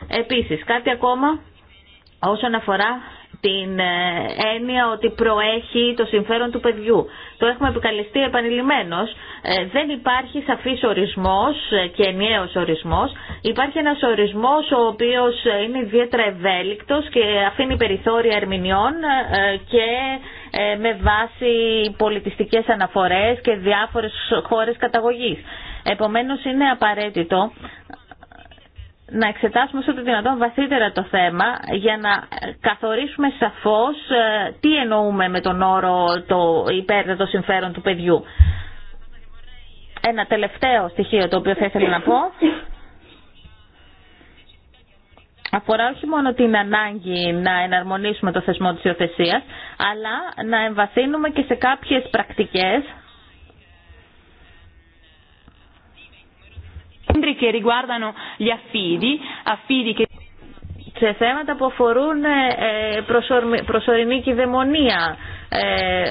Επίσης, κάτι ακόμα όσον αφορά την ε, έννοια ότι προέχει το συμφέρον του παιδιού. Το έχουμε επικαλεστεί επανειλημμένως. Ε, δεν υπάρχει σαφής ορισμός ε, και ενιαίος ορισμός. Υπάρχει ένας ορισμός ο οποίος είναι ιδιαίτερα ευέλικτος και αφήνει περιθώρια ερμηνεών και με βάση πολιτιστικές αναφορές και διάφορες χώρες καταγωγής. Επομένως είναι απαραίτητο να εξετάσουμε όσο το δυνατόν βαθύτερα το θέμα για να καθορίσουμε σαφώς ε, τι εννοούμε με τον όρο το υπέρτατο συμφέρον του παιδιού. Ένα τελευταίο στοιχείο το οποίο θα ήθελα να πω αφορά όχι μόνο την ανάγκη να εναρμονίσουμε το θεσμό της υιοθεσίας αλλά να εμβαθύνουμε και σε κάποιες πρακτικές che riguardano gli affidi, affidi che σε θέματα που αφορούν ε, προσωρινή κυδαιμονία. Ε,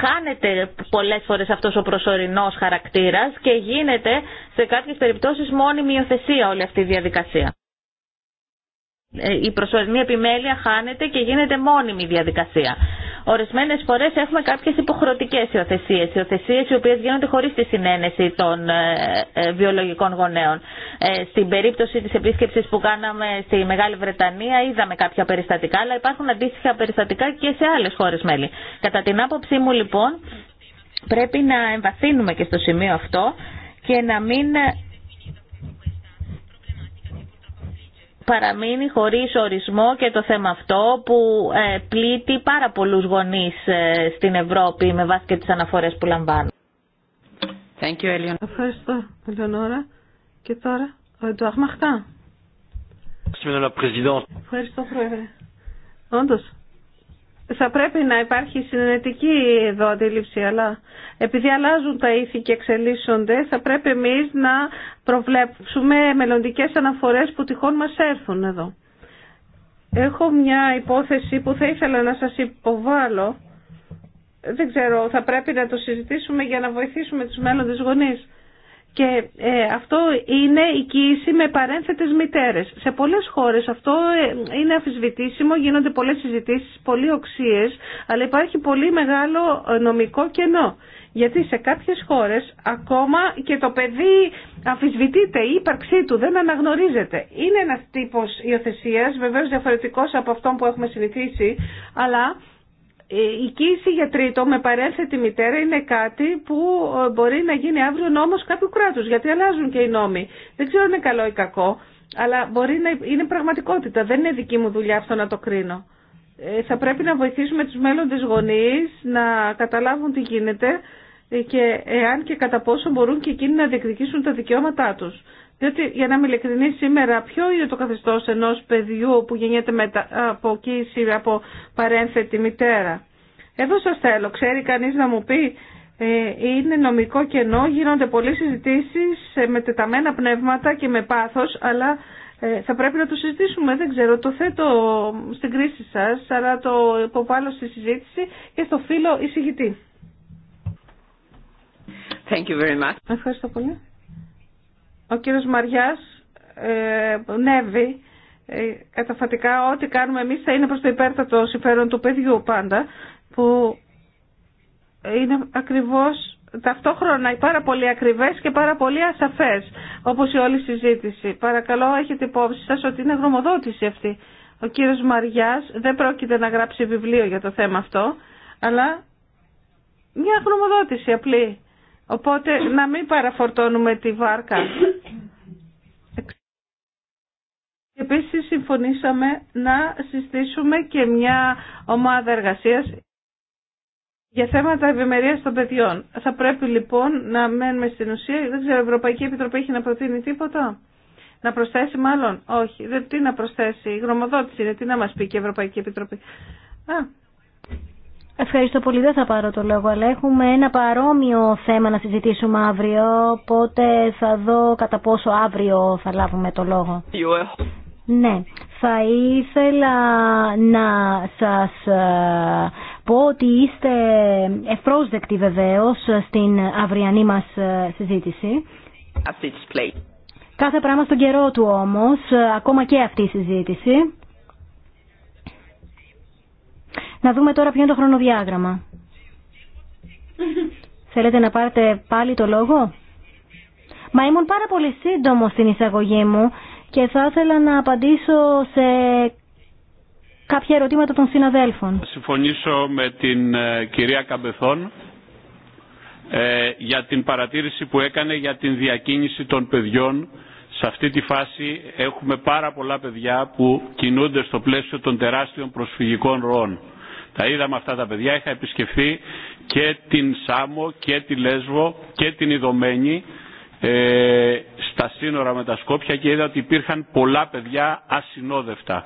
χάνεται πολλές φορές αυτός ο προσωρινός χαρακτήρας και γίνεται σε κάποιες περιπτώσεις μόνη υιοθεσία όλη αυτή η διαδικασία. Ε, η προσωρινή επιμέλεια χάνεται και γίνεται μόνιμη διαδικασία. Ορισμένες φορές έχουμε κάποιες υποχρεωτικές υιοθεσίες, υιοθεσίες οι οποίες γίνονται χωρίς τη συνένεση των ε, ε, βιολογικών γονέων. Ε, στην περίπτωση της επίσκεψης που κάναμε στη Μεγάλη Βρετανία είδαμε κάποια περιστατικά, αλλά υπάρχουν αντίστοιχα περιστατικά και σε άλλες χώρες μέλη. Κατά την άποψή μου λοιπόν πρέπει να εμβαθύνουμε και στο σημείο αυτό και να μην παραμείνει χωρίς ορισμό και το θέμα αυτό που ε, πλήττει πάρα πολλούς γονείς ε, στην Ευρώπη με βάση και τις αναφορές που λαμβάνουν. Thank you, Ευχαριστώ, Ελεονόρα. Και τώρα, ο Εντουάχ Μαχτά. Ευχαριστώ, Πρόεδρε. Όντως, θα πρέπει να υπάρχει συνενετική εδώ αντίληψη, αλλά επειδή αλλάζουν τα ήθη και εξελίσσονται, θα πρέπει εμείς να προβλέψουμε μελλοντικές αναφορές που τυχόν μας έρθουν εδώ. Έχω μια υπόθεση που θα ήθελα να σας υποβάλω. Δεν ξέρω, θα πρέπει να το συζητήσουμε για να βοηθήσουμε τους μέλλοντες γονείς. Και ε, αυτό είναι η με παρένθετες μητέρες. Σε πολλές χώρες αυτό ε, είναι αφισβητήσιμο, γίνονται πολλές συζητήσεις, πολύ οξίες, αλλά υπάρχει πολύ μεγάλο ε, νομικό κενό. Γιατί σε κάποιες χώρες ακόμα και το παιδί αφισβητείται, η ύπαρξή του δεν αναγνωρίζεται. Είναι ένας τύπος υιοθεσίας, βεβαίως διαφορετικός από αυτόν που έχουμε συνηθίσει, αλλά ε, η κοίηση για τρίτο με παρένθετη μητέρα είναι κάτι που ε, μπορεί να γίνει αύριο νόμος κάποιου κράτους, γιατί αλλάζουν και οι νόμοι. Δεν ξέρω αν είναι καλό ή κακό, αλλά μπορεί να είναι πραγματικότητα. Δεν είναι δική μου δουλειά αυτό να το κρίνω. Ε, θα πρέπει να βοηθήσουμε τους μέλλοντες γονείς να καταλάβουν τι γίνεται και εάν και κατά πόσο μπορούν και εκείνοι να διεκδικήσουν τα δικαιώματά τους. Διότι, για να είμαι ειλικρινή, σήμερα ποιο είναι το καθεστώ ενό παιδιού που γεννιέται μετά από κύση ή από παρένθετη μητέρα. Εδώ σα θέλω, ξέρει κανεί να μου πει, ε, είναι νομικό κενό, γίνονται πολλέ συζητήσει με τεταμένα πνεύματα και με πάθο, αλλά ε, θα πρέπει να το συζητήσουμε. Δεν ξέρω, το θέτω στην κρίση σα, αλλά το υποβάλλω στη συζήτηση και στο φίλο εισηγητή. Thank you very much. Ευχαριστώ πολύ. Ο κύριος Μαριάς ε, νεύει ε, καταφατικά ό,τι κάνουμε εμείς θα είναι προς το υπέρτατο συμφέρον του παιδιού πάντα που είναι ακριβώς ταυτόχρονα πάρα πολύ ακριβές και πάρα πολύ ασαφές όπως η όλη συζήτηση. Παρακαλώ έχετε υπόψη σας ότι είναι γνωμοδότηση αυτή. Ο κύριος Μαριάς δεν πρόκειται να γράψει βιβλίο για το θέμα αυτό αλλά μια γνωμοδότηση απλή Οπότε να μην παραφορτώνουμε τη βάρκα. Επίσης συμφωνήσαμε να συστήσουμε και μια ομάδα εργασίας για θέματα ευημερίας των παιδιών. Θα πρέπει λοιπόν να μένουμε στην ουσία, δεν ξέρω, η Ευρωπαϊκή Επιτροπή έχει να προτείνει τίποτα. Να προσθέσει μάλλον, όχι, δεν τι να προσθέσει, η γνωμοδότηση είναι, τι να μας πει και η Ευρωπαϊκή Επιτροπή. Α, Ευχαριστώ πολύ. Δεν θα πάρω το λόγο, αλλά έχουμε ένα παρόμοιο θέμα να συζητήσουμε αύριο, οπότε θα δω κατά πόσο αύριο θα λάβουμε το λόγο. Ναι, θα ήθελα να σας ε, πω ότι είστε ευπρόσδεκτοι βεβαίως στην αυριανή μας ε, συζήτηση. Κάθε πράγμα στον καιρό του όμως, ε, ακόμα και αυτή η συζήτηση. Να δούμε τώρα ποιο είναι το χρονοδιάγραμμα. Θέλετε να πάρετε πάλι το λόγο. Μα ήμουν πάρα πολύ σύντομο στην εισαγωγή μου και θα ήθελα να απαντήσω σε κάποια ερωτήματα των συναδέλφων. Συμφωνήσω με την ε, κυρία Καμπεθόν ε, για την παρατήρηση που έκανε για την διακίνηση των παιδιών. Σε αυτή τη φάση έχουμε πάρα πολλά παιδιά που κινούνται στο πλαίσιο των τεράστιων προσφυγικών ροών τα είδαμε αυτά τα παιδιά, είχα επισκεφθεί και την Σάμο και τη Λέσβο και την Ιδωμένη ε, στα σύνορα με τα Σκόπια και είδα ότι υπήρχαν πολλά παιδιά ασυνόδευτα.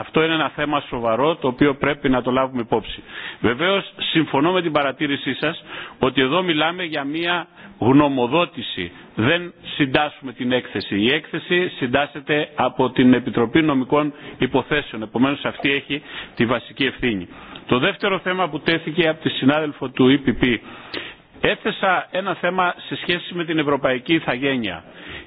Αυτό είναι ένα θέμα σοβαρό το οποίο πρέπει να το λάβουμε υπόψη. Βεβαίως συμφωνώ με την παρατήρησή σας ότι εδώ μιλάμε για μία γνωμοδότηση. Δεν συντάσσουμε την έκθεση. Η έκθεση συντάσσεται από την Επιτροπή Νομικών Υποθέσεων. Επομένως αυτή έχει τη βασική ευθύνη. Το δεύτερο θέμα που τέθηκε από τη συνάδελφο του ΕΠΠ Έθεσα ένα θέμα σε σχέση με την ευρωπαϊκή ηθαγένεια.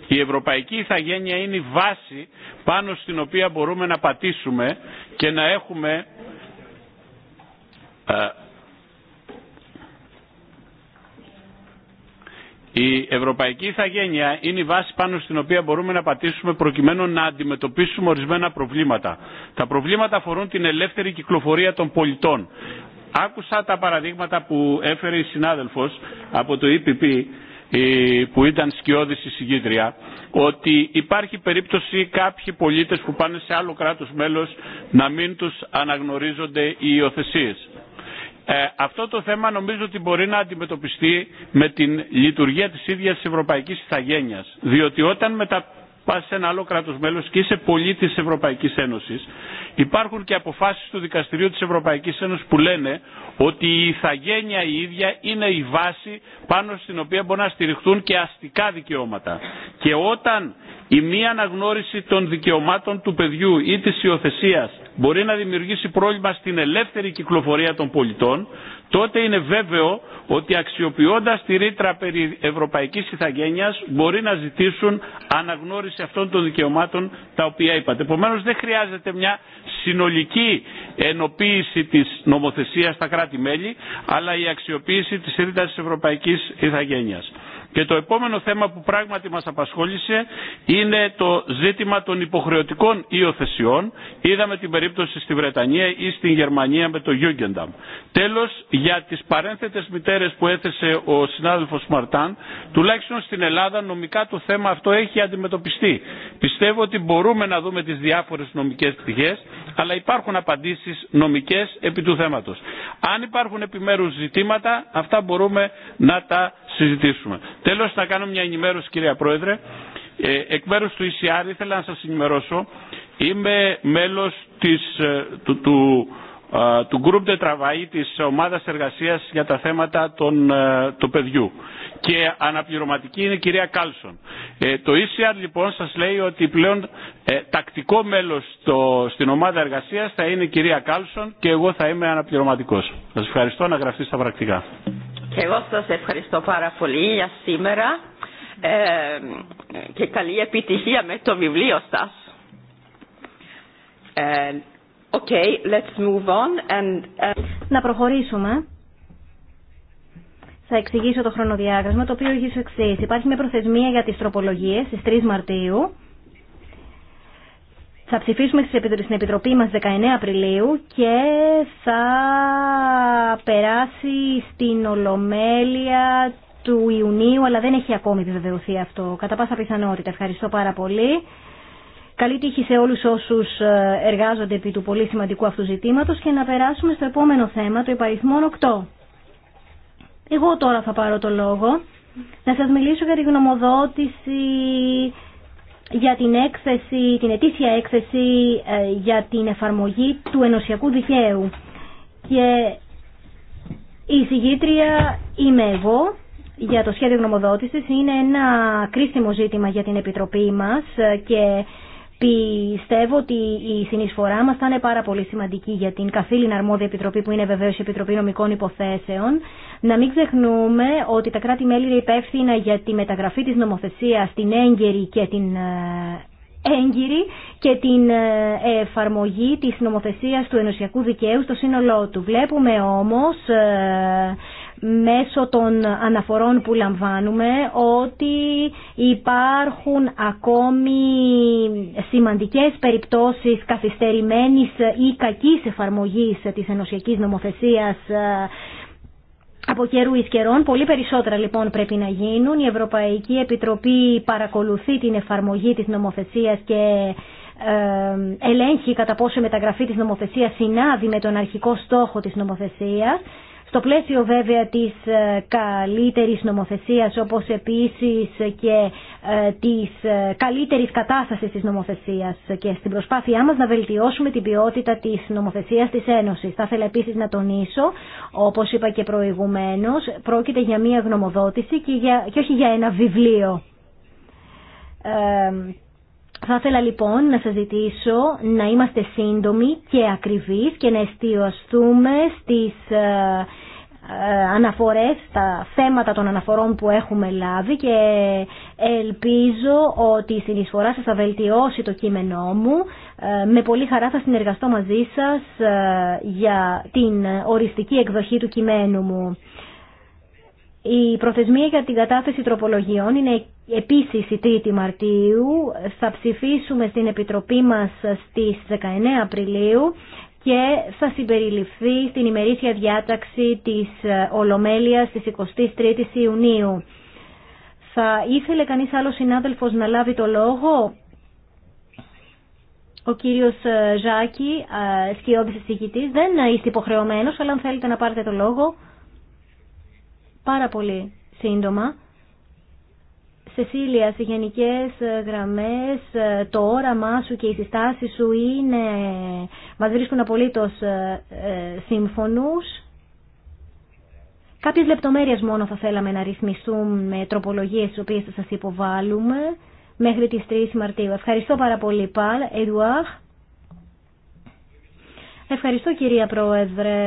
Η ευρωπαϊκή ηθαγένεια είναι η βάση πάνω στην οποία μπορούμε να πατήσουμε και να έχουμε ε, η ευρωπαϊκή ηθαγένεια είναι η βάση πάνω στην οποία μπορούμε να πατήσουμε προκειμένου να αντιμετωπίσουμε ορισμένα προβλήματα. Τα προβλήματα αφορούν την ελεύθερη κυκλοφορία των πολιτών. Άκουσα τα παραδείγματα που έφερε η συνάδελφος από το ΕΠΠ που ήταν σκιώδης εισηγήτρια ότι υπάρχει περίπτωση κάποιοι πολίτες που πάνε σε άλλο κράτος μέλος να μην τους αναγνωρίζονται οι υιοθεσίες. Ε, αυτό το θέμα νομίζω ότι μπορεί να αντιμετωπιστεί με την λειτουργία της ίδιας Ευρωπαϊκής Ιθαγένειας. Διότι όταν μετα πα σε ένα άλλο κράτο μέλο και είσαι πολίτη τη Ευρωπαϊκή Ένωση. Υπάρχουν και αποφάσει του Δικαστηρίου τη Ευρωπαϊκή Ένωση που λένε ότι η ηθαγένεια η ίδια είναι η βάση πάνω στην οποία μπορούν να στηριχτούν και αστικά δικαιώματα. Και όταν η μη αναγνώριση των δικαιωμάτων του παιδιού ή της υιοθεσία μπορεί να δημιουργήσει πρόβλημα στην ελεύθερη κυκλοφορία των πολιτών, τότε είναι βέβαιο ότι αξιοποιώντας τη ρήτρα περί ευρωπαϊκής ηθαγένειας μπορεί να ζητήσουν αναγνώριση αυτών των δικαιωμάτων τα οποία είπατε. Επομένω δεν χρειάζεται μια συνολική ενοποίηση της νομοθεσίας στα κράτη-μέλη, αλλά η αξιοποίηση της ρήτρας της ευρωπαϊκής ηθαγένειας. Και το επόμενο θέμα που πράγματι μας απασχόλησε είναι το ζήτημα των υποχρεωτικών υιοθεσιών. Είδαμε την περίπτωση στη Βρετανία ή στην Γερμανία με το Jugendamt. Τέλος, για τις παρένθετες μητέρες που έθεσε ο συνάδελφος Μαρτάν, τουλάχιστον στην Ελλάδα νομικά το θέμα αυτό έχει αντιμετωπιστεί. Πιστεύω ότι μπορούμε να δούμε τις διάφορες νομικές πτυχές, αλλά υπάρχουν απαντήσεις νομικές επί του θέματος. Αν υπάρχουν επιμέρους ζητήματα, αυτά μπορούμε να τα συζητήσουμε. Τέλο θα κάνω μια ενημέρωση, κυρία Πρόεδρε. Ε, εκ μέρου του ECR ήθελα να σα ενημερώσω. Είμαι μέλο ε, του, του, ε, του Group de Travail, της ομάδας εργασίας για τα θέματα των, του παιδιού. Και αναπληρωματική είναι η κυρία Κάλσον. το ECR λοιπόν σας λέει ότι πλέον τακτικό μέλος στην ομάδα εργασίας θα είναι η κυρία Κάλσον και εγώ θα είμαι αναπληρωματικός. Σας ευχαριστώ να γραφτεί στα πρακτικά. Και εγώ σας ευχαριστώ πάρα πολύ για σήμερα ε, και καλή επιτυχία με το βιβλίο σας. Ε, okay, let's move on and, ε, Να προχωρήσουμε. Θα εξηγήσω το χρονοδιάγραμμα, το οποίο έχει εξή. Υπάρχει μια προθεσμία για τις τροπολογίες στις 3 Μαρτίου θα ψηφίσουμε στην Επιτροπή μας 19 Απριλίου και θα περάσει στην Ολομέλεια του Ιουνίου, αλλά δεν έχει ακόμη επιβεβαιωθεί αυτό. Κατά πάσα πιθανότητα. Ευχαριστώ πάρα πολύ. Καλή τύχη σε όλους όσους ε, εργάζονται επί του πολύ σημαντικού αυτού ζητήματος και να περάσουμε στο επόμενο θέμα, το υπαριθμόν 8. Εγώ τώρα θα πάρω το λόγο να σας μιλήσω για τη γνωμοδότηση για την, έκθεση, την ετήσια έκθεση ε, για την εφαρμογή του ενωσιακού δικαίου. Και η συγγήτρια είμαι εγώ για το σχέδιο γνωμοδότησης. Είναι ένα κρίσιμο ζήτημα για την Επιτροπή μας και πιστεύω ότι η συνεισφορά μας θα είναι πάρα πολύ σημαντική για την καθήλυνα αρμόδια Επιτροπή που είναι βεβαίως η Επιτροπή Νομικών Υποθέσεων να μην ξεχνούμε ότι τα κράτη-μέλη είναι υπεύθυνα για τη μεταγραφή της νομοθεσίας στην έγκαιρη και την ε, έγκυρη και την ε, εφαρμογή της νομοθεσίας του ενωσιακού δικαίου στο σύνολό του. Βλέπουμε όμως ε, μέσω των αναφορών που λαμβάνουμε ότι υπάρχουν ακόμη σημαντικές περιπτώσεις καθυστερημένης ή κακής εφαρμογής της ενωσιακής νομοθεσίας από καιρού εις καιρών. Πολύ περισσότερα λοιπόν πρέπει να γίνουν. Η Ευρωπαϊκή Επιτροπή παρακολουθεί την εφαρμογή της νομοθεσίας και ε, ελέγχει κατά πόσο η μεταγραφή της νομοθεσίας συνάδει με τον αρχικό στόχο της νομοθεσίας στο πλαίσιο βέβαια της ε, καλύτερης νομοθεσίας όπως επίσης και ε, της ε, καλύτερης κατάστασης της νομοθεσίας και στην προσπάθειά μας να βελτιώσουμε την ποιότητα της νομοθεσίας της Ένωσης. Θα ήθελα επίσης να τονίσω, όπως είπα και προηγουμένως, πρόκειται για μια γνωμοδότηση και, για, όχι για ένα βιβλίο. Θα ήθελα λοιπόν να σας να είμαστε σύντομοι και ακριβείς και να εστιαστούμε στις ε, αναφορές, τα θέματα των αναφορών που έχουμε λάβει και ελπίζω ότι η συνεισφορά σας θα βελτιώσει το κείμενό μου. Ε, με πολύ χαρά θα συνεργαστώ μαζί σας ε, για την οριστική εκδοχή του κειμένου μου. Η προθεσμία για την κατάθεση τροπολογιών είναι επίσης η 3η Μαρτίου. Θα ψηφίσουμε στην Επιτροπή μας στις 19 Απριλίου και θα συμπεριληφθεί στην ημερήσια διάταξη της ε, Ολομέλειας της 23ης Ιουνίου. Θα ήθελε κανείς άλλος συνάδελφος να λάβει το λόγο. Ο κύριος ε, Ζάκη, ε, σκιώδης εισηγητής, δεν είστε υποχρεωμένος, αλλά αν θέλετε να πάρετε το λόγο, πάρα πολύ σύντομα. Σεσίλια, σε γενικές ε, γραμμές, ε, το όραμά σου και οι συστάσει σου είναι, μας βρίσκουν απολύτως ε, σύμφωνους. Κάποιες λεπτομέρειες μόνο θα θέλαμε να ρυθμιστούν με τροπολογίες τις οποίες θα σας υποβάλουμε μέχρι τις 3 Μαρτίου. Ευχαριστώ πάρα πολύ Παλ, Εδουάχ. Ευχαριστώ κυρία Πρόεδρε.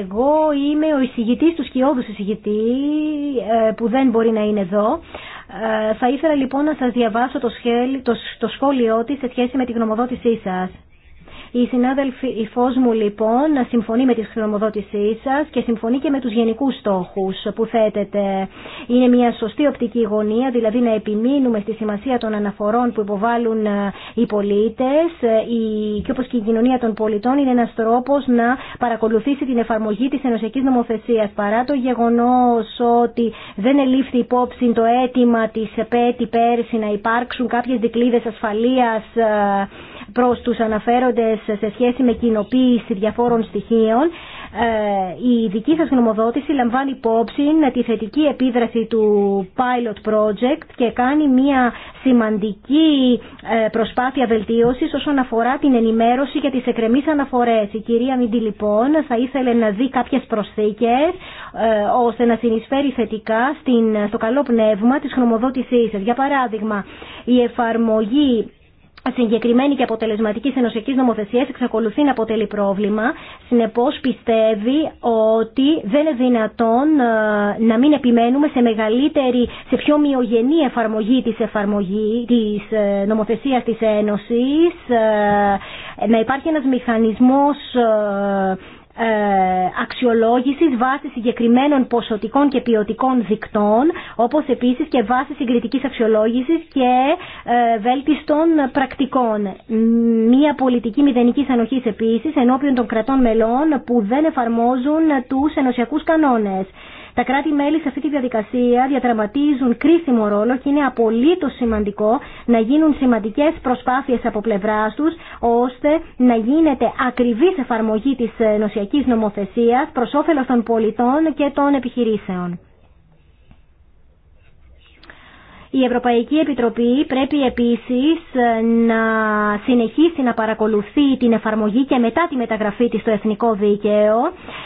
Εγώ είμαι ο εισηγητής του σκιώδους εισηγητή που δεν μπορεί να είναι εδώ. Ε, θα ήθελα λοιπόν να σας διαβάσω το, το, σχόλιο της σε σχέση με τη γνωμοδότησή σας. Η συνάδελφη η φως μου λοιπόν να συμφωνεί με τη χρηματοδότησή σας και συμφωνεί και με τους γενικούς στόχους που θέτεται. Είναι μια σωστή οπτική γωνία, δηλαδή να επιμείνουμε στη σημασία των αναφορών που υποβάλλουν ε, οι πολίτες ε, και όπως και η κοινωνία των πολιτών είναι ένας τρόπος να παρακολουθήσει την εφαρμογή της ενωσιακής νομοθεσίας παρά το γεγονός ότι δεν ελήφθη υπόψη το αίτημα της ΠΕΤΗ πέρσι να υπάρξουν κάποιες δικλείδες ασφαλείας ε, Προ τους αναφέροντες σε σχέση με κοινοποίηση διαφόρων στοιχείων. Ε, η δική σας γνωμοδότηση λαμβάνει υπόψη τη θετική επίδραση του Pilot Project και κάνει μια σημαντική ε, προσπάθεια βελτίωσης όσον αφορά την ενημέρωση για τις εκκρεμείς αναφορές. Η κυρία Μιντι λοιπόν θα ήθελε να δει κάποιες προσθήκες ε, ώστε να συνεισφέρει θετικά στο καλό πνεύμα της γνωμοδότησής σα. Για παράδειγμα, η εφαρμογή συγκεκριμένη και αποτελεσματική ενωσιακή νομοθεσία εξακολουθεί να αποτελεί πρόβλημα. Συνεπώ, πιστεύει ότι δεν είναι δυνατόν ε, να μην επιμένουμε σε μεγαλύτερη, σε πιο μειογενή εφαρμογή τη εφαρμογή, της ε, νομοθεσία τη Ένωση, ε, να υπάρχει ένα μηχανισμό ε, αξιολόγησης βάσει συγκεκριμένων ποσοτικών και ποιοτικών δικτών, όπως επίσης και βάσει συγκριτικής αξιολόγησης και ε, βέλτιστων πρακτικών. Μία πολιτική μηδενικής ανοχής επίσης ενώπιον των κρατών μελών που δεν εφαρμόζουν τους ενωσιακούς κανόνες. Τα κράτη-μέλη σε αυτή τη διαδικασία διαδραματίζουν κρίσιμο ρόλο και είναι απολύτω σημαντικό να γίνουν σημαντικέ προσπάθειε από πλευρά του ώστε να γίνεται ακριβή εφαρμογή τη νοσιακή νομοθεσία προ όφελο των πολιτών και των επιχειρήσεων. Η Ευρωπαϊκή Επιτροπή πρέπει επίσης ε, να συνεχίσει να παρακολουθεί την εφαρμογή και μετά τη μεταγραφή της στο εθνικό δίκαιο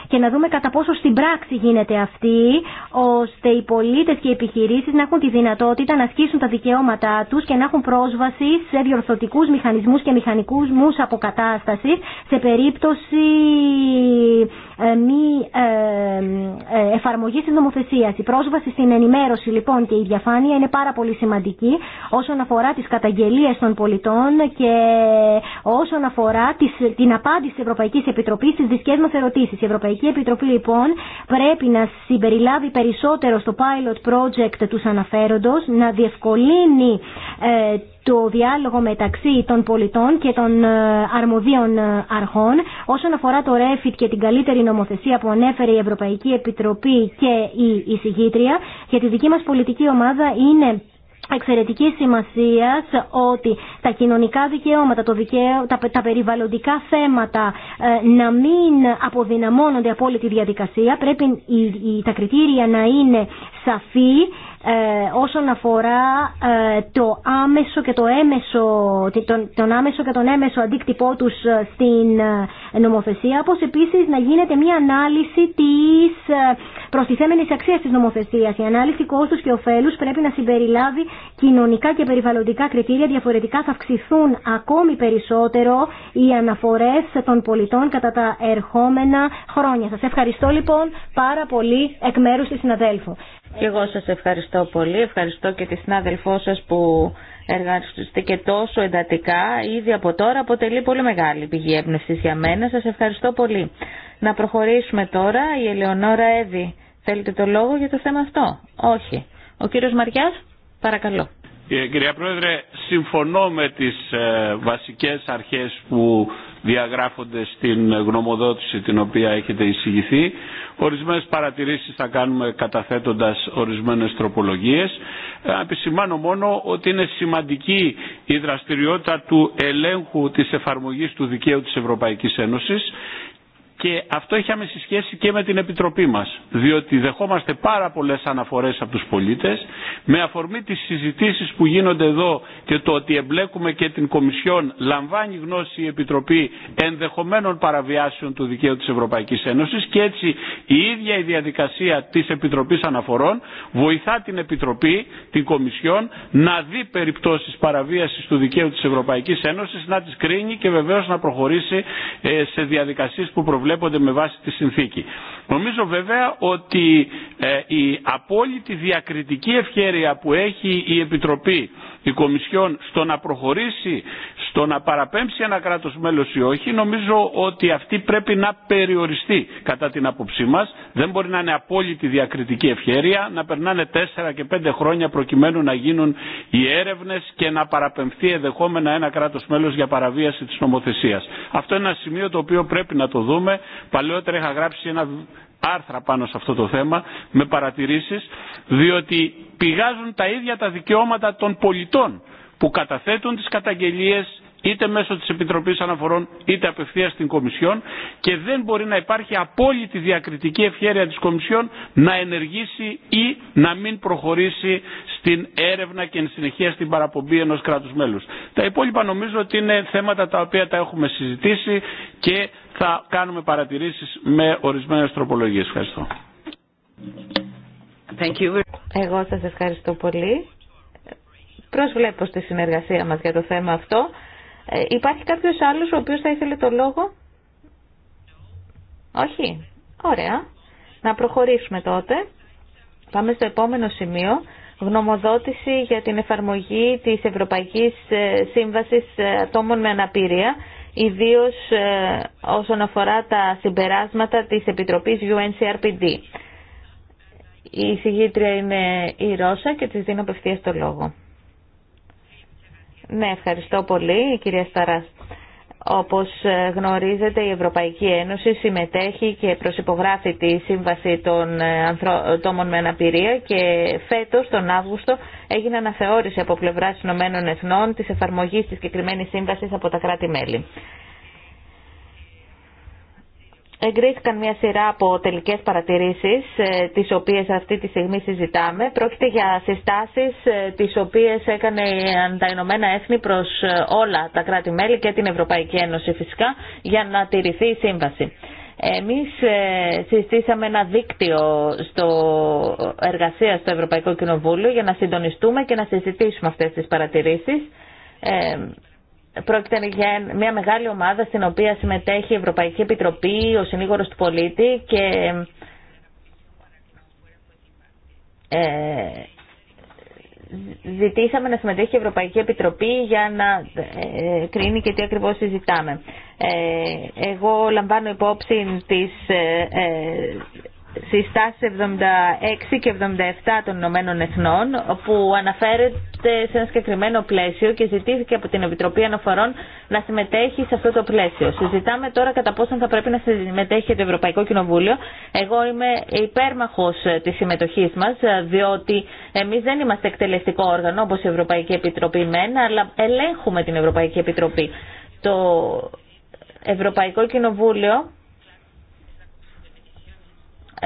και να δούμε κατά πόσο στην πράξη γίνεται αυτή, ώστε οι πολίτες και οι επιχειρήσεις να έχουν τη δυνατότητα να ασκήσουν τα δικαιώματά τους και να έχουν πρόσβαση σε διορθωτικούς μηχανισμούς και μηχανικούς αποκατάστασης σε περίπτωση ε, μη ε, ε, εφαρμογή τη νομοθεσία. Η πρόσβαση στην ενημέρωση λοιπόν και η διαφάνεια είναι πάρα πολύ σημαντική όσον αφορά τις καταγγελίες των πολιτών και όσον αφορά την απάντηση τη Ευρωπαϊκή Επιτροπή στι δικέ μα ερωτήσει. Η Ευρωπαϊκή Επιτροπή λοιπόν πρέπει να συμπεριλάβει περισσότερο στο pilot project του αναφέροντος, να διευκολύνει το διάλογο μεταξύ των πολιτών και των ε, αρμοδίων ε, αρχών όσον αφορά το ΡΕΦΙΤ και την καλύτερη νομοθεσία που ανέφερε η Ευρωπαϊκή Επιτροπή και η εισηγήτρια για τη δική μας πολιτική ομάδα είναι εξαιρετική σημασία ότι τα κοινωνικά δικαιώματα, το τα, περιβαλλοντικά θέματα ε, να μην αποδυναμώνονται από όλη τη διαδικασία. Πρέπει τα κριτήρια να είναι σαφή ε, όσον αφορά ε, το άμεσο και το έμεσο, τον, τον άμεσο και τον έμεσο αντίκτυπό τους ε, στην νομοθεσία, όπως επίσης να γίνεται μια ανάλυση της προστιθέμενης αξίας της νομοθεσίας. Η ανάλυση κόστους και ωφέλους πρέπει να συμπεριλάβει κοινωνικά και περιβαλλοντικά κριτήρια, διαφορετικά θα αυξηθούν ακόμη περισσότερο οι αναφορές των πολιτών κατά τα ερχόμενα χρόνια. Σας ευχαριστώ λοιπόν πάρα πολύ εκ μέρους της συναδέλφου. Και εγώ σας ευχαριστώ πολύ. Ευχαριστώ και τη συνάδελφό σας που και τόσο εντατικά. Ήδη από τώρα αποτελεί πολύ μεγάλη πηγή έμπνευσης για μένα. Σας ευχαριστώ πολύ. Να προχωρήσουμε τώρα. Η Ελεονόρα Εύη, θέλετε το λόγο για το θέμα αυτό. Όχι. Ο κύριος Μαριάς, παρακαλώ. Ε, κυρία Πρόεδρε, συμφωνώ με τις ε, βασικές αρχές που διαγράφονται στην γνωμοδότηση την οποία έχετε εισηγηθεί. Ορισμένες παρατηρήσεις θα κάνουμε καταθέτοντας ορισμένες τροπολογίες. Ε, επισημάνω μόνο ότι είναι σημαντική η δραστηριότητα του ελέγχου της εφαρμογής του δικαίου της Ευρωπαϊκής Ένωσης και αυτό έχει άμεση σχέση και με την Επιτροπή μας, διότι δεχόμαστε πάρα πολλές αναφορές από τους πολίτες, με αφορμή τις συζητήσεις που γίνονται εδώ και το ότι εμπλέκουμε και την Κομισιόν, λαμβάνει γνώση η Επιτροπή ενδεχομένων παραβιάσεων του δικαίου της Ευρωπαϊκής Ένωσης και έτσι η ίδια η διαδικασία της Επιτροπής Αναφορών βοηθά την Επιτροπή, την Κομισιόν, να δει περιπτώσεις παραβίασης του δικαίου της Ευρωπαϊκής Ένωσης, να τις κρίνει και βεβαίως να προχωρήσει ε, σε διαδικασίες που προβλέπουν βλέπονται με βάση τη συνθήκη. Νομίζω βέβαια ότι ε, η απόλυτη διακριτική ευχέρεια που έχει η Επιτροπή, η Κομισιόν στο να προχωρήσει, στο να παραπέμψει ένα κράτος μέλος ή όχι, νομίζω ότι αυτή πρέπει να περιοριστεί κατά την άποψή μας. Δεν μπορεί να είναι απόλυτη διακριτική ευχέρεια, να περνάνε τέσσερα και πέντε χρόνια προκειμένου να γίνουν οι έρευνες και να παραπεμφθεί εδεχόμενα ένα κράτος μέλος για παραβίαση της νομοθεσίας. Αυτό είναι ένα σημείο το οποίο πρέπει να το δούμε Παλαιότερα είχα γράψει ένα άρθρα πάνω σε αυτό το θέμα με παρατηρήσεις διότι πηγάζουν τα ίδια τα δικαιώματα των πολιτών που καταθέτουν τις καταγγελίες είτε μέσω της Επιτροπής Αναφορών είτε απευθείας στην Κομισιόν και δεν μπορεί να υπάρχει απόλυτη διακριτική ευχέρεια της Κομισιόν να ενεργήσει ή να μην προχωρήσει στην έρευνα και εν συνεχεία στην παραπομπή ενός κράτους μέλους. Τα υπόλοιπα νομίζω ότι είναι θέματα τα οποία τα έχουμε συζητήσει και θα κάνουμε παρατηρήσεις με ορισμένες τροπολογίες. Ευχαριστώ. Thank you. Εγώ σας ευχαριστώ πολύ. Προσβλέπω στη συνεργασία μας για το θέμα αυτό. Ε, υπάρχει κάποιος άλλος ο οποίος θα ήθελε το λόγο. Όχι. Ωραία. Να προχωρήσουμε τότε. Πάμε στο επόμενο σημείο. Γνωμοδότηση για την εφαρμογή της Ευρωπαϊκής ε, Σύμβασης ε, Ατόμων με Αναπηρία, ιδίως όσον αφορά τα συμπεράσματα της Επιτροπής UNCRPD. Η συγγήτρια είναι η Ρώσα και της δίνω απευθείας το λόγο. Ναι, ευχαριστώ πολύ, κυρία Σταράς. Όπως ε, γνωρίζετε η Ευρωπαϊκή Ένωση συμμετέχει και προσυπογράφει τη Σύμβαση των ε, Ατόμων με Αναπηρία και φέτος τον Αύγουστο έγινε αναθεώρηση από πλευράς Ηνωμένων Εθνών της εφαρμογής της συγκεκριμένη σύμβασης από τα κράτη-μέλη εγκρίθηκαν μια σειρά από τελικές παρατηρήσεις, ε, τις οποίες αυτή τη στιγμή συζητάμε. Πρόκειται για συστάσεις ε, τις οποίες έκανε τα Ηνωμένα Έθνη προς ε, όλα τα κράτη-μέλη και την Ευρωπαϊκή Ένωση φυσικά για να τηρηθεί η σύμβαση. Εμείς συστήσαμε ένα δίκτυο στο εργασία στο Ευρωπαϊκό Κοινοβούλιο για να συντονιστούμε και να συζητήσουμε αυτές τις παρατηρήσεις. Πρόκειται για μια μεγάλη ομάδα στην οποία συμμετέχει η Ευρωπαϊκή Επιτροπή, ο Συνήγορος του Πολίτη και ε, ζητήσαμε να συμμετέχει η Ευρωπαϊκή Επιτροπή για να ε, κρίνει και τι ακριβώς συζητάμε. Ε, εγώ λαμβάνω υπόψη τις συστάσεις 76 και 77 των Ηνωμένων Εθνών που αναφέρεται σε ένα συγκεκριμένο πλαίσιο και ζητήθηκε από την Επιτροπή Αναφορών να συμμετέχει σε αυτό το πλαίσιο. Συζητάμε τώρα κατά πόσον θα πρέπει να συμμετέχει το Ευρωπαϊκό Κοινοβούλιο. Εγώ είμαι υπέρμαχος της συμμετοχής μας διότι εμείς δεν είμαστε εκτελεστικό όργανο όπως η Ευρωπαϊκή Επιτροπή μένα, αλλά ελέγχουμε την Ευρωπαϊκή Επιτροπή. Το Ευρωπαϊκό Κοινοβούλιο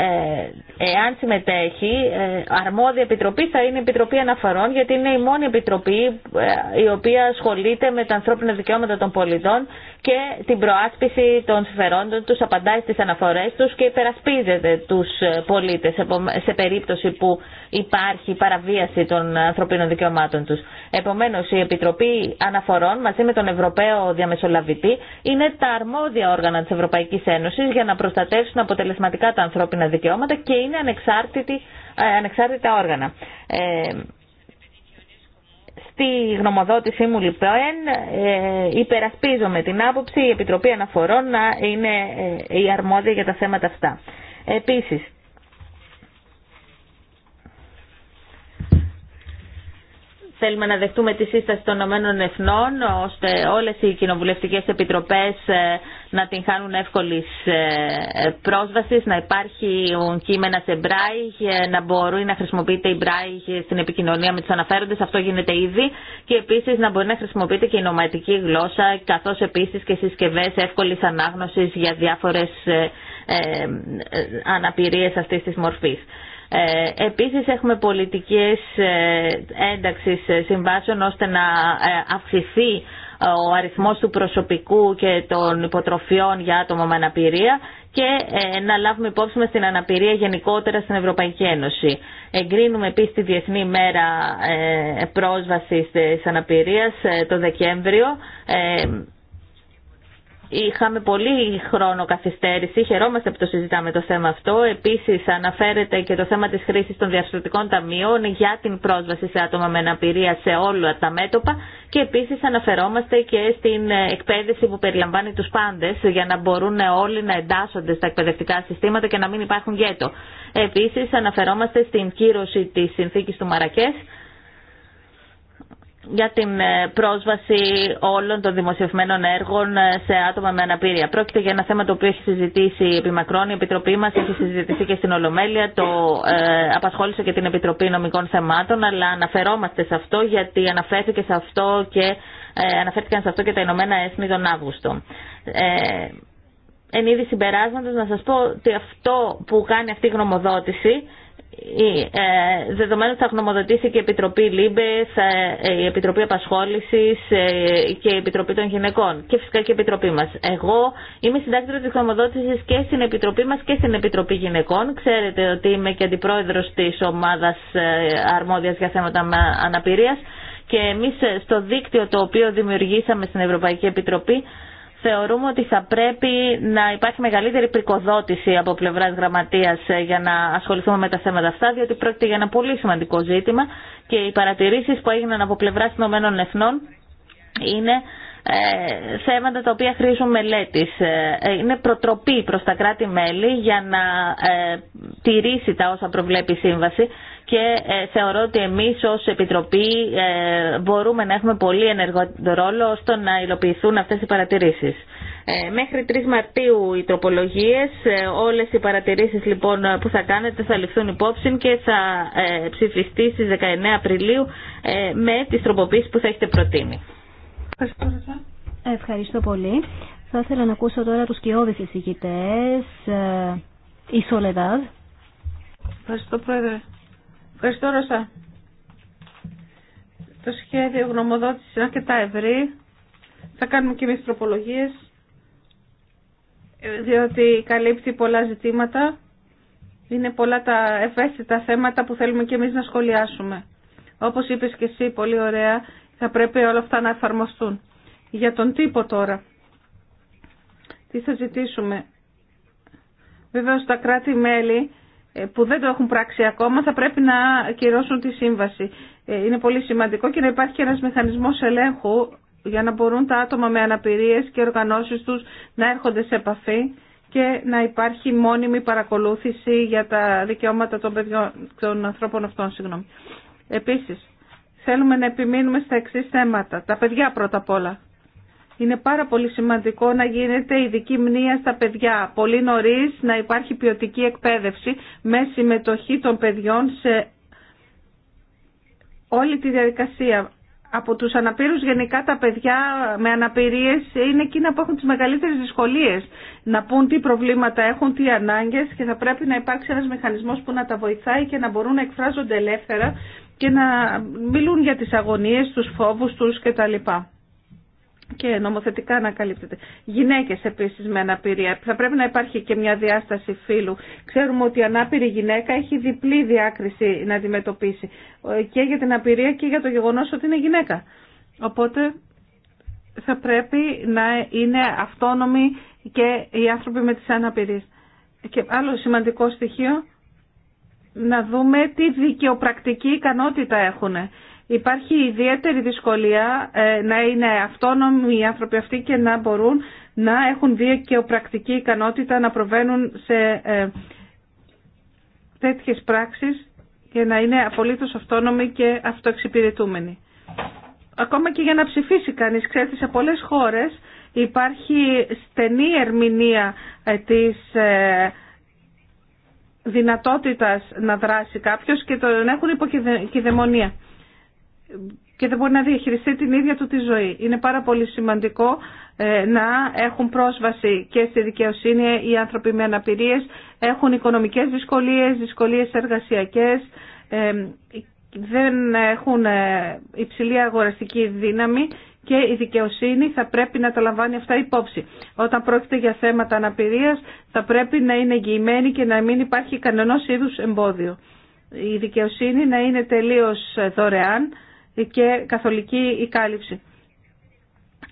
ε, εάν συμμετέχει, ε, αρμόδια επιτροπή θα είναι η Επιτροπή Αναφορών, γιατί είναι η μόνη επιτροπή ε, η οποία ασχολείται με τα ανθρώπινα δικαιώματα των πολιτών και την προάσπιση των συμφερόντων τους, απαντάει στις αναφορές τους και υπερασπίζεται τους ε, πολίτες σε περίπτωση που υπάρχει παραβίαση των ανθρωπίνων δικαιωμάτων τους. Επομένως, η Επιτροπή Αναφορών μαζί με τον Ευρωπαίο Διαμεσολαβητή είναι τα αρμόδια όργανα της Ευρωπαϊκής Ένωσης για να προστατεύσουν αποτελεσματικά τα ανθρώπινα δικαιώματα και είναι ε, ανεξάρτητα όργανα. Ε, τη γνωμοδότησή μου λοιπόν ε, υπερασπίζομαι την άποψη η Επιτροπή Αναφορών να είναι ε, η αρμόδια για τα θέματα αυτά. Επίσης, Θέλουμε να δεχτούμε τη σύσταση των Ηνωμένων ώστε όλες οι κοινοβουλευτικές επιτροπές ε, να την χάνουν εύκολης ε, πρόσβασης, να υπάρχει κείμενα σε μπράιγ, ε, να μπορεί να χρησιμοποιείται η Μπράι στην επικοινωνία με τους αναφέροντες, αυτό γίνεται ήδη και επίσης να μπορεί να χρησιμοποιείται και η νοματική γλώσσα καθώς επίσης και συσκευέ εύκολη ανάγνωσης για διάφορες αναπηρίες αυτής της μορφής. Ε, επίσης έχουμε πολιτικές ε, ένταξης ε, συμβάσεων ώστε να ε, αυξηθεί ο αριθμός του προσωπικού και των υποτροφιών για άτομα με αναπηρία και να λάβουμε υπόψη μας την αναπηρία γενικότερα στην Ευρωπαϊκή Ένωση. Εγκρίνουμε επίσης τη Διεθνή Μέρα Πρόσβασης της Αναπηρίας το Δεκέμβριο Είχαμε πολύ χρόνο καθυστέρηση, χαιρόμαστε που το συζητάμε το θέμα αυτό. Επίση, αναφέρεται και το θέμα τη χρήση των διαρθρωτικών ταμείων για την πρόσβαση σε άτομα με αναπηρία σε όλα τα μέτωπα και επίση αναφερόμαστε και στην εκπαίδευση που περιλαμβάνει του πάντε για να μπορούν όλοι να εντάσσονται στα εκπαιδευτικά συστήματα και να μην υπάρχουν γέτο. Επίση αναφερόμαστε στην κύρωση τη συνθήκη του Μαρακέ για την ε, πρόσβαση όλων των δημοσιευμένων έργων ε, σε άτομα με αναπηρία. Πρόκειται για ένα θέμα το οποίο έχει συζητήσει επί μακρόν, η Επιτροπή μας έχει συζητηθεί και στην Ολομέλεια, το ε, απασχόλησε και την Επιτροπή Νομικών Θεμάτων, αλλά αναφερόμαστε σε αυτό γιατί αναφέρθηκε σε αυτό και, ε, αναφέρθηκαν σε αυτό και τα Ηνωμένα Έθνη τον Αύγουστο. Ε, εν είδη συμπεράσματος να σας πω ότι αυτό που κάνει αυτή η γνωμοδότηση ε, δεδομένου ότι θα γνωμοδοτήσει και η Επιτροπή ΛΥΜΠΕ, ε, η Επιτροπή Απασχόλησης ε, και η Επιτροπή των Γυναικών και φυσικά και η Επιτροπή μας. Εγώ είμαι συντάκτρια της γνωμοδότησης και στην Επιτροπή μας και στην Επιτροπή Γυναικών. Ξέρετε ότι είμαι και αντιπρόεδρος της ομάδας αρμόδιας για θέματα αναπηρίας και εμείς στο δίκτυο το οποίο δημιουργήσαμε στην Ευρωπαϊκή Επιτροπή θεωρούμε ότι θα πρέπει να υπάρχει μεγαλύτερη πρικοδότηση από πλευράς γραμματείας ε, για να ασχοληθούμε με τα θέματα αυτά, διότι πρόκειται για ένα πολύ σημαντικό ζήτημα και οι παρατηρήσει που έγιναν από πλευράς Ηνωμένων Εθνών είναι ε, θέματα τα οποία χρήζουν μελέτης. Ε, ε, είναι προτροπή προς τα κράτη-μέλη για να ε, τηρήσει τα όσα προβλέπει η Σύμβαση και ε, θεωρώ ότι εμείς ως Επιτροπή μπορούμε να έχουμε πολύ ενεργό ρόλο ώστε να υλοποιηθούν αυτές οι παρατηρήσεις. Μέχρι 3 Μαρτίου οι τροπολογίες, όλες οι παρατηρήσεις λοιπόν που θα κάνετε θα ληφθούν υπόψη και θα ψηφιστεί στις 19 Απριλίου με τις τροποποίησεις που θα έχετε προτείνει. Ευχαριστώ πολύ. Θα ήθελα να ακούσω τώρα τους κοιόδες εισηγητές. Ε, η Σολεδάδ. Ευχαριστώ Πρόεδρε. Ευχαριστώ Ρώσα. Το σχέδιο γνωμοδότησης είναι αρκετά ευρύ. Θα κάνουμε και εμείς τροπολογίες, ε, διότι καλύπτει πολλά ζητήματα. Είναι πολλά τα ευαίσθητα θέματα που θέλουμε και εμείς να σχολιάσουμε. Όπως είπες και εσύ πολύ ωραία, θα πρέπει όλα αυτά να εφαρμοστούν. Για τον τύπο τώρα. Τι θα ζητήσουμε. Βεβαίως τα κράτη-μέλη ε, που δεν το έχουν πράξει ακόμα θα πρέπει να κυρώσουν τη σύμβαση. Ε, είναι πολύ σημαντικό και να υπάρχει και ένας μηχανισμός ελέγχου για να μπορούν τα άτομα με αναπηρίες και οργανώσεις τους να έρχονται σε επαφή και να υπάρχει μόνιμη παρακολούθηση για τα δικαιώματα των παιδιών, των ανθρώπων αυτών. Συγγνώμη. Επίσης, θέλουμε να επιμείνουμε στα εξή θέματα. Τα παιδιά πρώτα απ' όλα. Είναι πάρα πολύ σημαντικό να γίνεται ειδική μνήμα στα παιδιά. Πολύ νωρί να υπάρχει ποιοτική εκπαίδευση με συμμετοχή των παιδιών σε όλη τη διαδικασία. Από τους αναπήρους γενικά τα παιδιά με αναπηρίες είναι εκείνα που έχουν τις μεγαλύτερες δυσκολίες να πούν τι προβλήματα έχουν, τι ανάγκες και θα πρέπει να υπάρξει ένας μηχανισμός που να τα βοηθάει και να μπορούν να εκφράζονται ελεύθερα και να μιλούν για τις αγωνίες, τους φόβους τους κτλ. Και νομοθετικά να καλύπτεται. Γυναίκες επίσης με αναπηρία. Θα πρέπει να υπάρχει και μια διάσταση φύλου. Ξέρουμε ότι η ανάπηρη γυναίκα έχει διπλή διάκριση να αντιμετωπίσει. Και για την απειρία και για το γεγονός ότι είναι γυναίκα. Οπότε θα πρέπει να είναι αυτόνομοι και οι άνθρωποι με τις αναπηρίες. Και άλλο σημαντικό στοιχείο να δούμε τι δικαιοπρακτική ικανότητα έχουν. Υπάρχει ιδιαίτερη δυσκολία ε, να είναι αυτόνομοι οι άνθρωποι αυτοί και να μπορούν να έχουν δικαιοπρακτική ικανότητα να προβαίνουν σε ε, τέτοιες πράξεις και να είναι απολύτως αυτόνομοι και αυτοεξυπηρετούμενοι. Ακόμα και για να ψηφίσει κανείς, ξέρετε, σε πολλές χώρες υπάρχει στενή ερμηνεία ε, της δυνατότητας να δράσει κάποιος και τον έχουν υποκειδαιμονία και δεν μπορεί να διαχειριστεί την ίδια του τη ζωή. Είναι πάρα πολύ σημαντικό ε, να έχουν πρόσβαση και στη δικαιοσύνη οι άνθρωποι με αναπηρίες, έχουν οικονομικές δυσκολίες, δυσκολίες εργασιακές, ε, δεν έχουν ε, υψηλή αγοραστική δύναμη και η δικαιοσύνη θα πρέπει να τα λαμβάνει αυτά υπόψη. Όταν πρόκειται για θέματα αναπηρίας θα πρέπει να είναι εγγυημένη και να μην υπάρχει κανένα είδους εμπόδιο. Η δικαιοσύνη να είναι τελείως δωρεάν και καθολική η κάλυψη.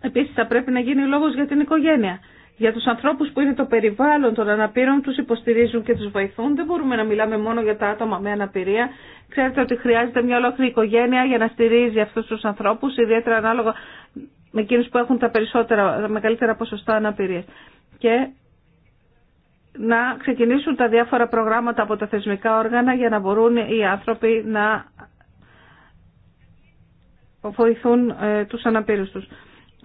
Επίσης θα πρέπει να γίνει λόγος για την οικογένεια για τους ανθρώπους που είναι το περιβάλλον των αναπήρων, τους υποστηρίζουν και τους βοηθούν. Δεν μπορούμε να μιλάμε μόνο για τα άτομα με αναπηρία. Ξέρετε ότι χρειάζεται μια ολόκληρη οικογένεια για να στηρίζει αυτούς τους ανθρώπους, ιδιαίτερα ανάλογα με εκείνους που έχουν τα περισσότερα, μεγαλύτερα ποσοστά αναπηρία. Και να ξεκινήσουν τα διάφορα προγράμματα από τα θεσμικά όργανα για να μπορούν οι άνθρωποι να βοηθούν ε, τους αναπήρους τους.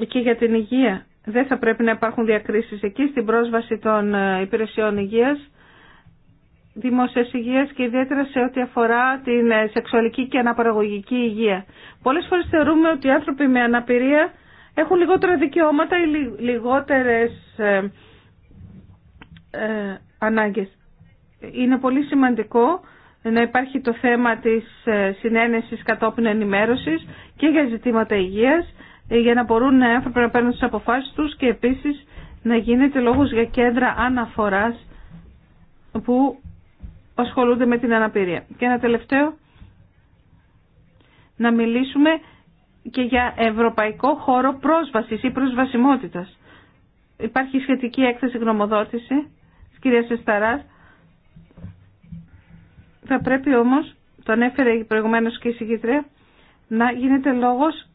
Και για την υγεία δεν θα πρέπει να υπάρχουν διακρίσεις εκεί στην πρόσβαση των ε, υπηρεσιών υγείας, δημόσιας υγείας και ιδιαίτερα σε ό,τι αφορά την ε, σεξουαλική και αναπαραγωγική υγεία. Πολλές φορές θεωρούμε ότι οι άνθρωποι με αναπηρία έχουν λιγότερα δικαιώματα ή λιγότερες ε, ανάγκες. Είναι πολύ σημαντικό να υπάρχει το θέμα της συνένεσης κατόπιν ενημέρωσης και για ζητήματα υγείας ε, για να μπορούν ε, άνθρωποι να παίρνουν τις αποφάσεις τους και επίσης να γίνεται λόγος για κέντρα αναφοράς που ασχολούνται με την αναπηρία. Και ένα τελευταίο, να μιλήσουμε και για ευρωπαϊκό χώρο πρόσβασης ή προσβασιμότητας. Υπάρχει σχετική έκθεση γνωμοδότηση της κυρίας Εσταράς. Θα πρέπει όμως, το ανέφερε προηγουμένως και η συγκήτρια, να γίνεται λόγος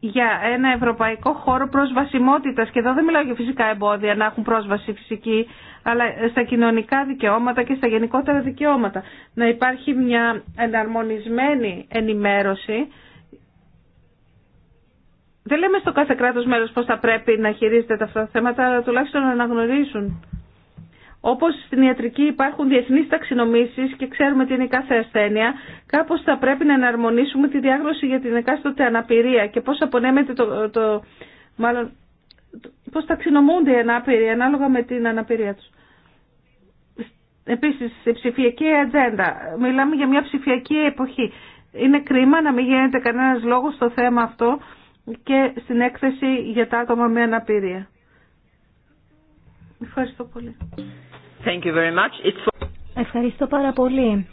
για ένα ευρωπαϊκό χώρο προσβασιμότητα και εδώ δεν μιλάω για φυσικά εμπόδια να έχουν πρόσβαση φυσική αλλά στα κοινωνικά δικαιώματα και στα γενικότερα δικαιώματα. Να υπάρχει μια εναρμονισμένη ενημέρωση δεν λέμε στο κάθε κράτο μέρο πώς θα πρέπει να χειρίζεται τα αυτά τα θέματα, αλλά τουλάχιστον να αναγνωρίσουν όπως στην ιατρική υπάρχουν διεθνεί ταξινομήσεις και ξέρουμε τι η κάθε ασθένεια, κάπως θα πρέπει να εναρμονίσουμε τη διάγνωση για την εκάστοτε αναπηρία και πώ απονέμεται το, το μάλλον, πώς ταξινομούνται οι ανάπηροι ανάλογα με την αναπηρία τους. Επίσης, η ψηφιακή ατζέντα. Μιλάμε για μια ψηφιακή εποχή. Είναι κρίμα να μην γίνεται κανένα λόγο στο θέμα αυτό και στην έκθεση για τα άτομα με αναπηρία. Ευχαριστώ πολύ. Thank you very much. It's... Ευχαριστώ πάρα πολύ.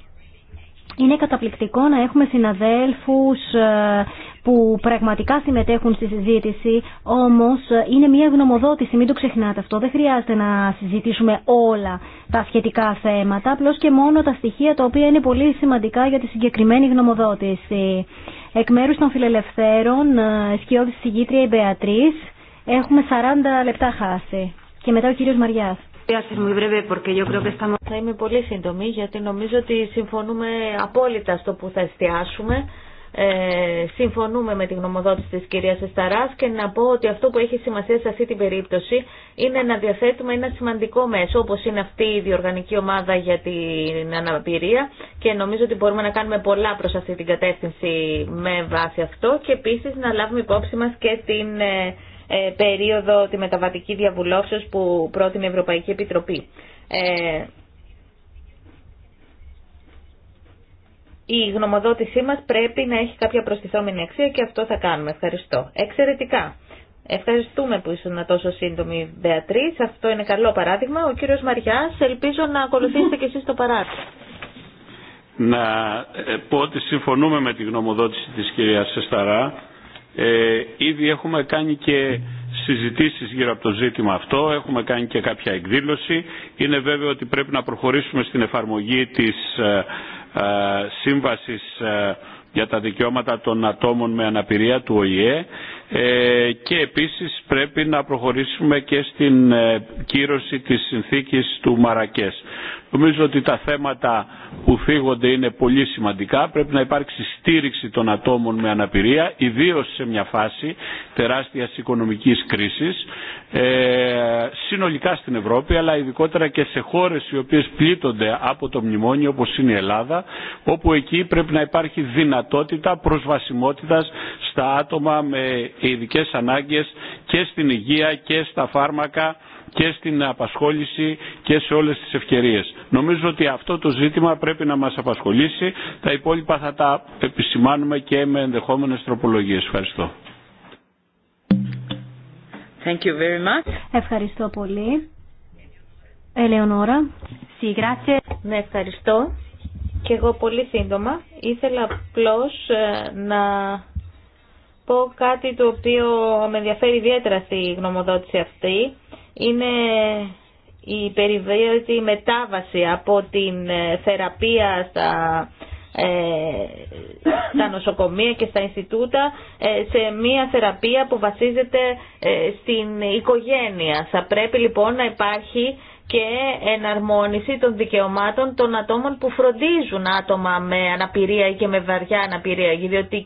Είναι καταπληκτικό να έχουμε συναδέλφους ε, που πραγματικά συμμετέχουν στη συζήτηση, όμως ε, είναι μια γνωμοδότηση, μην το ξεχνάτε αυτό. Δεν χρειάζεται να συζητήσουμε όλα τα σχετικά θέματα, απλώ και μόνο τα στοιχεία τα οποία είναι πολύ σημαντικά για τη συγκεκριμένη γνωμοδότηση. Εκ μέρου των φιλελευθέρων, ε, σκιώδη συγγήτρια η Μπεατρής, έχουμε 40 λεπτά χάσει. Και μετά ο κύριος Μαριάς. Θα είμαι πολύ σύντομη γιατί νομίζω ότι συμφωνούμε απόλυτα στο που θα εστιάσουμε. Ε, συμφωνούμε με τη γνωμοδότηση της κυρίας Εσταράς και να πω ότι αυτό που έχει σημασία σε αυτή την περίπτωση είναι να διαθέτουμε ένα σημαντικό μέσο όπως είναι αυτή η διοργανική ομάδα για την αναπηρία και νομίζω ότι μπορούμε να κάνουμε πολλά προς αυτή την κατεύθυνση με βάση αυτό και επίσης να λάβουμε υπόψη μας και την ε, ε, περίοδο τη μεταβατική διαβουλώσεως που πρότεινε η Ευρωπαϊκή Επιτροπή. Ε, η γνωμοδότησή μας πρέπει να έχει κάποια προστιθόμενη αξία και αυτό θα κάνουμε. Ευχαριστώ. Εξαιρετικά. Ευχαριστούμε που ήσουν τόσο σύντομη, Μπεατρή. Αυτό είναι καλό παράδειγμα. Ο κύριος Μαριάς, ελπίζω να ακολουθήσετε κι εσείς το παράδειγμα. Να ε, πω ότι συμφωνούμε με τη γνωμοδότηση της κυρίας Σεσταρά ε, ήδη έχουμε κάνει και συζητήσεις γύρω από το ζήτημα αυτό, έχουμε κάνει και κάποια εκδήλωση. Είναι βέβαιο ότι πρέπει να προχωρήσουμε στην εφαρμογή της ε, ε, σύμβασης ε, για τα δικαιώματα των ατόμων με αναπηρία του ΟΗΕ ε, και επίσης πρέπει να προχωρήσουμε και στην ε, κύρωση της συνθήκης του Μαρακές. Νομίζω ότι τα θέματα που φύγονται είναι πολύ σημαντικά. Πρέπει να υπάρξει στήριξη των ατόμων με αναπηρία, ιδίως σε μια φάση τεράστιας οικονομικής κρίσης, ε, συνολικά στην Ευρώπη, αλλά ειδικότερα και σε χώρες οι οποίες πλήττονται από το μνημόνιο, όπως είναι η Ελλάδα, όπου εκεί πρέπει να υπάρχει δυνατότητα προσβασιμότητας στα άτομα με ειδικέ ανάγκες και στην υγεία και στα φάρμακα και στην απασχόληση και σε όλες τις ευκαιρίες. Νομίζω ότι αυτό το ζήτημα πρέπει να μας απασχολήσει. Τα υπόλοιπα θα τα επισημάνουμε και με ενδεχόμενες τροπολογίες. Ευχαριστώ. Thank you very much. Ευχαριστώ πολύ. Ελεονόρα. Ναι, ευχαριστώ. Και εγώ πολύ σύντομα. Ήθελα απλώς ε, να πω κάτι το οποίο με ενδιαφέρει ιδιαίτερα στη γνωμοδότηση αυτή. Είναι η περιβαίωτη μετάβαση από την ε, θεραπεία ε, στα, νοσοκομεία και στα Ινστιτούτα ε, σε μια θεραπεία που βασίζεται στην οικογένεια. Θα πρέπει λοιπόν να υπάρχει και εναρμόνιση των δικαιωμάτων των ατόμων που φροντίζουν άτομα με αναπηρία ή και με βαριά αναπηρία. Διότι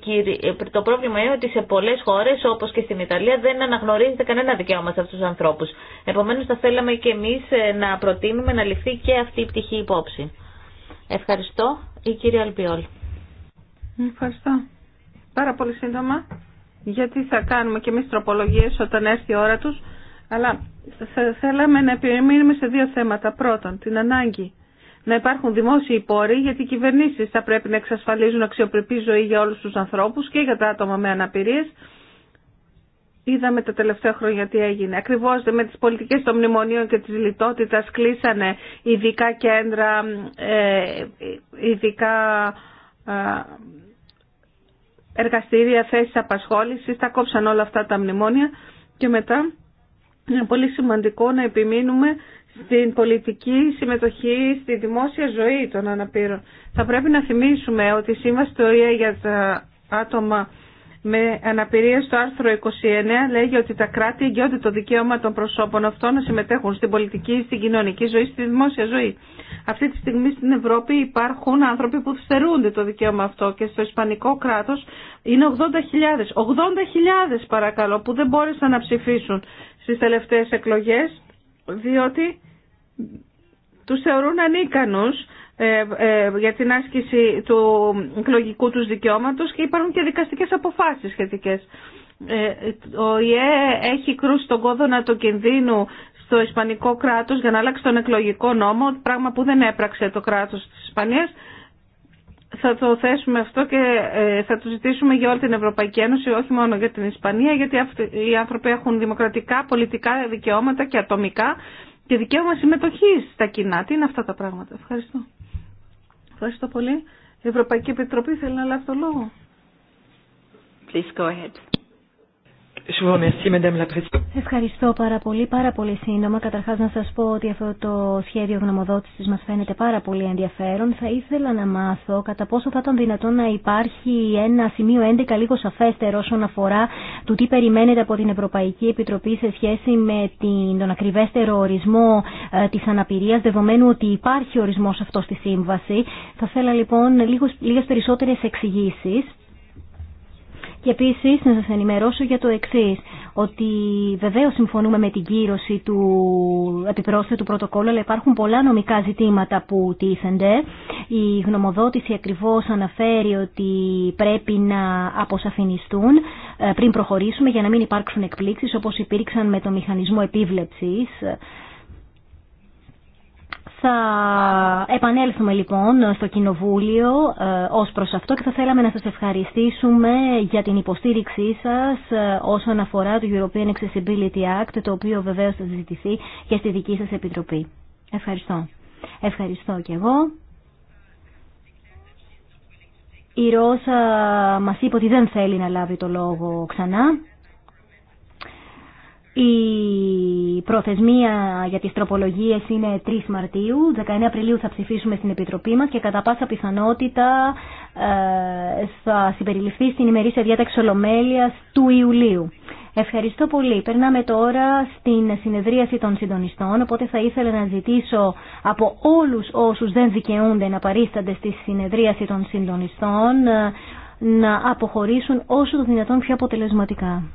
το πρόβλημα είναι ότι σε πολλέ χώρε, όπω και στην Ιταλία, δεν αναγνωρίζεται κανένα δικαίωμα σε αυτού του ανθρώπου. Επομένω, θα θέλαμε και εμεί ε, να προτείνουμε να ληφθεί και αυτή η πτυχή υπόψη. Ευχαριστώ. Η κυρία Αλπιόλ. Ευχαριστώ. Πάρα πολύ σύντομα, γιατί θα κάνουμε και εμεί τροπολογίε όταν έρθει η ώρα του. Αλλά θέλαμε να επιμείνουμε σε δύο θέματα. Πρώτον, την ανάγκη να υπάρχουν δημόσιοι πόροι, γιατί οι κυβερνήσει θα πρέπει να εξασφαλίζουν αξιοπρεπή ζωή για όλου του ανθρώπου και για τα άτομα με αναπηρίε. Είδαμε τα τελευταία χρόνια τι έγινε. Ακριβώ με τι πολιτικέ των μνημονίων και τη λιτότητα κλείσανε ειδικά κέντρα, ε, ειδικά ε, εργαστήρια, θέσει απασχόληση. Τα κόψαν όλα αυτά τα μνημόνια και μετά είναι πολύ σημαντικό να επιμείνουμε στην πολιτική συμμετοχή στη δημόσια ζωή των αναπήρων. Θα πρέπει να θυμίσουμε ότι η Σύμβαση του ΟΗΕ για τα άτομα με αναπηρία στο άρθρο 29 λέγει ότι τα κράτη εγγυώνται το δικαίωμα των προσώπων αυτών να συμμετέχουν στην πολιτική, στην κοινωνική ζωή, στη δημόσια ζωή. Αυτή τη στιγμή στην Ευρώπη υπάρχουν άνθρωποι που στερούνται το δικαίωμα αυτό και στο Ισπανικό κράτος είναι 80.000, 80.000 παρακαλώ, που δεν μπόρεσαν να ψηφίσουν στις τελευταίες εκλογές, διότι τους θεωρούν ανίκανους ε, ε, για την άσκηση του εκλογικού τους δικαιώματος και υπάρχουν και δικαστικές αποφάσεις σχετικές. Ε, ο ΙΕ έχει κρούσει τον κόδωνα του κινδύνου στο Ισπανικό κράτος για να αλλάξει τον εκλογικό νόμο, πράγμα που δεν έπραξε το κράτος της Ισπανίας θα το θέσουμε αυτό και ε, θα το ζητήσουμε για όλη την Ευρωπαϊκή Ένωση, όχι μόνο για την Ισπανία, γιατί οι άνθρωποι έχουν δημοκρατικά, πολιτικά δικαιώματα και ατομικά και δικαίωμα συμμετοχή στα κοινά. Τι είναι αυτά τα πράγματα. Ευχαριστώ. Ευχαριστώ πολύ. Η Ευρωπαϊκή Επιτροπή θέλει να λάβει το λόγο. Please go ahead. Ευχαριστώ πάρα πολύ. Πάρα πολύ σύντομα. Καταρχάς να σας πω ότι αυτό το σχέδιο γνωμοδότησης μας φαίνεται πάρα πολύ ενδιαφέρον. Θα ήθελα να μάθω κατά πόσο θα ήταν δυνατόν να υπάρχει ένα σημείο 11 λίγο σαφέστερο όσον αφορά το τι περιμένετε από την Ευρωπαϊκή Επιτροπή σε σχέση με τον ακριβέστερο ορισμό ε, της αναπηρίας, δεδομένου ότι υπάρχει ορισμός αυτό στη σύμβαση. Θα θέλα λοιπόν λίγες περισσότερες εξηγήσεις. Και επίση να σα ενημερώσω για το εξή, ότι βεβαίω συμφωνούμε με την κύρωση του επιπρόσθετου πρωτοκόλλου, αλλά υπάρχουν πολλά νομικά ζητήματα που τίθενται. Η γνωμοδότηση ακριβώς αναφέρει ότι πρέπει να αποσαφινιστούν ε, πριν προχωρήσουμε για να μην υπάρξουν εκπλήξεις όπως υπήρξαν με το μηχανισμό επίβλεψης θα επανέλθουμε λοιπόν στο Κοινοβούλιο ε, ως προς αυτό και θα θέλαμε να σας ευχαριστήσουμε για την υποστήριξή σας ε, όσον αφορά το European Accessibility Act, το οποίο βεβαίως θα συζητηθεί και στη δική σας Επιτροπή. Ευχαριστώ. Ευχαριστώ και εγώ. Η Ρώσα μας είπε ότι δεν θέλει να λάβει το λόγο ξανά. Η προθεσμία για τις τροπολογίες είναι 3 Μαρτίου, 19 Απριλίου θα ψηφίσουμε στην Επιτροπή μας και κατά πάσα πιθανότητα ε, θα συμπεριληφθεί στην ημερήσια διάταξη Ολομέλειας του Ιουλίου. Ευχαριστώ πολύ. Περνάμε τώρα στην συνεδρίαση των συντονιστών, οπότε θα ήθελα να ζητήσω από όλους όσους δεν δικαιούνται να παρίστανται στη συνεδρίαση των συντονιστών ε, να αποχωρήσουν όσο το δυνατόν πιο αποτελεσματικά.